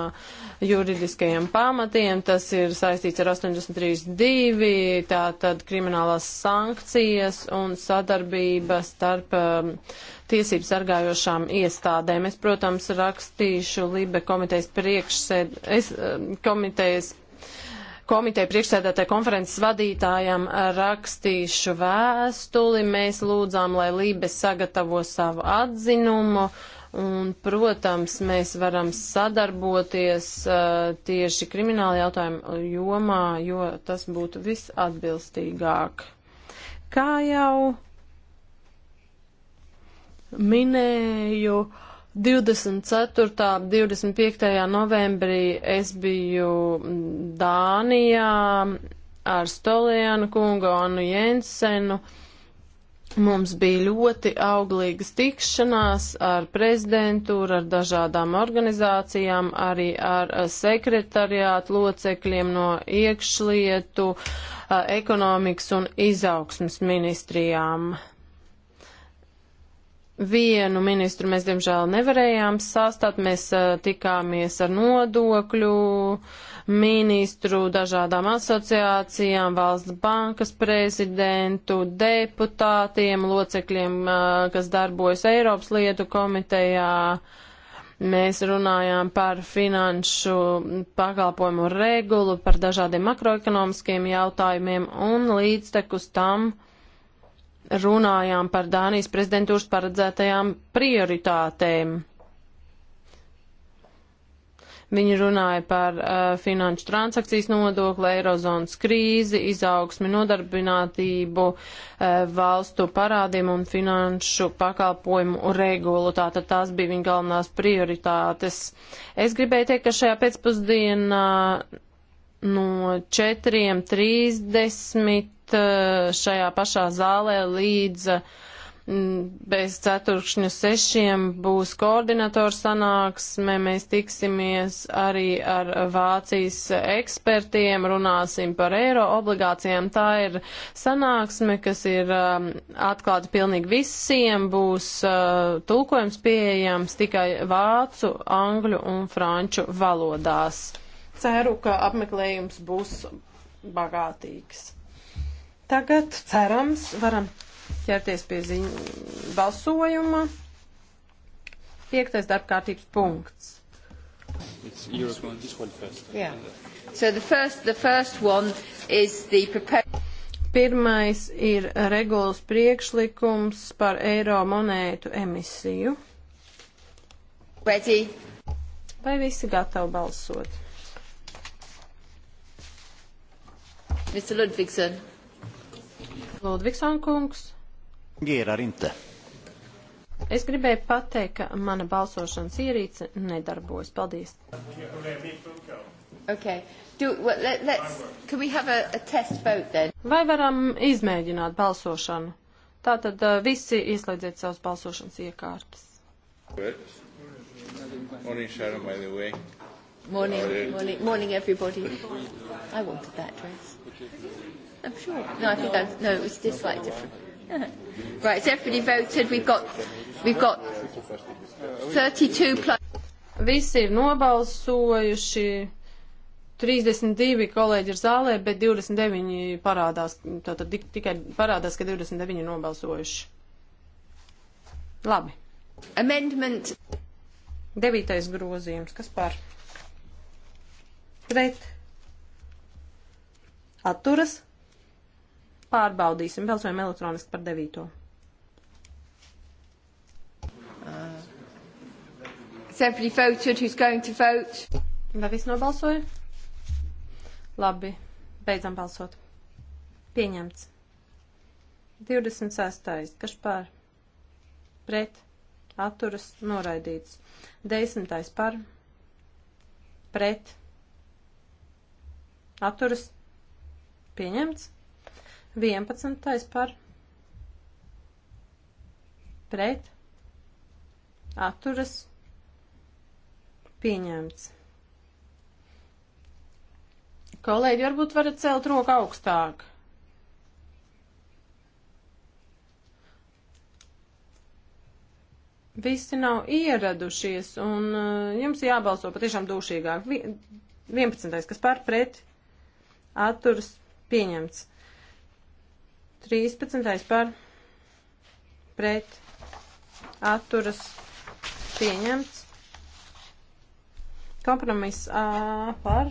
juridiskajiem pamatiem. Tas ir saistīts ar 83.2, tātad kriminālās sankcijas un sadarbība starp. Uh, tiesību sargājošām iestādēm. Es, protams, rakstīšu Libe komitejas priekšsēd, es, eh, komitejas komiteja priekšsēdētāja konferences vadītājam eh, rakstīšu vēstuli. Mēs lūdzām, lai Lībe sagatavo savu atzinumu. Un, protams, mēs varam sadarboties uh, tieši krimināla jautājuma jomā, jo tas būtu visatbilstīgāk. Kā jau minēju, 24. 25. novembrī es biju Dānijā ar Stolienu kungu un Jensenu. Mums bija ļoti auglīgas tikšanās ar prezidentūru, ar dažādām organizācijām, arī ar sekretariātu locekļiem no iekšlietu, ekonomikas un izaugsmas ministrijām. Vienu ministru mēs, diemžēl, nevarējām sastāt. Mēs uh, tikāmies ar nodokļu ministru, dažādām asociācijām, valsts bankas prezidentu, deputātiem, locekļiem, uh, kas darbojas Eiropas lietu komitejā. Mēs runājām par finanšu pakalpojumu regulu, par dažādiem makroekonomiskiem jautājumiem un līdztekus tam, uh, runājām par Dānijas prezidentūras paredzētajām prioritātēm. Viņi runāja par uh, finanšu transakcijas nodokli, eirozonas krīzi, izaugsmi, nodarbinātību, uh, valstu parādiem un finanšu pakalpojumu regulu. Tātad tās bija viņa galvenās prioritātes. Es gribēju teikt, ka šajā pēcpusdienā no 4.30 tikt eh, šajā pašā zālē līdz mm, bez ceturkšņa sešiem būs koordinators sanāksme, mēs tiksimies arī ar Vācijas ekspertiem, runāsim par eiro obligācijām. Tā ir sanāksme, kas ir um, atklāta pilnīgi visiem, būs uh, tulkojums pieejams tikai vācu, angļu un franču valodās. Ceru, ka apmeklējums būs bagātīgs. Tagad, cerams, varam ķerties pie ziņu balsojuma. Piektais darbkārtības punkts. Yeah. So the first, the first one is the proposal. Pirmais ir regulas priekšlikums par eiro monētu emisiju. Ready. Vai visi gatavi balsot? Mr. Ludvigsen. Ludvigsson kungs. Gierarinte. Es gribēju pateikt, ka mana balsošanas ierīce nedarbojas. Paldies. Okay. Do, well, let, let's, can we have a, a test vote then? Vai varam izmēģināt balsošanu? Tātad uh, visi ieslēdziet savas balsošanas iekārtas. Morning, Sharon, by the way. Morning, morning, morning, everybody. I wanted that dress. I'm sure. No, I think I'm, no, it was this slightly different. right, so everybody voted. We've got, we've got 32 plus. Visi ir nobalsojuši. 32 kolēģi ir zālē, bet 29 parādās, tātad tikai parādās, ka 29 ir nobalsojuši. Labi. Amendment. Devītais grozījums. Kas par? Pret. Atturas. Pārbaudīsim, balsojam elektroniski par devīto. Vai viss nobalsoja? Labi, beidzam balsot. Pieņemts. 26. Kas pār? Pret. Atturas noraidīts. 10. par. Pret. Atturas pieņemts. 11. par pret atturas pieņemts. Kolēģi, varbūt varat celt roku augstāk. Visi nav ieradušies, un uh, jums jābalso patiešām dūšīgāk. 11. kas par pret atturas pieņemts. 13. par pret atturas pieņemts. Kompromiss A par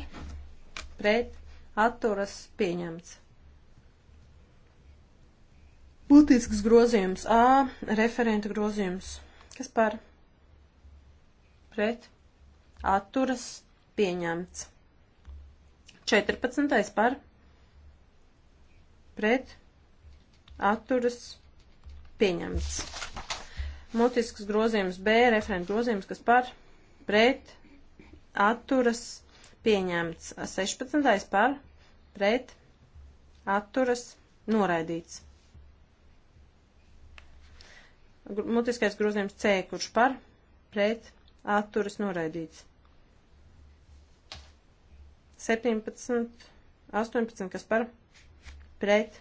pret atturas pieņemts. Būtisks grozījums A, referenta grozījums. Kas par pret atturas pieņemts. 14. par pret atturas pieņemts. Mutisks grozījums B, referenta grozījums, kas par pret atturas pieņemts. 16. par pret atturas noraidīts. Mutiskais grozījums C, kurš par pret atturas noraidīts. 17, 18, kas par pret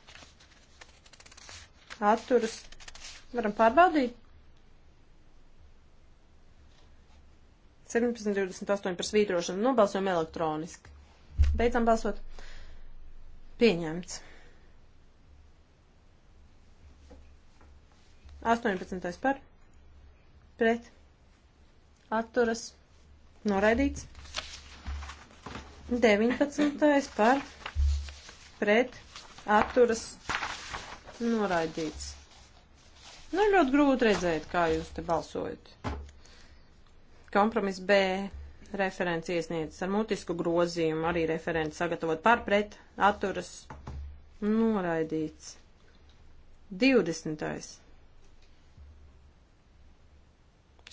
atturas. Varam pārbaudīt. 17.28 par svītrošanu. Nobalsojam elektroniski. Beidzam balsot. Pieņemts. 18. par. Pret. Atturas. Noraidīts. 19. par. Pret. Atturas noraidīts. Nu, ļoti grūti redzēt, kā jūs te balsojat. Kompromiss B referents iesniedzis ar mutisku grozījumu, arī referents sagatavot par pret, atturas, noraidīts. 20.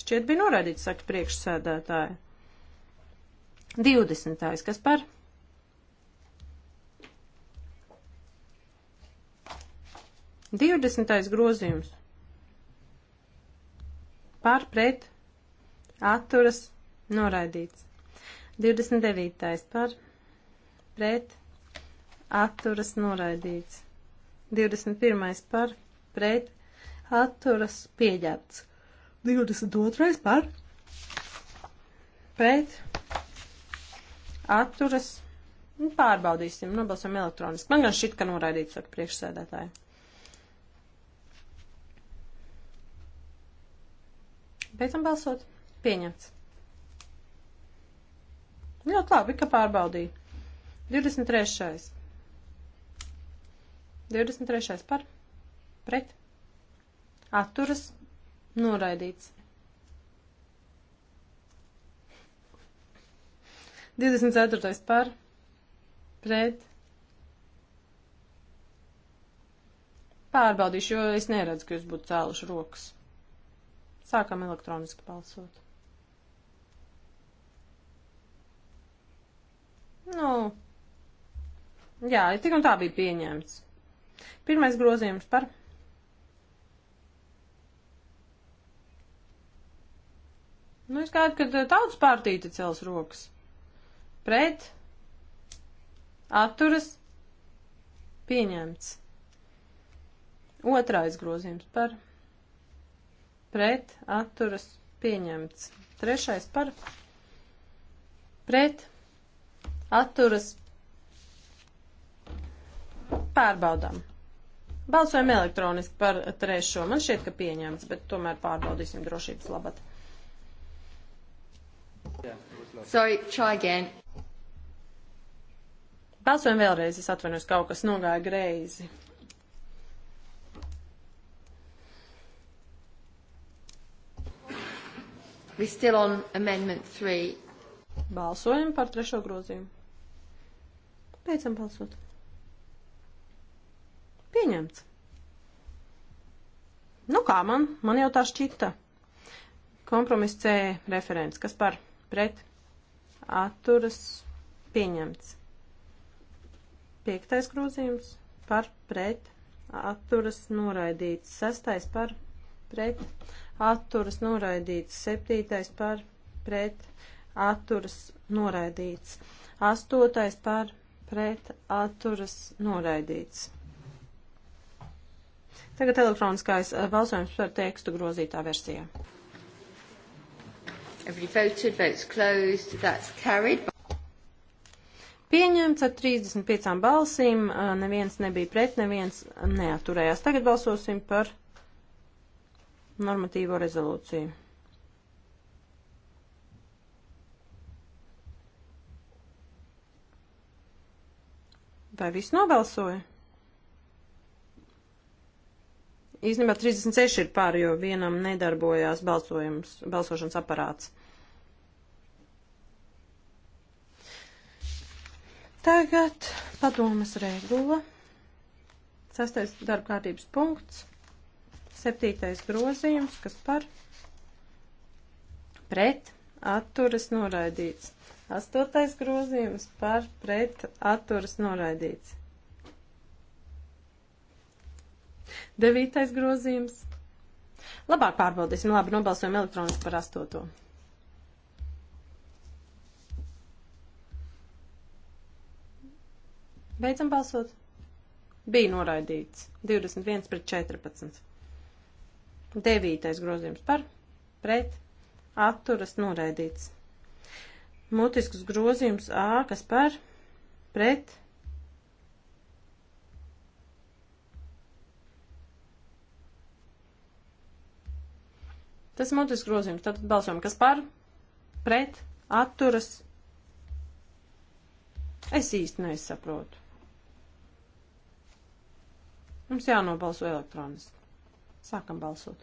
Šķiet bija noraidīts, saka priekšsēdētāji. 20. kas par? 20. grozījums par pret atturas noraidīts. 29. par pret atturas noraidīts. 21. par pret atturas pieļauts. 22. par pret atturas nu, pārbaudīsim, nobalsam elektroniski. Man gan šit, ka noraidīts ar priekšsēdētāju. Beidzam balsot. Pieņemts. Ļoti labi, ka pārbaudīju. 23. 23. par. Pret. Atturas. Noraidīts. 24. par. Pret. Pārbaudīšu, jo es neredzu, ka jūs būtu cēluši rokas. Sākam elektroniski balsot. Nu, jā, tik un tā bija pieņemts. Pirmais grozījums par. Nu, es kādu, kad eh, tautas pārtīte cels rokas. Pret. Atturas. Pieņemts. Otrais grozījums par pret atturas pieņemts. Trešais par pret atturas pārbaudām. Balsojam elektroniski par trešo. Man šķiet, ka pieņemts, bet tomēr pārbaudīsim drošības labad. Sorry, try again. Balsojam vēlreiz, es atvainojos, kaut kas nogāja greizi. We're still on amendment 3. Balsojam par trešo grozījumu. Beidzam balsot. Pieņemts. Nu kā man? Man jau tā šķita. Kompromiss C referents. Kas par? Pret. Atturas. Pieņemts. Piektais grozījums. Par. Pret. Atturas. Noraidīts. Sestais par. Pret atturas noraidīts, septītais par pret atturas noraidīts, astotais par pret atturas noraidīts. Tagad elektroniskais eh, balsojums par tekstu grozītā versijā. Every voted, votes closed, that's carried pieņemts ar 35 balsīm, eh, neviens nebija pret, neviens neaturējās. Tagad balsosim par normatīvo rezolūciju. Vai viss nobalsoja? Īstenībā 36 ir pār, jo vienam nedarbojās balsojums, balsošanas aparāts. Tagad padomas regula. Sastais darba kārtības punkts. Septītais grozījums, kas par pret atturas noraidīts. Astotais grozījums par pret atturas noraidīts. Devītais grozījums. Labāk pārbaudīsim, labi, nobalsojam elektroniski par astoto. Beidzam balsot. Bija noraidīts 21 pret 14. Devītais grozījums par, pret, atturas noraidīts. Mutisks grozījums A, kas par, pret. Tas mutisks grozījums, tad balsojam, kas par, pret, atturas. Es īsti nesaprotu. Mums jānobalso elektroniski. Sākam balsot.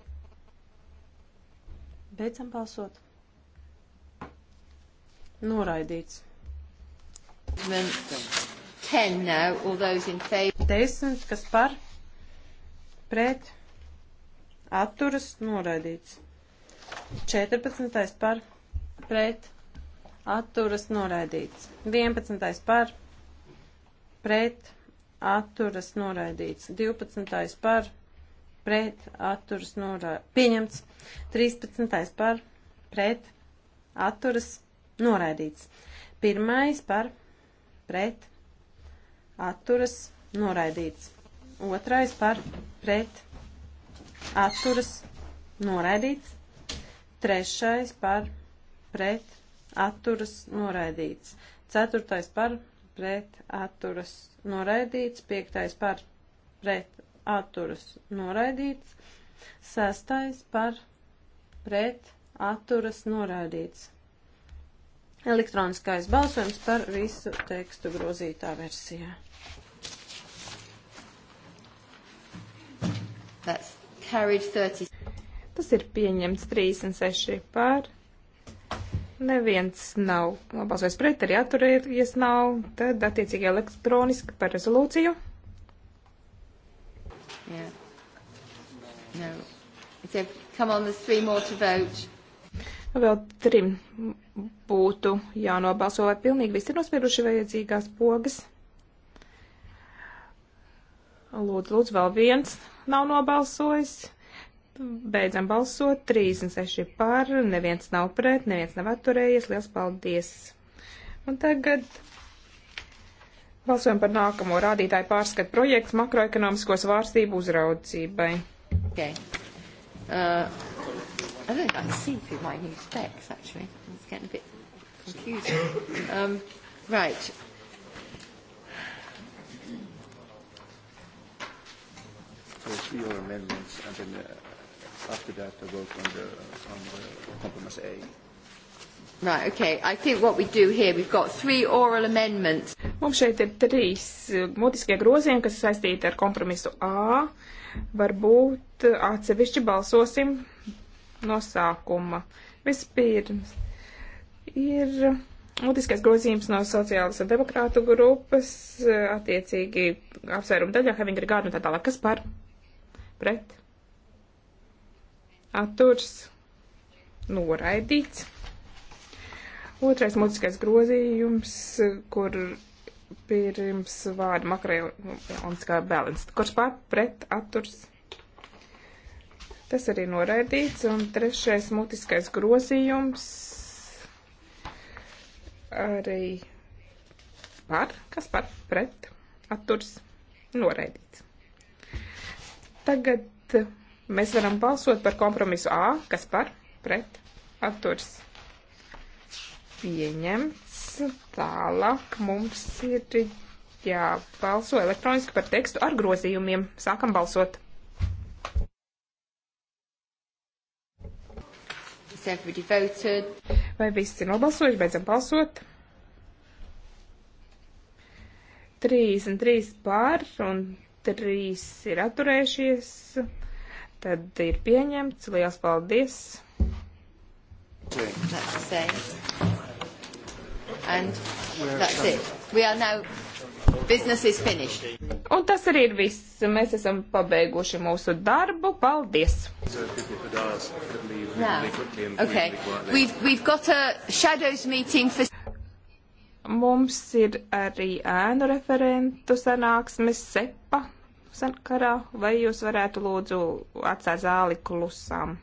Beidzam balsot. Noraidīts. Ten now, all those in favor. Desmit, kas par, pret, atturas, noraidīts. 14. par, pret, atturas, noraidīts. 11. par, pret, atturas, noraidīts. 12. par, pret pret atturas norā... pieņemts. 13. par pret atturas noraidīts. Pirmais par pret atturas noraidīts. Otrais par pret atturas noraidīts. Trešais par pret atturas noraidīts. Ceturtais par pret atturas noraidīts. Piektais par pret atturas noraidīts. Sestais par pret atturas noraidīts. Elektroniskais balsojums par visu tekstu grozītā versijā. That's carried 30. Tas ir pieņemts 36 pār. Neviens nav balsojis pret, arī atturēties nav. Tad attiecīgi elektroniski par rezolūciju. Yeah. No. So, come on, there's three more to vote. Nu, vēl trim būtu jānobalso, vai pilnīgi visi ir nospieduši vajadzīgās pogas. Lūdzu, lūdzu, vēl viens nav nobalsojis. Beidzam balsot, 36 par, neviens nav pret, neviens nav atturējies, liels paldies. Un tagad Balsojam par nākamo rādītāju pārskatu projektu makroekonomisko svārstību uzraudzībai. Okay. Uh, I don't, I see through my new specs actually. It's getting a bit confusing. Um, right. So it's your amendments and then uh, after that I vote on the, on the compromise A. Right, okay. I think what we do here, we've got three oral amendments. Mums šeit ir trīs uh, mutiskie grozījumi, kas saistīti ar kompromisu A. Varbūt atsevišķi balsosim no sākuma. Vispirms ir mutiskais grozījums no sociālas un demokrātu grupas, uh, attiecīgi apsvērumu daļā, having regard un tā tālāk. Kas par? Pret? Atturs? Noraidīts? Otrais mutiskais grozījums, kur pirms vārda makroekonomiskā balance, kurš pār pret atturs. Tas arī noraidīts. Un trešais mutiskais grozījums arī par, kas par pret atturs noraidīts. Tagad mēs varam balsot par kompromisu A, kas par pret atturs noraidīts pieņemts. Tālāk mums ir jābalso elektroniski par tekstu ar grozījumiem. Sākam balsot. Vai visi ir nobalsojuši? Beidzam balsot. 33 pār un 3 ir atturējušies. Tad ir pieņemts. Lielas paldies! That's the same. And that's it. We are now business is finished. Un tas arī ir viss. Mēs esam pabeiguši mūsu darbu. Paldies! Now, okay. we've, we've got a shadows meeting for... Mums ir arī ēnu referentu sanāksmes sepa sankarā, vai jūs varētu lūdzu atstāt zāli klusām?